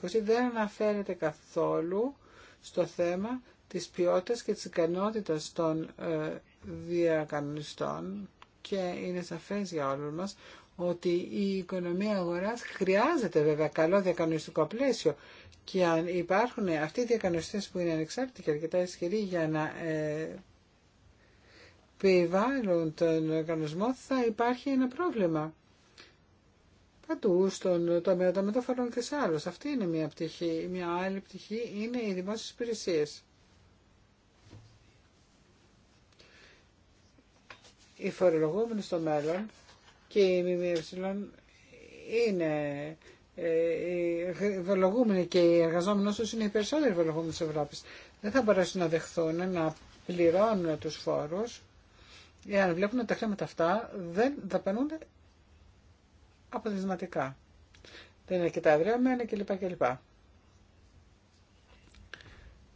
2020 δεν αναφέρεται καθόλου στο θέμα της ποιότητας και της ικανότητας των ε, διακανονιστών και είναι σαφές για όλους μας ότι η οικονομία αγοράς χρειάζεται βέβαια καλό διακανονιστικό πλαίσιο και αν υπάρχουν αυτοί οι διακανονιστές που είναι ανεξάρτητοι και αρκετά ισχυροί για να ε, περιβάλλουν τον οργανισμό θα υπάρχει ένα πρόβλημα παντού στον τομέα των μεταφορών και σε άλλου. Αυτή είναι μια πτυχή. Μια άλλη πτυχή είναι οι δημόσιε υπηρεσίε. Οι φορολογούμενοι στο μέλλον και οι ΜΜΕ είναι ε, οι φορολογούμενοι και οι εργαζόμενοι όσους είναι οι περισσότεροι φορολογούμενοι της Ευρώπης. Δεν θα μπορέσουν να δεχθούν να πληρώνουν τους φόρους εάν βλέπουν τα χρήματα αυτά δεν δαπανούνται αποτελεσματικά. Δεν είναι αρκετά τα κλπ. κλπ.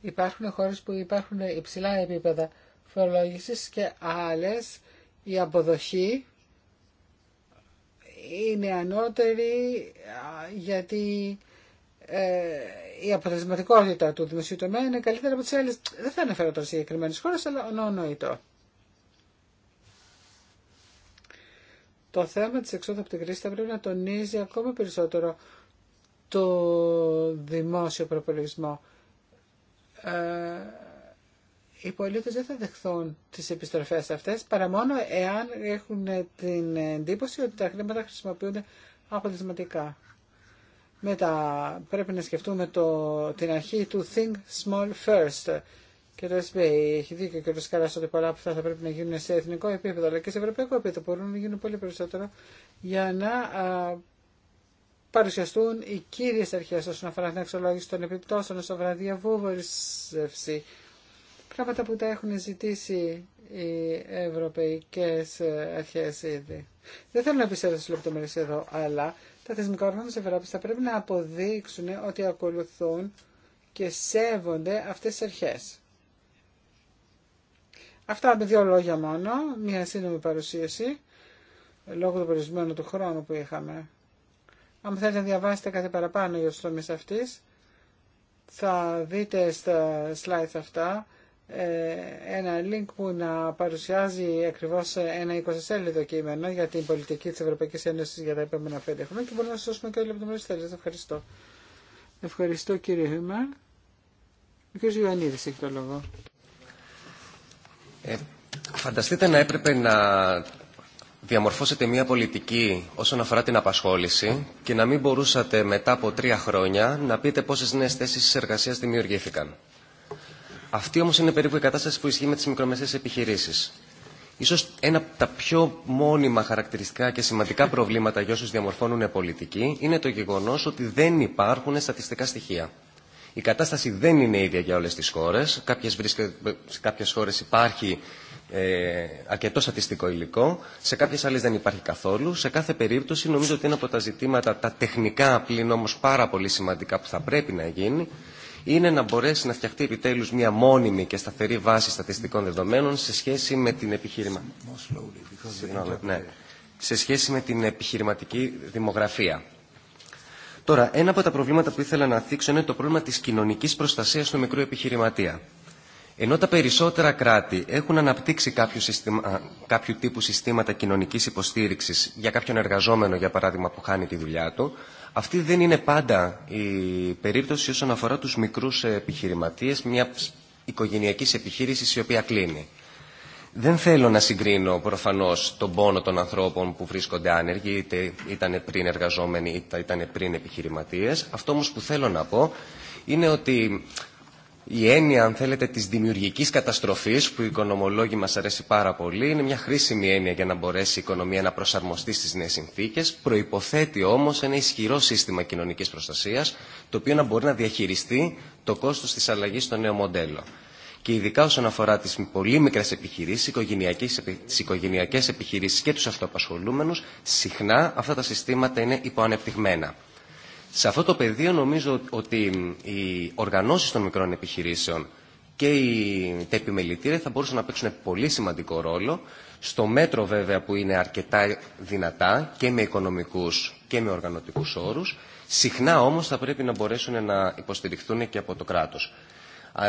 Υπάρχουν χώρες που υπάρχουν υψηλά επίπεδα φορολόγησης και άλλες η αποδοχή είναι ανώτερη γιατί ε, η αποτελεσματικότητα του δημοσίου τομέα είναι καλύτερα από τις άλλες. Δεν θα αναφέρω τώρα συγκεκριμένε χώρες, αλλά ονονοητό. το θέμα της εξόδου από την κρίση θα πρέπει να τονίζει ακόμα περισσότερο το δημόσιο προπολογισμό. Ε, οι πολίτες δεν θα δεχθούν τις επιστροφές αυτές παρά μόνο εάν έχουν την εντύπωση ότι τα χρήματα χρησιμοποιούνται αποτελεσματικά. Μετά πρέπει να σκεφτούμε το, την αρχή του Think Small First το SBA έχει δίκιο ο κύριο ότι πολλά από αυτά θα πρέπει να γίνουν σε εθνικό επίπεδο αλλά και σε ευρωπαϊκό επίπεδο. Μπορούν να γίνουν πολύ περισσότερο για να α, παρουσιαστούν οι κύριε αρχέ όσον αφορά την αξιολόγηση των επιπτώσεων, στο αφορά διαβούβορση. Πράγματα που τα έχουν ζητήσει οι ευρωπαϊκέ αρχέ ήδη. Δεν θέλω να επισέλθω στι λεπτομέρειε εδώ, αλλά τα θεσμικά όργανα τη Ευρώπη θα πρέπει να αποδείξουν ότι ακολουθούν και σέβονται αυτέ τι αρχέ. Αυτά με δύο λόγια μόνο, μια σύντομη παρουσίαση, λόγω του περιορισμένου του χρόνου που είχαμε. Αν θέλετε να διαβάσετε κάτι παραπάνω για τους τομείς αυτής, θα δείτε στα slides αυτά ε, ένα link που να παρουσιάζει ακριβώς ένα 20 σελίδο κείμενο για την πολιτική της Ευρωπαϊκής Ένωσης για τα επόμενα πέντε χρόνια και μπορούμε να σας δώσουμε και λεπτομέρειες θέλετε. Ευχαριστώ. Ευχαριστώ κύριε Χιμά. Ο κύριος Ιωαννίδης έχει το λόγο. Ε, φανταστείτε να έπρεπε να διαμορφώσετε μια πολιτική όσον αφορά την απασχόληση και να μην μπορούσατε μετά από τρία χρόνια να πείτε πόσες νέες θέσεις εργασίας δημιουργήθηκαν. Αυτή όμως είναι περίπου η κατάσταση που ισχύει με τις μικρομεσαίες επιχειρήσεις. Ίσως ένα από τα πιο μόνιμα χαρακτηριστικά και σημαντικά προβλήματα για όσους διαμορφώνουν πολιτική είναι το γεγονός ότι δεν υπάρχουν στατιστικά στοιχεία. Η κατάσταση δεν είναι ίδια για όλες τις χώρες. Κάποιες βρίσκε, σε κάποιες χώρες υπάρχει ε, αρκετό στατιστικό υλικό, σε κάποιες άλλες δεν υπάρχει καθόλου. Σε κάθε περίπτωση νομίζω ότι ένα από τα ζητήματα, τα τεχνικά πλήν όμως πάρα πολύ σημαντικά που θα πρέπει να γίνει, είναι να μπορέσει να φτιαχτεί επιτέλους μια μόνιμη και σταθερή βάση στατιστικών δεδομένων σε σχέση με την επιχείρημα... Ναι. Σε σχέση με την επιχειρηματική δημογραφία. Τώρα, ένα από τα προβλήματα που ήθελα να θίξω είναι το πρόβλημα της κοινωνικής προστασίας του μικρού επιχειρηματία. Ενώ τα περισσότερα κράτη έχουν αναπτύξει κάποιο, συστημα, κάποιο τύπου συστήματα κοινωνικής υποστήριξης για κάποιον εργαζόμενο, για παράδειγμα, που χάνει τη δουλειά του, αυτή δεν είναι πάντα η περίπτωση όσον αφορά τους μικρούς επιχειρηματίες μια οικογενειακής επιχείρησης η οποία κλείνει. Δεν θέλω να συγκρίνω προφανώ τον πόνο των ανθρώπων που βρίσκονται άνεργοι, είτε ήταν πριν εργαζόμενοι, είτε ήταν πριν επιχειρηματίε. Αυτό όμω που θέλω να πω είναι ότι η έννοια, αν θέλετε, τη δημιουργική καταστροφή που οι οικονομολόγοι μα αρέσει πάρα πολύ, είναι μια χρήσιμη έννοια για να μπορέσει η οικονομία να προσαρμοστεί στις νέε συνθήκε, προποθέτει όμω ένα ισχυρό σύστημα κοινωνική προστασία, το οποίο να μπορεί να διαχειριστεί το κόστο τη αλλαγή στο νέο μοντέλο και ειδικά όσον αφορά τις πολύ μικρές επιχειρήσεις, τις οικογενειακές επιχειρήσεις και τους αυτοαπασχολούμενους, συχνά αυτά τα συστήματα είναι υποανεπτυγμένα. Σε αυτό το πεδίο νομίζω ότι οι οργανώσεις των μικρών επιχειρήσεων και τα επιμελητήρια θα μπορούσαν να παίξουν πολύ σημαντικό ρόλο, στο μέτρο βέβαια που είναι αρκετά δυνατά και με οικονομικούς και με οργανωτικούς όρους, συχνά όμως θα πρέπει να μπορέσουν να υποστηριχθούν και από το κράτος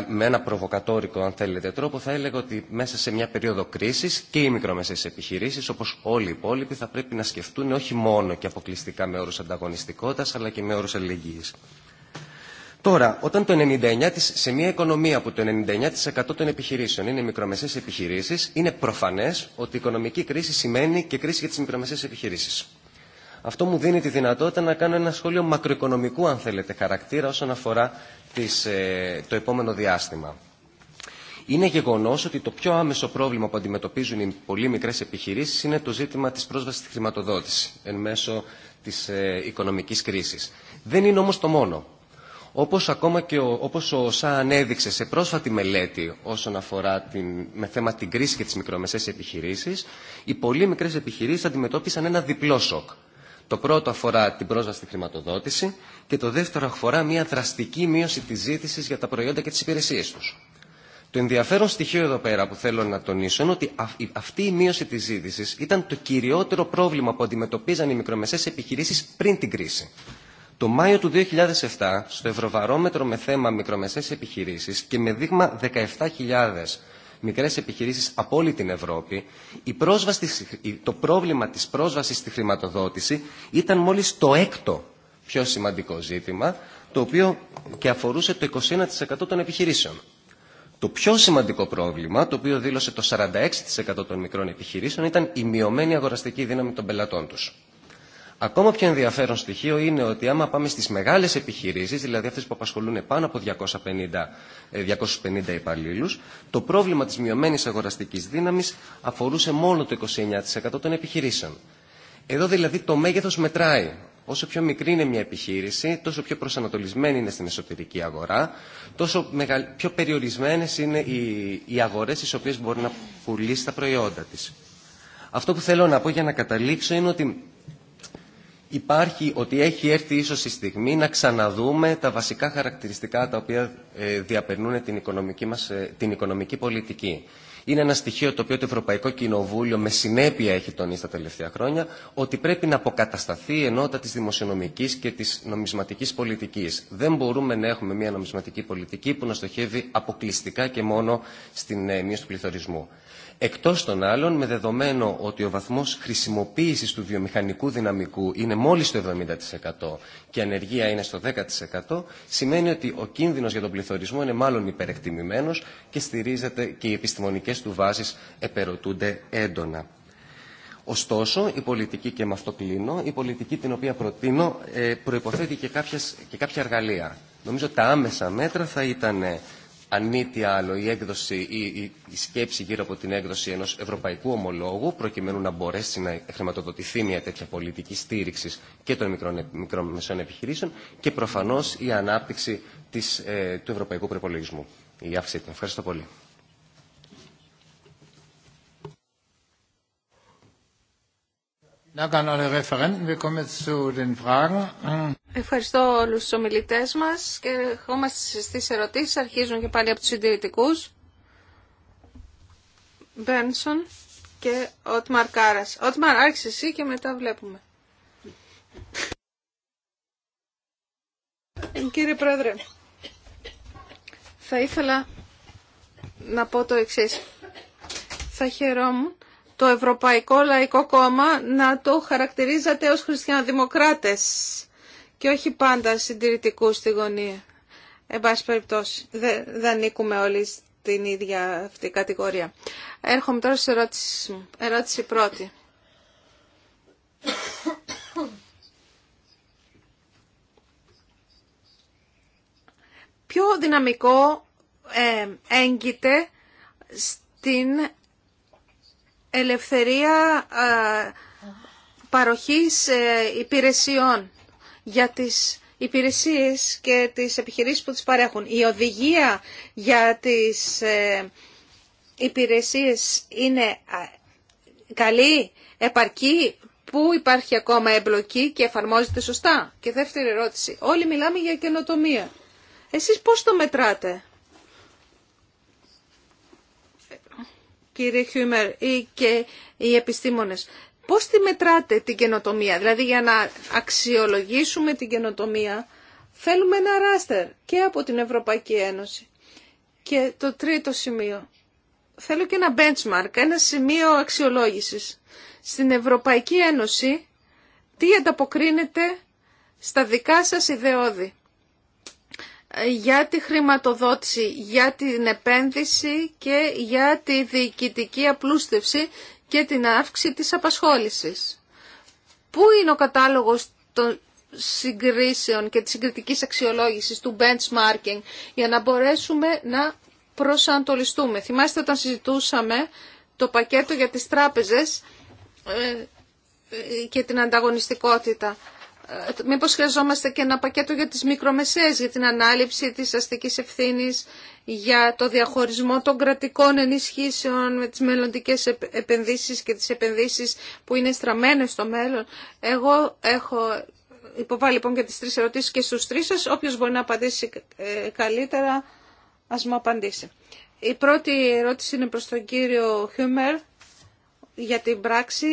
με ένα προβοκατόρικο, αν θέλετε, τρόπο, θα έλεγα ότι μέσα σε μια περίοδο κρίσης και οι μικρομεσαίες επιχειρήσεις, όπως όλοι οι υπόλοιποι, θα πρέπει να σκεφτούν όχι μόνο και αποκλειστικά με όρους ανταγωνιστικότητας, αλλά και με όρους αλληλεγγύης. Τώρα, όταν το 99, σε μια οικονομία που το 99% των επιχειρήσεων είναι μικρομεσαίες επιχειρήσεις, είναι προφανές ότι η οικονομική κρίση σημαίνει και κρίση για τις μικρομεσαίες επιχειρήσεις. Αυτό μου δίνει τη δυνατότητα να κάνω ένα σχόλιο μακροοικονομικού, αν θέλετε, χαρακτήρα όσον αφορά τις, ε, το επόμενο διάστημα. Είναι γεγονό ότι το πιο άμεσο πρόβλημα που αντιμετωπίζουν οι πολύ μικρέ επιχειρήσει είναι το ζήτημα τη πρόσβαση στη χρηματοδότηση εν μέσω τη ε, οικονομική κρίση. Δεν είναι όμω το μόνο. Όπω ακόμα και ο, όπως ο ΣΑ ανέδειξε σε πρόσφατη μελέτη όσον αφορά την, με θέμα την κρίση και τι μικρομεσαίες επιχειρήσει, οι πολύ μικρέ επιχειρήσει αντιμετώπισαν ένα διπλό σοκ. Το πρώτο αφορά την πρόσβαση στη χρηματοδότηση και το δεύτερο αφορά μια δραστική μείωση της ζήτησης για τα προϊόντα και τις υπηρεσίες τους. Το ενδιαφέρον στοιχείο εδώ πέρα που θέλω να τονίσω είναι ότι αυτή η μείωση της ζήτησης ήταν το κυριότερο πρόβλημα που αντιμετωπίζαν οι μικρομεσαίες επιχειρήσεις πριν την κρίση. Το Μάιο του 2007, στο Ευρωβαρόμετρο με θέμα μικρομεσαίες επιχειρήσεις και με δείγμα 17.000 μικρές επιχειρήσεις από όλη την Ευρώπη, η πρόσβαση, το πρόβλημα της πρόσβασης στη χρηματοδότηση ήταν μόλις το έκτο πιο σημαντικό ζήτημα, το οποίο και αφορούσε το 21% των επιχειρήσεων. Το πιο σημαντικό πρόβλημα, το οποίο δήλωσε το 46% των μικρών επιχειρήσεων, ήταν η μειωμένη αγοραστική δύναμη των πελατών τους. Ακόμα πιο ενδιαφέρον στοιχείο είναι ότι άμα πάμε στις μεγάλες επιχειρήσεις, δηλαδή αυτές που απασχολούν πάνω από 250, 250 ε, υπαλλήλους, το πρόβλημα της μειωμένης αγοραστικής δύναμης αφορούσε μόνο το 29% των επιχειρήσεων. Εδώ δηλαδή το μέγεθος μετράει. Όσο πιο μικρή είναι μια επιχείρηση, τόσο πιο προσανατολισμένη είναι στην εσωτερική αγορά, τόσο πιο περιορισμένες είναι οι αγορές στις οποίες μπορεί να πουλήσει τα προϊόντα της. Αυτό που θέλω να πω για να καταλήξω είναι ότι υπάρχει ότι έχει έρθει ίσως η στιγμή να ξαναδούμε τα βασικά χαρακτηριστικά τα οποία ε, διαπερνούν την οικονομική, μας, ε, την οικονομική πολιτική. Είναι ένα στοιχείο το οποίο το Ευρωπαϊκό Κοινοβούλιο με συνέπεια έχει τονίσει τα τελευταία χρόνια ότι πρέπει να αποκατασταθεί η ενότητα της δημοσιονομικής και της νομισματικής πολιτικής. Δεν μπορούμε να έχουμε μια νομισματική πολιτική που να στοχεύει αποκλειστικά και μόνο στην ε, μείωση του πληθωρισμού εκτός των άλλων με δεδομένο ότι ο βαθμός χρησιμοποίησης του βιομηχανικού δυναμικού είναι μόλις το 70% και η ανεργία είναι στο 10% σημαίνει ότι ο κίνδυνος για τον πληθωρισμό είναι μάλλον υπερεκτιμημένος και στηρίζεται και οι επιστημονικές του βάσεις επερωτούνται έντονα. Ωστόσο, η πολιτική, και με αυτό κλείνω, η πολιτική την οποία προτείνω ε, προϋποθέτει και, και κάποια εργαλεία. Νομίζω τα άμεσα μέτρα θα ήταν ε, αν τι άλλο, η, έκδοση, η, η, σκέψη γύρω από την έκδοση ενός ευρωπαϊκού ομολόγου, προκειμένου να μπορέσει να χρηματοδοτηθεί μια τέτοια πολιτική στήριξη και των μικρών, μεσών επιχειρήσεων και προφανώς η ανάπτυξη της, ε, του ευρωπαϊκού προπολογισμού. Η αύξηση. Ευχαριστώ πολύ. Ευχαριστώ όλους τους ομιλητές μας και ερχόμαστε στις ερωτήσεις. Αρχίζουν και πάλι από τους συντηρητικούς. Μπένσον και Ότμαρ Κάρας. Ότμαρ, άρχισε εσύ και μετά βλέπουμε. Κύριε Πρόεδρε, θα ήθελα να πω το εξής. Θα χαιρόμουν το Ευρωπαϊκό Λαϊκό Κόμμα να το χαρακτηρίζατε ως χριστιανοδημοκράτες και όχι πάντα συντηρητικού στη γωνία. Εν πάση περιπτώσει, δεν, είκουμε όλοι στην ίδια αυτή κατηγορία. Έρχομαι τώρα σε ερώτηση μου. Ερώτηση πρώτη. Ποιο δυναμικό ε, έγκυται στην ελευθερία παροχής ε, υπηρεσιών για τις υπηρεσίες και τις επιχειρήσεις που τις παρέχουν. Η οδηγία για τις ε, υπηρεσίες είναι καλή, επαρκή, πού υπάρχει ακόμα εμπλοκή και εφαρμόζεται σωστά. Και δεύτερη ερώτηση, όλοι μιλάμε για καινοτομία. Εσείς πώς το μετράτε. κύριε Χιούμερ, ή και οι επιστήμονες. Πώς τη μετράτε την καινοτομία, δηλαδή για να αξιολογήσουμε την καινοτομία, θέλουμε ένα ράστερ και από την Ευρωπαϊκή Ένωση. Και το τρίτο σημείο, θέλω και ένα benchmark, ένα σημείο αξιολόγησης. Στην Ευρωπαϊκή Ένωση, τι ανταποκρίνεται στα δικά σας ιδεώδη για τη χρηματοδότηση, για την επένδυση και για τη διοικητική απλούστευση και την αύξηση της απασχόλησης. Πού είναι ο κατάλογος των συγκρίσεων και της συγκριτικής αξιολόγησης του benchmarking για να μπορέσουμε να προσανατολιστούμε. Θυμάστε όταν συζητούσαμε το πακέτο για τις τράπεζες ε, ε, και την ανταγωνιστικότητα. Ε, μήπως χρειαζόμαστε και ένα πακέτο για τις μικρομεσαίες, για την ανάληψη της αστικής ευθύνης, για το διαχωρισμό των κρατικών ενισχύσεων με τις μελλοντικέ επενδύσεις και τις επενδύσεις που είναι στραμμένες στο μέλλον. Εγώ έχω υποβάλει λοιπόν και τις τρεις ερωτήσεις και στους τρεις σας. Όποιος μπορεί να απαντήσει ε, καλύτερα, ας μου απαντήσει. Η πρώτη ερώτηση είναι προς τον κύριο Χιούμερ για την πράξη,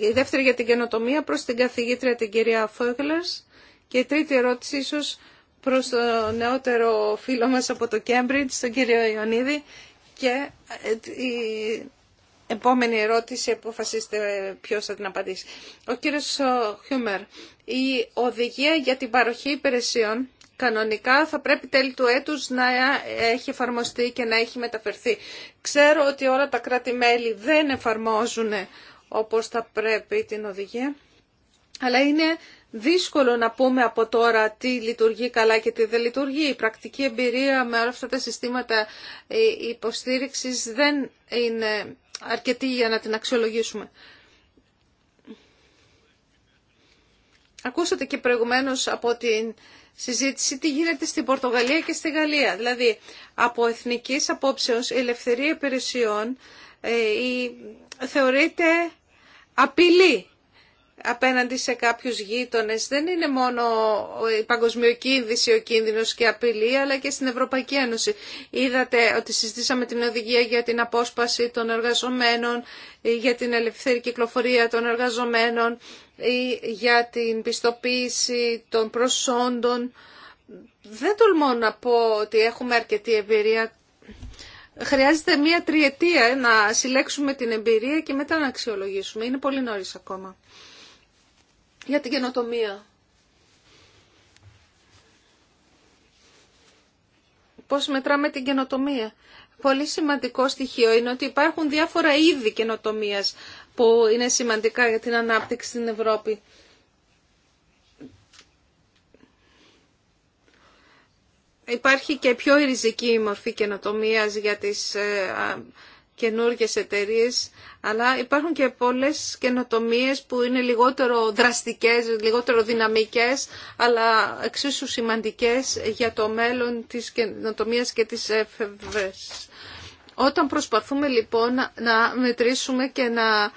η δεύτερη για την καινοτομία προς την καθηγήτρια την κυρία Φόγκλας και η τρίτη ερώτηση ίσως προς το νεότερο φίλο μας από το Κέμπριτζ, τον κύριο Ιωνίδη και ε, η επόμενη ερώτηση αποφασίστε ποιος θα την απαντήσει. Ο κύριος Χιούμερ, η οδηγία για την παροχή υπηρεσιών κανονικά θα πρέπει τέλη του έτους να έχει εφαρμοστεί και να έχει μεταφερθεί. Ξέρω ότι όλα τα κράτη-μέλη δεν εφαρμόζουν όπως θα πρέπει την οδηγία, αλλά είναι δύσκολο να πούμε από τώρα τι λειτουργεί καλά και τι δεν λειτουργεί. Η πρακτική εμπειρία με όλα αυτά τα συστήματα ε, υποστήριξης δεν είναι αρκετή για να την αξιολογήσουμε. Ακούσατε και προηγουμένως από την συζήτηση τι γίνεται στην Πορτογαλία και στη Γαλλία. Δηλαδή, από εθνικής απόψεως η ελευθερία υπηρεσιών ε, η, θεωρείται απειλή απέναντι σε κάποιους γείτονες. Δεν είναι μόνο η παγκοσμιοκίνδυση ο κίνδυνος και απειλή, αλλά και στην Ευρωπαϊκή Ένωση. Είδατε ότι συζητήσαμε την οδηγία για την απόσπαση των εργαζομένων, ε, για την ελευθερή κυκλοφορία των εργαζομένων, ή ε, για την πιστοποίηση των προσόντων. Δεν τολμώ να πω ότι έχουμε αρκετή εμπειρία. Χρειάζεται μία τριετία να συλλέξουμε την εμπειρία και μετά να αξιολογήσουμε. Είναι πολύ νωρίς ακόμα για την καινοτομία. Πώς μετράμε την καινοτομία. Πολύ σημαντικό στοιχείο είναι ότι υπάρχουν διάφορα είδη καινοτομία που είναι σημαντικά για την ανάπτυξη στην Ευρώπη. Υπάρχει και πιο ριζική μορφή καινοτομία για τις ε, καινούργιες εταιρείε, αλλά υπάρχουν και πολλές καινοτομίε που είναι λιγότερο δραστικές, λιγότερο δυναμικές, αλλά εξίσου σημαντικές για το μέλλον της καινοτομία και της εφευρές. Όταν προσπαθούμε λοιπόν να μετρήσουμε και να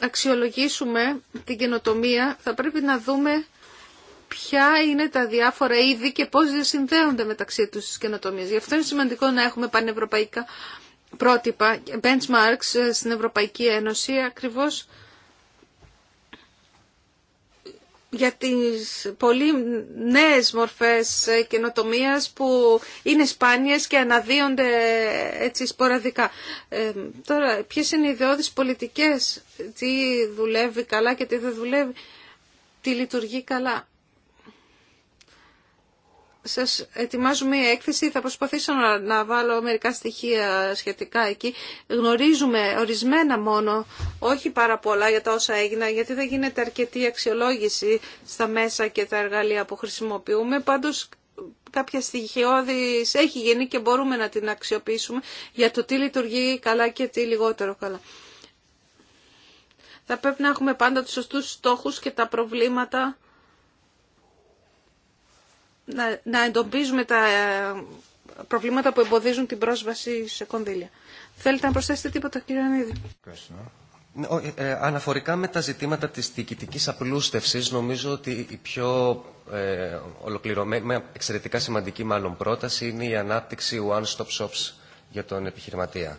αξιολογήσουμε την καινοτομία, θα πρέπει να δούμε ποια είναι τα διάφορα είδη και πώς διασυνδέονται μεταξύ τους τις καινοτομίες. Γι' αυτό είναι σημαντικό να έχουμε πανευρωπαϊκά πρότυπα, benchmarks ε, στην Ευρωπαϊκή Ένωση ακριβώς για τις πολύ νέες μορφές ε, καινοτομίας που είναι σπάνιες και αναδύονται ε, έτσι σποραδικά. τώρα, ποιες είναι οι ιδεώδεις πολιτικές, τι δουλεύει καλά και τι δεν δουλεύει, τι λειτουργεί καλά σας ετοιμάζουμε μια έκθεση, θα προσπαθήσω να, βάλω μερικά στοιχεία σχετικά εκεί. Γνωρίζουμε ορισμένα μόνο, όχι πάρα πολλά για τα όσα έγιναν, γιατί δεν γίνεται αρκετή αξιολόγηση στα μέσα και τα εργαλεία που χρησιμοποιούμε. Πάντως κάποια στοιχειώδης έχει γίνει και μπορούμε να την αξιοποιήσουμε για το τι λειτουργεί καλά και τι λιγότερο καλά. Θα πρέπει να έχουμε πάντα τους σωστούς στόχους και τα προβλήματα να, εντοπίζουμε τα ε, προβλήματα που εμποδίζουν την πρόσβαση σε κονδύλια. Θέλετε να προσθέσετε τίποτα, κύριε Ανίδη. Ε, αναφορικά με τα ζητήματα της διοικητικής απλούστευσης, νομίζω ότι η πιο ε, ολοκληρωμένη, εξαιρετικά σημαντική μάλλον πρόταση είναι η ανάπτυξη one-stop shops για τον επιχειρηματία.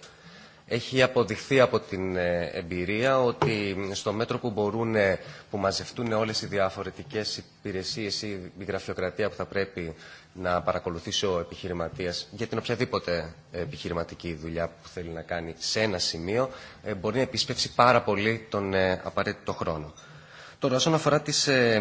Έχει αποδειχθεί από την ε, εμπειρία ότι στο μέτρο που μπορούν, ε, που μαζευτούν όλες οι διαφορετικές υπηρεσίες ή η γραφειοκρατία που θα πρέπει να παρακολουθήσει ο επιχειρηματίας για την οποιαδήποτε επιχειρηματική δουλειά που θέλει να κάνει σε ένα σημείο, ε, μπορεί να επισπεύσει πάρα πολύ τον απαραίτητο χρόνο. Τώρα, όσον αφορά τι ε,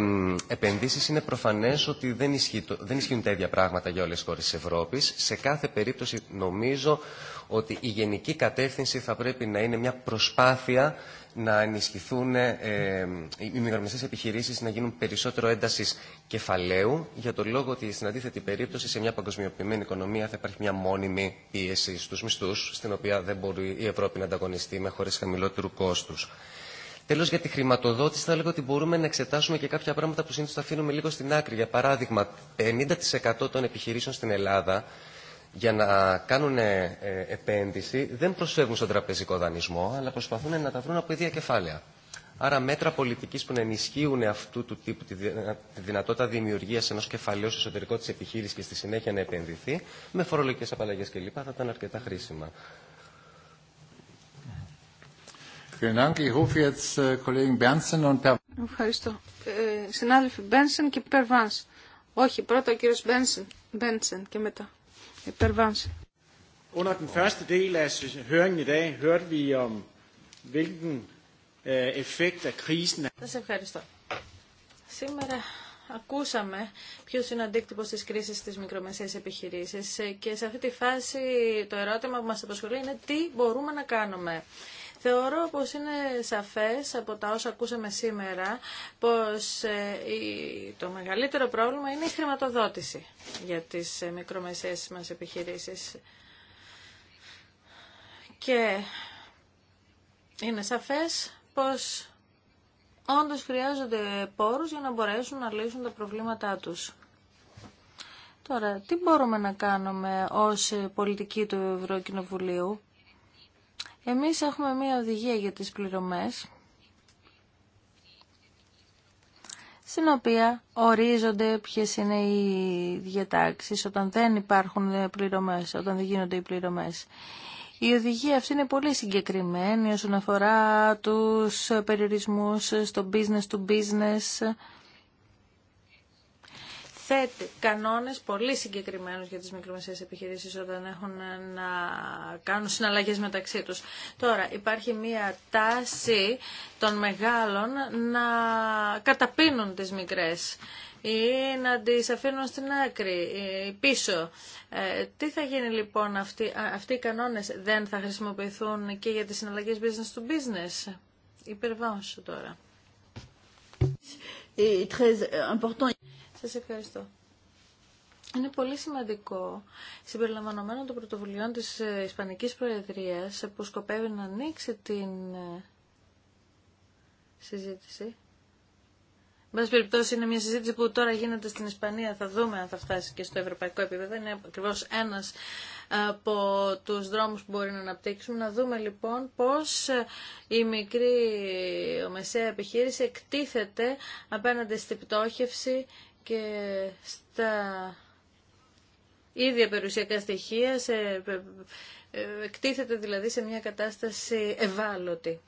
επενδύσει, είναι προφανέ ότι δεν, ισχύει, δεν ισχύουν τα ίδια πράγματα για όλε τι χώρε τη Ευρώπη. Σε κάθε περίπτωση, νομίζω ότι η γενική κατεύθυνση θα πρέπει να είναι μια προσπάθεια να ενισχυθούν ε, ε οι μικρομεσαίες επιχειρήσει, να γίνουν περισσότερο ένταση κεφαλαίου για τον λόγο ότι στην αντίθετη περίπτωση σε μια παγκοσμιοποιημένη οικονομία θα υπάρχει μια μόνιμη πίεση στου μισθού, στην οποία δεν μπορεί η Ευρώπη να ανταγωνιστεί με χωρί χαμηλότερου κόστου. Τέλο, για τη χρηματοδότηση, θα λέγω ότι μπορούμε να εξετάσουμε και κάποια πράγματα που συνήθω τα αφήνουμε λίγο στην άκρη. Για παράδειγμα, 50% των επιχειρήσεων στην Ελλάδα για να κάνουν ε, ε, επένδυση δεν προσφεύγουν στον τραπεζικό δανεισμό, αλλά προσπαθούν να τα βρουν από ίδια κεφάλαια. Άρα μέτρα πολιτική που να ενισχύουν αυτού του τύπου τη δυνατότητα δημιουργία ενό κεφαλαίου στο εσωτερικό τη επιχείρηση και στη συνέχεια να επενδυθεί, με φορολογικέ απαλλαγέ κλπ. θα ήταν αρκετά χρήσιμα. Äh, ευχαριστώ. Ε, συνάδελφοι Μπένσεν και Περβάνς. Όχι, πρώτα ο κύριος Μπένσεν, Μπένσεν και μετά η ε, Περβάνς. Under den første del af høringen i dag hørte vi om, hvilken øh, effekt af krisen... Er. Σας ευχαριστώ. Σήμερα ακούσαμε ποιο είναι ο αντίκτυπο τη κρίση στι μικρομεσαίε επιχειρήσει ε, και σε αυτή τη φάση το ερώτημα που μα απασχολεί είναι τι μπορούμε να κάνουμε. Θεωρώ πως είναι σαφές από τα όσα ακούσαμε σήμερα πως ε, το μεγαλύτερο πρόβλημα είναι η χρηματοδότηση για τις ε, μικρομεσαίες μας επιχειρήσεις. Και είναι σαφές πως όντως χρειάζονται πόρους για να μπορέσουν να λύσουν τα προβλήματά τους. Τώρα, τι μπορούμε να κάνουμε ως πολιτική του Ευρωκοινοβουλίου εμείς έχουμε μία οδηγία για τις πληρωμές, στην οποία ορίζονται ποιες είναι οι διατάξεις όταν δεν υπάρχουν πληρωμές, όταν δεν γίνονται οι πληρωμές. Η οδηγία αυτή είναι πολύ συγκεκριμένη όσον αφορά τους περιορισμούς στο business to business, θέτει κανόνες πολύ συγκεκριμένους για τις μικρομεσαίες επιχειρήσεις όταν έχουν να κάνουν συναλλαγές μεταξύ τους. Τώρα υπάρχει μια τάση των μεγάλων να καταπίνουν τις μικρές ή να τις αφήνουν στην άκρη, ε, πίσω. Ε, τι θα γίνει λοιπόν, αυτοί, αυτοί οι κανόνες δεν θα χρησιμοποιηθούν και για τις συναλλαγές business to business. Υπερβάω τώρα. important. Σας ευχαριστώ. Είναι πολύ σημαντικό, συμπεριλαμβανομένων των πρωτοβουλειών της ε, Ισπανικής Προεδρίας, που σκοπεύει να ανοίξει την ε, συζήτηση. Εν πάση περιπτώσει, είναι μια συζήτηση που τώρα γίνεται στην Ισπανία. Θα δούμε αν θα φτάσει και στο ευρωπαϊκό επίπεδο. Είναι ακριβώ ένα από του δρόμου που μπορεί να αναπτύξουμε. Να δούμε λοιπόν πώ ε, η μικρή ομεσαία επιχείρηση εκτίθεται απέναντι στην πτώχευση και στα ίδια περιουσιακά στοιχεία, σε, ε, ε, εκτίθεται δηλαδή σε μια κατάσταση ευάλωτη.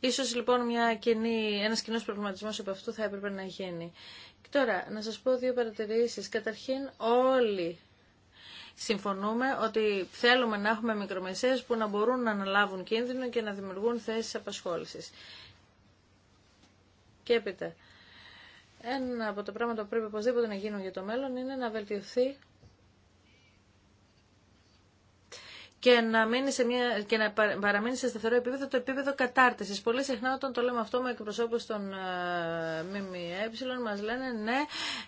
Ίσως λοιπόν μια κοινή, ένας κοινός προβληματισμός από αυτού θα έπρεπε να γίνει. Και τώρα, να σας πω δύο παρατηρήσεις. Καταρχήν, όλοι συμφωνούμε ότι θέλουμε να έχουμε μικρομεσαίες που να μπορούν να αναλάβουν κίνδυνο και να δημιουργούν θέσεις απασχόλησης. Και έπειτα, ένα από τα πράγματα που πρέπει οπωσδήποτε να γίνουν για το μέλλον είναι να βελτιωθεί και να, μείνει σε μια, και να παραμείνει σε σταθερό επίπεδο το επίπεδο κατάρτισης. Πολύ συχνά όταν το λέμε αυτό με εκπροσώπους των ε, ΜΜΕ μας λένε ναι,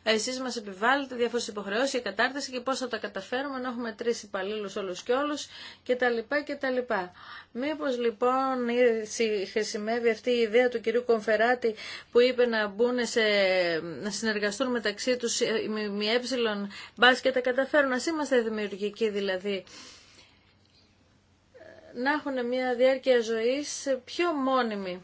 εσείς μας επιβάλλετε διάφορες υποχρεώσεις για κατάρτιση και πώς θα τα καταφέρουμε να έχουμε τρεις υπαλλήλους όλους και όλους κτλ. κτλ. Μήπως λοιπόν χρησιμεύει αυτή η ιδέα του κυρίου Κομφεράτη που είπε να μπουν να συνεργαστούν μεταξύ τους οι ΜΜΕ μπας και τα καταφέρουν. Ας είμαστε δημιουργικοί δηλαδή να έχουν μια διάρκεια ζωής πιο μόνιμη.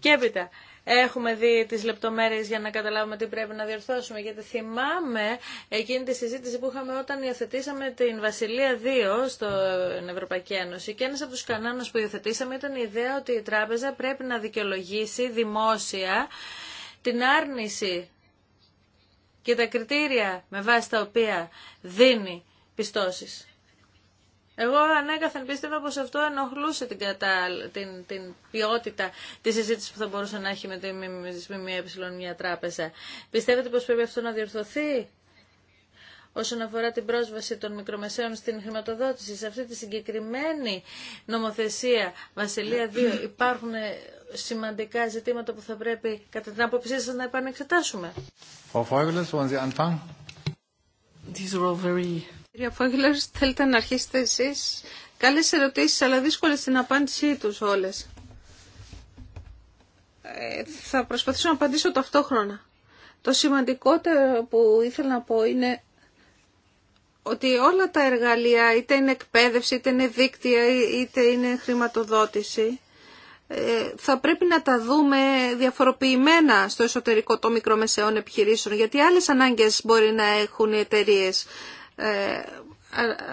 Και έπειτα, έχουμε δει τις λεπτομέρειες για να καταλάβουμε τι πρέπει να διορθώσουμε. Γιατί θυμάμαι εκείνη τη συζήτηση που είχαμε όταν υιοθετήσαμε την Βασιλεία 2 στην Ευρωπαϊκή Ένωση. Και ένας από τους κανόνες που υιοθετήσαμε ήταν η ιδέα ότι η τράπεζα πρέπει να δικαιολογήσει δημόσια την άρνηση και τα κριτήρια με βάση τα οποία δίνει πιστώσεις. Εγώ ανέκαθεν πίστευα πως αυτό ενοχλούσε την, κατά, την, την ποιότητα τη συζήτηση που θα μπορούσε να έχει με τη ΜΜΕ μια τράπεζα. Πιστεύετε πως πρέπει αυτό να διορθωθεί όσον αφορά την πρόσβαση των μικρομεσαίων στην χρηματοδότηση. Σε αυτή τη συγκεκριμένη νομοθεσία Βασιλεία 2 υπάρχουν σημαντικά ζητήματα που θα πρέπει κατά την άποψή σα να επανεξετάσουμε. Κυρία Φόγγελερ, θέλετε να αρχίσετε εσεί Καλέ ερωτήσει, αλλά δύσκολε στην απάντησή του όλε. Ε, θα προσπαθήσω να απαντήσω ταυτόχρονα. Το σημαντικότερο που ήθελα να πω είναι ότι όλα τα εργαλεία, είτε είναι εκπαίδευση, είτε είναι δίκτυα, είτε είναι χρηματοδότηση, ε, θα πρέπει να τα δούμε διαφοροποιημένα στο εσωτερικό των μικρομεσαίων επιχειρήσεων, γιατί άλλες ανάγκες μπορεί να έχουν οι εταιρείε ε,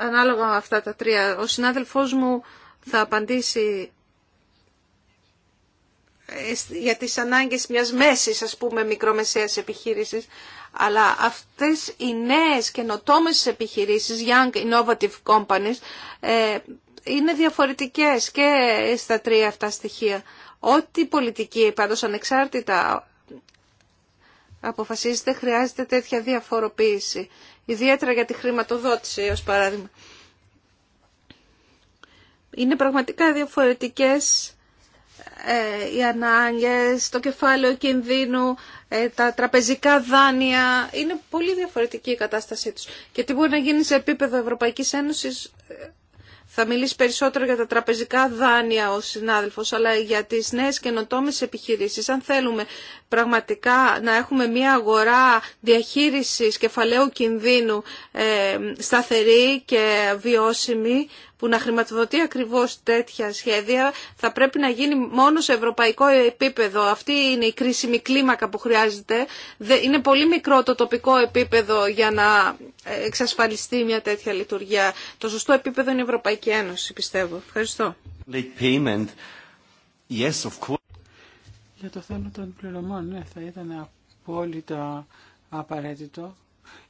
ανάλογα με αυτά τα τρία. Ο συνάδελφός μου θα απαντήσει ε, για τις ανάγκες μιας μέσης, ας πούμε, μικρομεσαίας επιχείρησης, αλλά αυτές οι νέες καινοτόμες επιχειρήσεις, Young Innovative Companies, ε, είναι διαφορετικές και στα τρία αυτά στοιχεία. Ό,τι πολιτική, πάντως ανεξάρτητα αποφασίζεται, χρειάζεται τέτοια διαφοροποίηση. Ιδιαίτερα για τη χρηματοδότηση, ως παράδειγμα. Είναι πραγματικά διαφορετικές ε, οι ανάγκες, το κεφάλαιο κινδύνου, ε, τα τραπεζικά δάνεια. Είναι πολύ διαφορετική η κατάστασή τους. Και τι μπορεί να γίνει σε επίπεδο Ευρωπαϊκής Ένωσης ε, θα μιλήσει περισσότερο για τα τραπεζικά δάνεια ο συνάδελφος, αλλά για τις νέες καινοτόμες επιχειρήσεις. Αν θέλουμε πραγματικά να έχουμε μια αγορά διαχείρισης κεφαλαίου κινδύνου σταθερή και βιώσιμη, που να χρηματοδοτεί ακριβώς τέτοια σχέδια θα πρέπει να γίνει μόνο σε ευρωπαϊκό επίπεδο. Αυτή είναι η κρίσιμη κλίμακα που χρειάζεται. Είναι πολύ μικρό το τοπικό επίπεδο για να εξασφαλιστεί μια τέτοια λειτουργία. Το σωστό επίπεδο είναι η Ευρωπαϊκή Ένωση, πιστεύω. Ευχαριστώ. Yes, of Για το θέμα των πληρωμών, ναι, θα ήταν απόλυτα απαραίτητο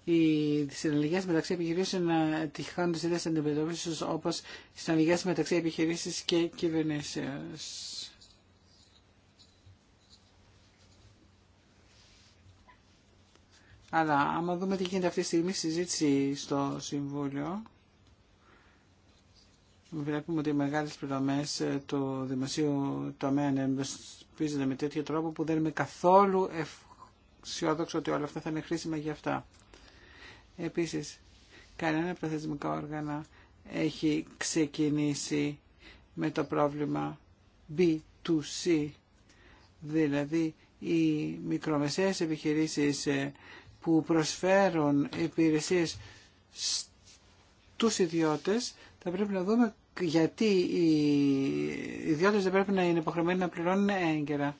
οι συναλλαγέ μεταξύ επιχειρήσεων να τυχάνουν τι ίδιε αντιμετωπίσει όπω οι συναλλαγέ μεταξύ επιχειρήσεων και κυβερνήσεω. Αλλά άμα δούμε τι γίνεται αυτή τη στιγμή στη συζήτηση στο Συμβούλιο, βλέπουμε ότι οι μεγάλες πληρωμές ε, του δημοσίου τομέα ανεμπιστοποιούνται με τέτοιο τρόπο που δεν είμαι καθόλου αισιόδοξο ότι όλα αυτά θα είναι χρήσιμα για αυτά. Επίσης, κανένα από τα όργανα έχει ξεκινήσει με το πρόβλημα B2C, δηλαδή οι μικρομεσαίες επιχειρήσεις ε, που προσφέρουν υπηρεσίες στους ιδιώτες, θα πρέπει να δούμε γιατί οι ιδιώτες δεν πρέπει να είναι υποχρεωμένοι να πληρώνουν έγκαιρα.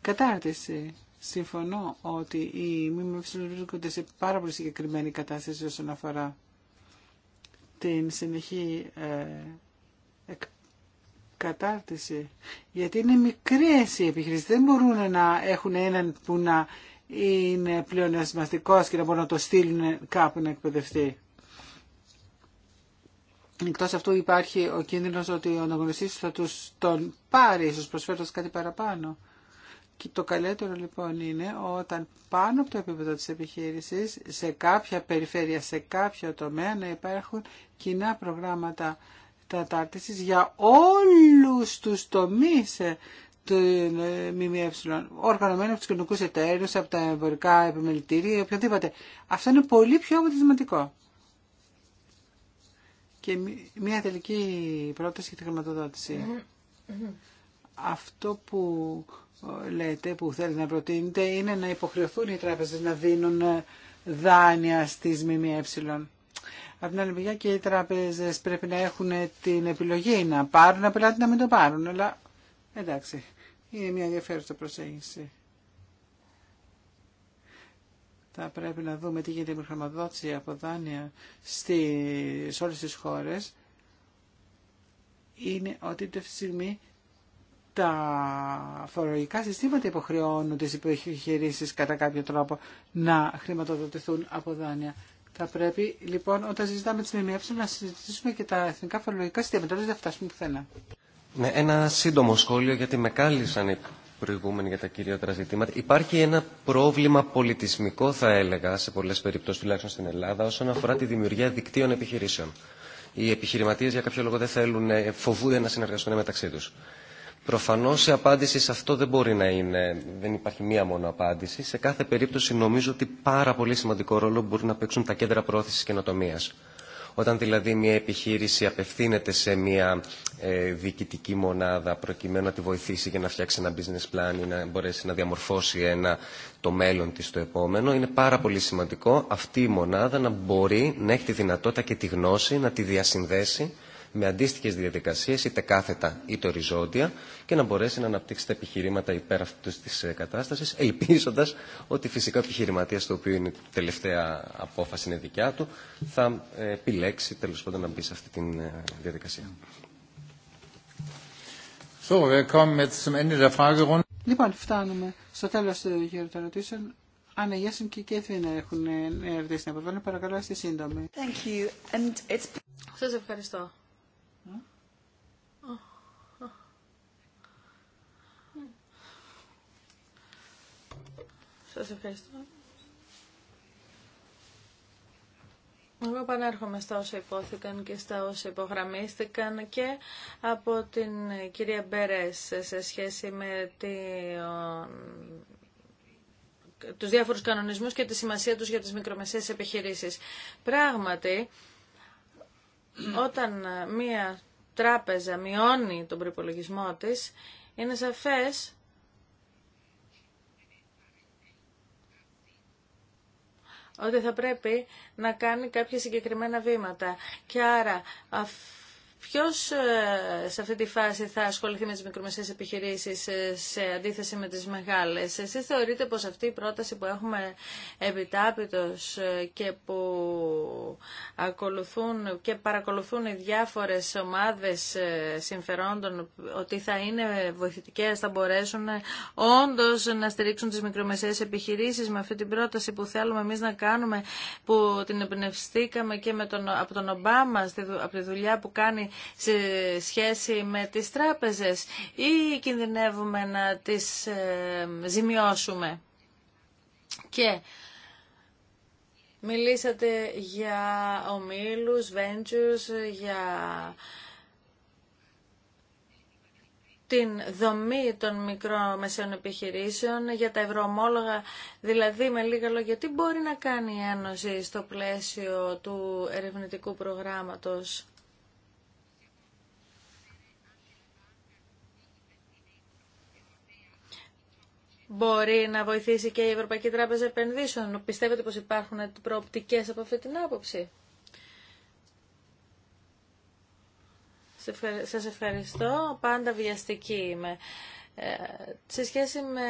Κατάρτιση Συμφωνώ ότι οι ΜΜΕ βρίσκονται σε πάρα πολύ συγκεκριμένη κατάσταση όσον αφορά την συνεχή ε, κατάρτιση. Γιατί είναι μικρές οι επιχειρήσεις. Δεν μπορούν να έχουν έναν που να είναι πλεονασματικός και να μπορούν να το στείλουν κάπου να εκπαιδευτεί. Εκτός αυτού υπάρχει ο κίνδυνος ότι ο αναγνωριστής θα τους τον πάρει, ίσως προσφέροντας κάτι παραπάνω. Και το καλύτερο λοιπόν είναι όταν πάνω από το επίπεδο της επιχείρησης, σε κάποια περιφέρεια, σε κάποιο τομέα, να υπάρχουν κοινά προγράμματα κατάρτισης για όλους τους τομείς ε, του ε, ΜΜΕ, οργανωμένοι από τους κοινωνικούς εταίρους, από τα εμπορικά επιμελητήρια, οποιοδήποτε. Αυτό είναι πολύ πιο αποτελεσματικό. Και μια τελική πρόταση για τη χρηματοδότηση. Αυτό που λέτε, που θέλετε να προτείνετε, είναι να υποχρεωθούν οι τράπεζες να δίνουν ε, δάνεια στις ΜΜΕ. Από την άλλη μεριά και οι τράπεζες πρέπει να έχουν την επιλογή να πάρουν απελάτη να μην το πάρουν. Αλλά εντάξει, είναι μια ενδιαφέρουσα προσέγγιση. Θα πρέπει να δούμε τι γίνεται με χρηματοδότηση από δάνεια στη, σε όλες τις χώρες. Είναι ότι αυτή τη στιγμή τα φορολογικά συστήματα υποχρεώνουν τις επιχειρήσεις κατά κάποιο τρόπο να χρηματοδοτηθούν από δάνεια. Θα πρέπει λοιπόν όταν συζητάμε τις ΜΜΕ να συζητήσουμε και τα εθνικά φορολογικά συστήματα, δεν θα φτάσουμε πουθενά. Ναι, ένα σύντομο σχόλιο γιατί με κάλυψαν οι προηγούμενοι για τα κυριότερα ζητήματα. Υπάρχει ένα πρόβλημα πολιτισμικό θα έλεγα σε πολλές περιπτώσεις τουλάχιστον στην Ελλάδα όσον αφορά τη δημιουργία δικτύων επιχειρήσεων. Οι επιχειρηματίες για κάποιο λόγο δεν θέλουν, ε, φοβούνται να συνεργαστούν μεταξύ τους. Προφανώς η απάντηση σε αυτό δεν μπορεί να είναι, δεν υπάρχει μία μόνο απάντηση. Σε κάθε περίπτωση νομίζω ότι πάρα πολύ σημαντικό ρόλο μπορούν να παίξουν τα κέντρα προώθησης καινοτομία. Όταν δηλαδή μια μονο απαντηση σε καθε περιπτωση νομιζω οτι παρα πολυ σημαντικο ρολο μπορει να παιξουν τα κεντρα προθεση καινοτομια οταν δηλαδη μια επιχειρηση απευθυνεται σε μια ε, διοικητική μονάδα προκειμένου να τη βοηθήσει για να φτιάξει ένα business plan ή να μπορέσει να διαμορφώσει ένα, το μέλλον της το επόμενο, είναι πάρα πολύ σημαντικό αυτή η μονάδα να μπορεί να έχει τη δυνατότητα και τη γνώση να τη διασυνδέσει με αντίστοιχε διαδικασίε, είτε κάθετα είτε οριζόντια, και να μπορέσει να αναπτύξει τα επιχειρήματα υπέρ αυτή τη ε, κατάσταση, ελπίζοντα ότι φυσικά ο επιχειρηματία, το οποίο είναι τελευταία απόφαση είναι δικιά του, θα ε, επιλέξει τέλο πάντων να μπει σε αυτή τη ε, διαδικασία. Λοιπόν, φτάνουμε στο τέλο του γύρου των ερωτήσεων. Άννα Γιάννη και η Κέθινα έχουν ερωτήσει να προβάλλουν. Παρακαλώ, είστε σύντομοι. Thank Σας ευχαριστώ. Σας ευχαριστώ. Εγώ επανέρχομαι στα όσα υπόθηκαν και στα όσα υπογραμμίστηκαν και από την κυρία Μπέρες σε σχέση με του τους διάφορους κανονισμούς και τη σημασία τους για τις μικρομεσαίες επιχειρήσεις. Πράγματι, Mm. Όταν ε, μία τράπεζα μειώνει τον προπολογισμό της, είναι σαφές ότι θα πρέπει να κάνει κάποια συγκεκριμένα βήματα. Και άρα Ποιο ε, σε αυτή τη φάση θα ασχοληθεί με τι μικρομεσαίες επιχειρήσει ε, σε αντίθεση με τι μεγάλε. Εσείς θεωρείτε πω αυτή η πρόταση που έχουμε επιτάπητο ε, και που ακολουθούν και παρακολουθούν οι διάφορε ομάδε συμφερόντων ότι θα είναι βοηθητικέ, θα μπορέσουν όντω να στηρίξουν τι μικρομεσαίες επιχειρήσει με αυτή την πρόταση που θέλουμε εμεί να κάνουμε που την εμπνευστήκαμε και με τον, από τον Ομπάμα από τη δουλειά που κάνει σε σχέση με τις τράπεζες ή κινδυνεύουμε να τις ε, ζημιώσουμε. Και μιλήσατε για ομίλους, ventures, για την δομή των μικρών μεσαίων επιχειρήσεων για τα ευρωομόλογα, δηλαδή με λίγα λόγια, τι μπορεί να κάνει η Ένωση στο πλαίσιο του ερευνητικού προγράμματος. Μπορεί να βοηθήσει και η Ευρωπαϊκή Τράπεζα Επενδύσεων. Πιστεύετε πως υπάρχουν προοπτικές από αυτή την άποψη. Σας ευχαριστώ. Πάντα βιαστική είμαι. Ε, σε σχέση με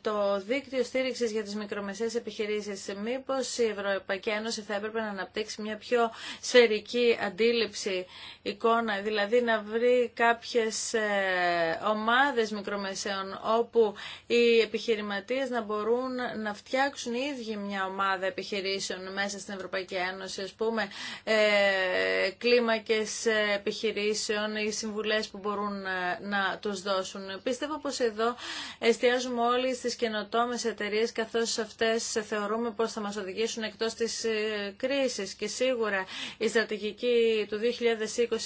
το δίκτυο στήριξης για τις μικρομεσαίες επιχειρήσεις, μήπως η Ευρωπαϊκή Ένωση θα έπρεπε να αναπτύξει μια πιο σφαιρική αντίληψη, εικόνα, δηλαδή να βρει κάποιες ε, ομάδες μικρομεσαίων όπου οι επιχειρηματίες να μπορούν να φτιάξουν οι ίδιοι μια ομάδα επιχειρήσεων μέσα στην Ευρωπαϊκή Ένωση, ας πούμε ε, κλίμακες επιχειρήσεων ή συμβουλές που μπορούν να τους δώσουν. Πιστεύω όπως εδώ εστιάζουμε όλοι στις καινοτόμες εταιρείες καθώς αυτές θεωρούμε πως θα μας οδηγήσουν εκτός της ε, κρίσης και σίγουρα η στρατηγική του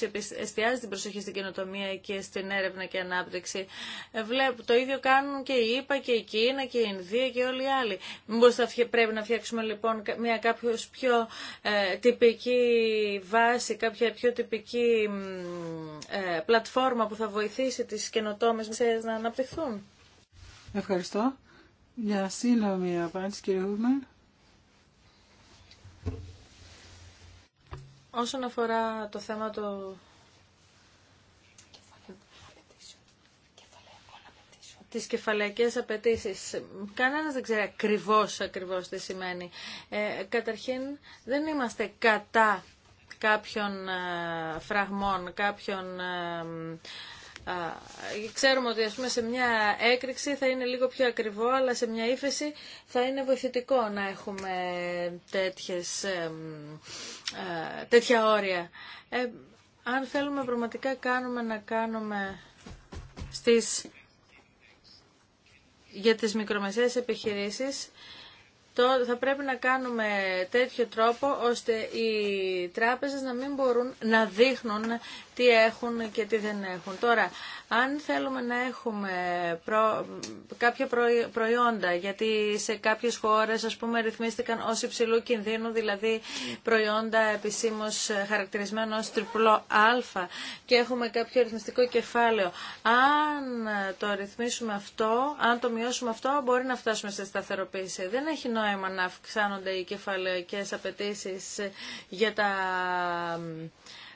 2020 εστιάζει την προσοχή στην καινοτομία και στην έρευνα και ανάπτυξη. Ε, Βλέπω, το ίδιο κάνουν και η ΕΠΑ και η Κίνα και η Ινδία και όλοι οι άλλοι. Μήπως πρέπει να φτιάξουμε λοιπόν μια κάποιος πιο ε, τυπική βάση, κάποια πιο τυπική πλατφόρμα που θα βοηθήσει τις καινοτόμες αναπτυχθούν. Ευχαριστώ. Για σύντομη απάντηση, κύριε Ούρμαν. Όσον αφορά το θέμα το τις κεφαλαϊκές απαιτήσει. Κανένας δεν ξέρει ακριβώς, ακριβώς τι σημαίνει. Ε, καταρχήν δεν είμαστε κατά κάποιων ε, φραγμών, κάποιων ε, Ξέρουμε ότι ας πούμε, σε μια έκρηξη θα είναι λίγο πιο ακριβό, αλλά σε μια ύφεση θα είναι βοηθητικό να έχουμε τέτοιες, τέτοια όρια. Ε, αν θέλουμε πραγματικά κάνουμε να κάνουμε στις, για τις μικρομεσαίες επιχειρήσεις, το θα πρέπει να κάνουμε τέτοιο τρόπο ώστε οι τράπεζες να μην μπορούν να δείχνουν τι έχουν και τι δεν έχουν. Τώρα, αν θέλουμε να έχουμε κάποια προϊόντα, γιατί σε κάποιες χώρες ας πούμε ρυθμίστηκαν ως υψηλού κινδύνου, δηλαδή προϊόντα επισήμως χαρακτηρισμένα ως τριπλό α και έχουμε κάποιο ρυθμιστικό κεφάλαιο. Αν το ρυθμίσουμε αυτό, αν το μειώσουμε αυτό, μπορεί να φτάσουμε σε σταθεροποίηση. Δεν έχει νόημα να αυξάνονται οι κεφαλαιοκές απαιτήσει για τα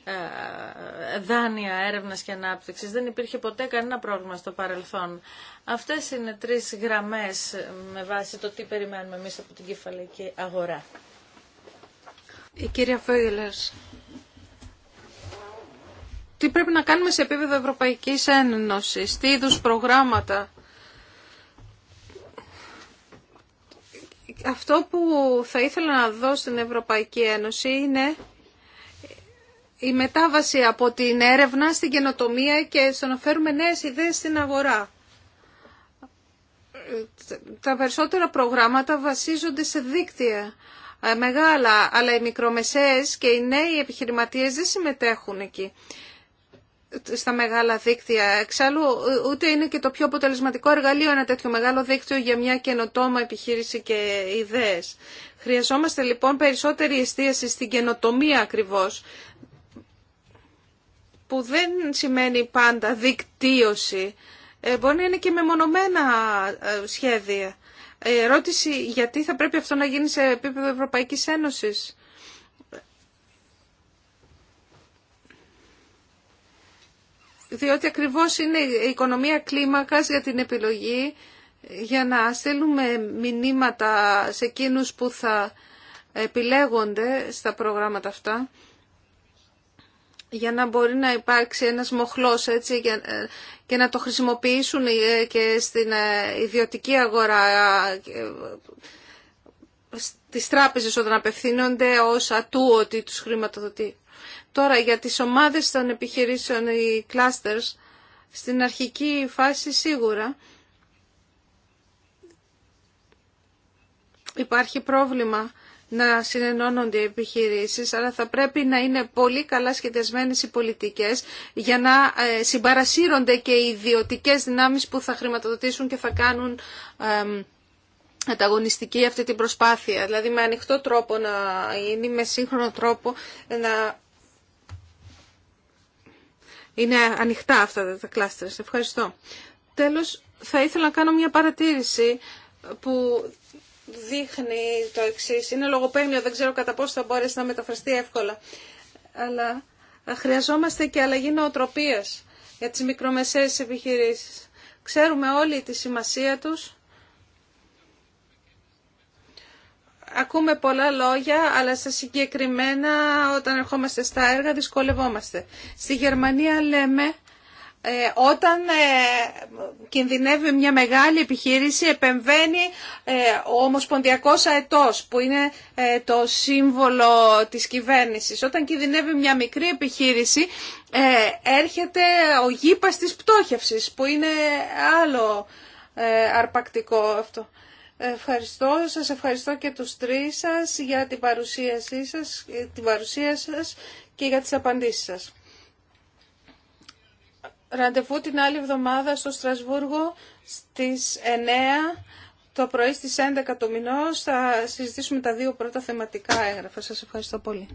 ε, δάνεια έρευνας και ανάπτυξης. Δεν υπήρχε ποτέ κανένα πρόβλημα στο παρελθόν. Αυτές είναι τρεις γραμμές με βάση το τι περιμένουμε εμείς από την κεφαλαϊκή αγορά. Η κυρία Φόγελας, τι πρέπει να κάνουμε σε επίπεδο Ευρωπαϊκής Ένωσης, τι είδους προγράμματα. Αυτό που θα ήθελα να δω στην Ευρωπαϊκή Ένωση είναι η μετάβαση από την έρευνα στην καινοτομία και στο να φέρουμε νέες ιδέες στην αγορά. Τα περισσότερα προγράμματα βασίζονται σε δίκτυα ε, μεγάλα, αλλά οι μικρομεσαίες και οι νέοι επιχειρηματίες δεν συμμετέχουν εκεί στα μεγάλα δίκτυα. Εξάλλου, ε, ούτε είναι και το πιο αποτελεσματικό εργαλείο ένα τέτοιο μεγάλο δίκτυο για μια καινοτόμα επιχείρηση και ιδέες. Χρειαζόμαστε λοιπόν περισσότερη εστίαση στην καινοτομία ακριβώς, που δεν σημαίνει πάντα δικτύωση. Ε, μπορεί να είναι και μεμονωμένα ε, σχέδια. Ε, ερώτηση γιατί θα πρέπει αυτό να γίνει σε επίπεδο Ευρωπαϊκής Ένωσης. διότι ακριβώς είναι η οικονομία κλίμακας για την επιλογή για να στέλνουμε μηνύματα σε εκείνους που θα επιλέγονται στα προγράμματα αυτά για να μπορεί να υπάρξει ένας μοχλός έτσι, ε, και να το χρησιμοποιήσουν ε, και στην ε, ιδιωτική αγορά της τράπεζες όταν απευθύνονται ως ατού ότι τους χρηματοδοτεί. Τώρα για τις ομάδες των επιχειρήσεων, οι clusters, στην αρχική φάση σίγουρα υπάρχει πρόβλημα να συνενώνονται οι επιχειρήσεις, αλλά θα πρέπει να είναι πολύ καλά σχεδιασμένες οι πολιτικές για να ε, συμπαρασύρονται και οι ιδιωτικές δυνάμεις που θα χρηματοδοτήσουν και θα κάνουν ανταγωνιστική αυτή την προσπάθεια. Δηλαδή με ανοιχτό τρόπο να είναι, με σύγχρονο τρόπο να είναι ανοιχτά αυτά τα κλάστερ. Ευχαριστώ. Τέλος, θα ήθελα να κάνω μια παρατήρηση που δείχνει το εξή. Είναι λογοπαίγνιο, δεν ξέρω κατά πόσο θα μπορέσει να μεταφραστεί εύκολα. Αλλά χρειαζόμαστε και αλλαγή νοοτροπίας για τι μικρομεσαίες επιχειρήσει. Ξέρουμε όλοι τη σημασία τους. Ακούμε πολλά λόγια, αλλά στα συγκεκριμένα όταν ερχόμαστε στα έργα δυσκολευόμαστε. Στη Γερμανία λέμε ε, όταν ε, κινδυνεύει μια μεγάλη επιχείρηση επεμβαίνει ε, ο Ομοσπονδιακός Αετός που είναι το σύμβολο της κυβέρνησης. Όταν κινδυνεύει μια μικρή επιχείρηση έρχεται ο γήπας της πτώχευσης που είναι άλλο αρπακτικό αυτό. Ευχαριστώ. Σας ευχαριστώ και τους τρεις σας για την παρουσίασή σας, την παρουσία σας και για τις απαντήσεις σας ραντεβού την άλλη εβδομάδα στο Στρασβούργο στις 9 το πρωί στις 11 το μηνό, Θα συζητήσουμε τα δύο πρώτα θεματικά έγγραφα. Σας ευχαριστώ πολύ.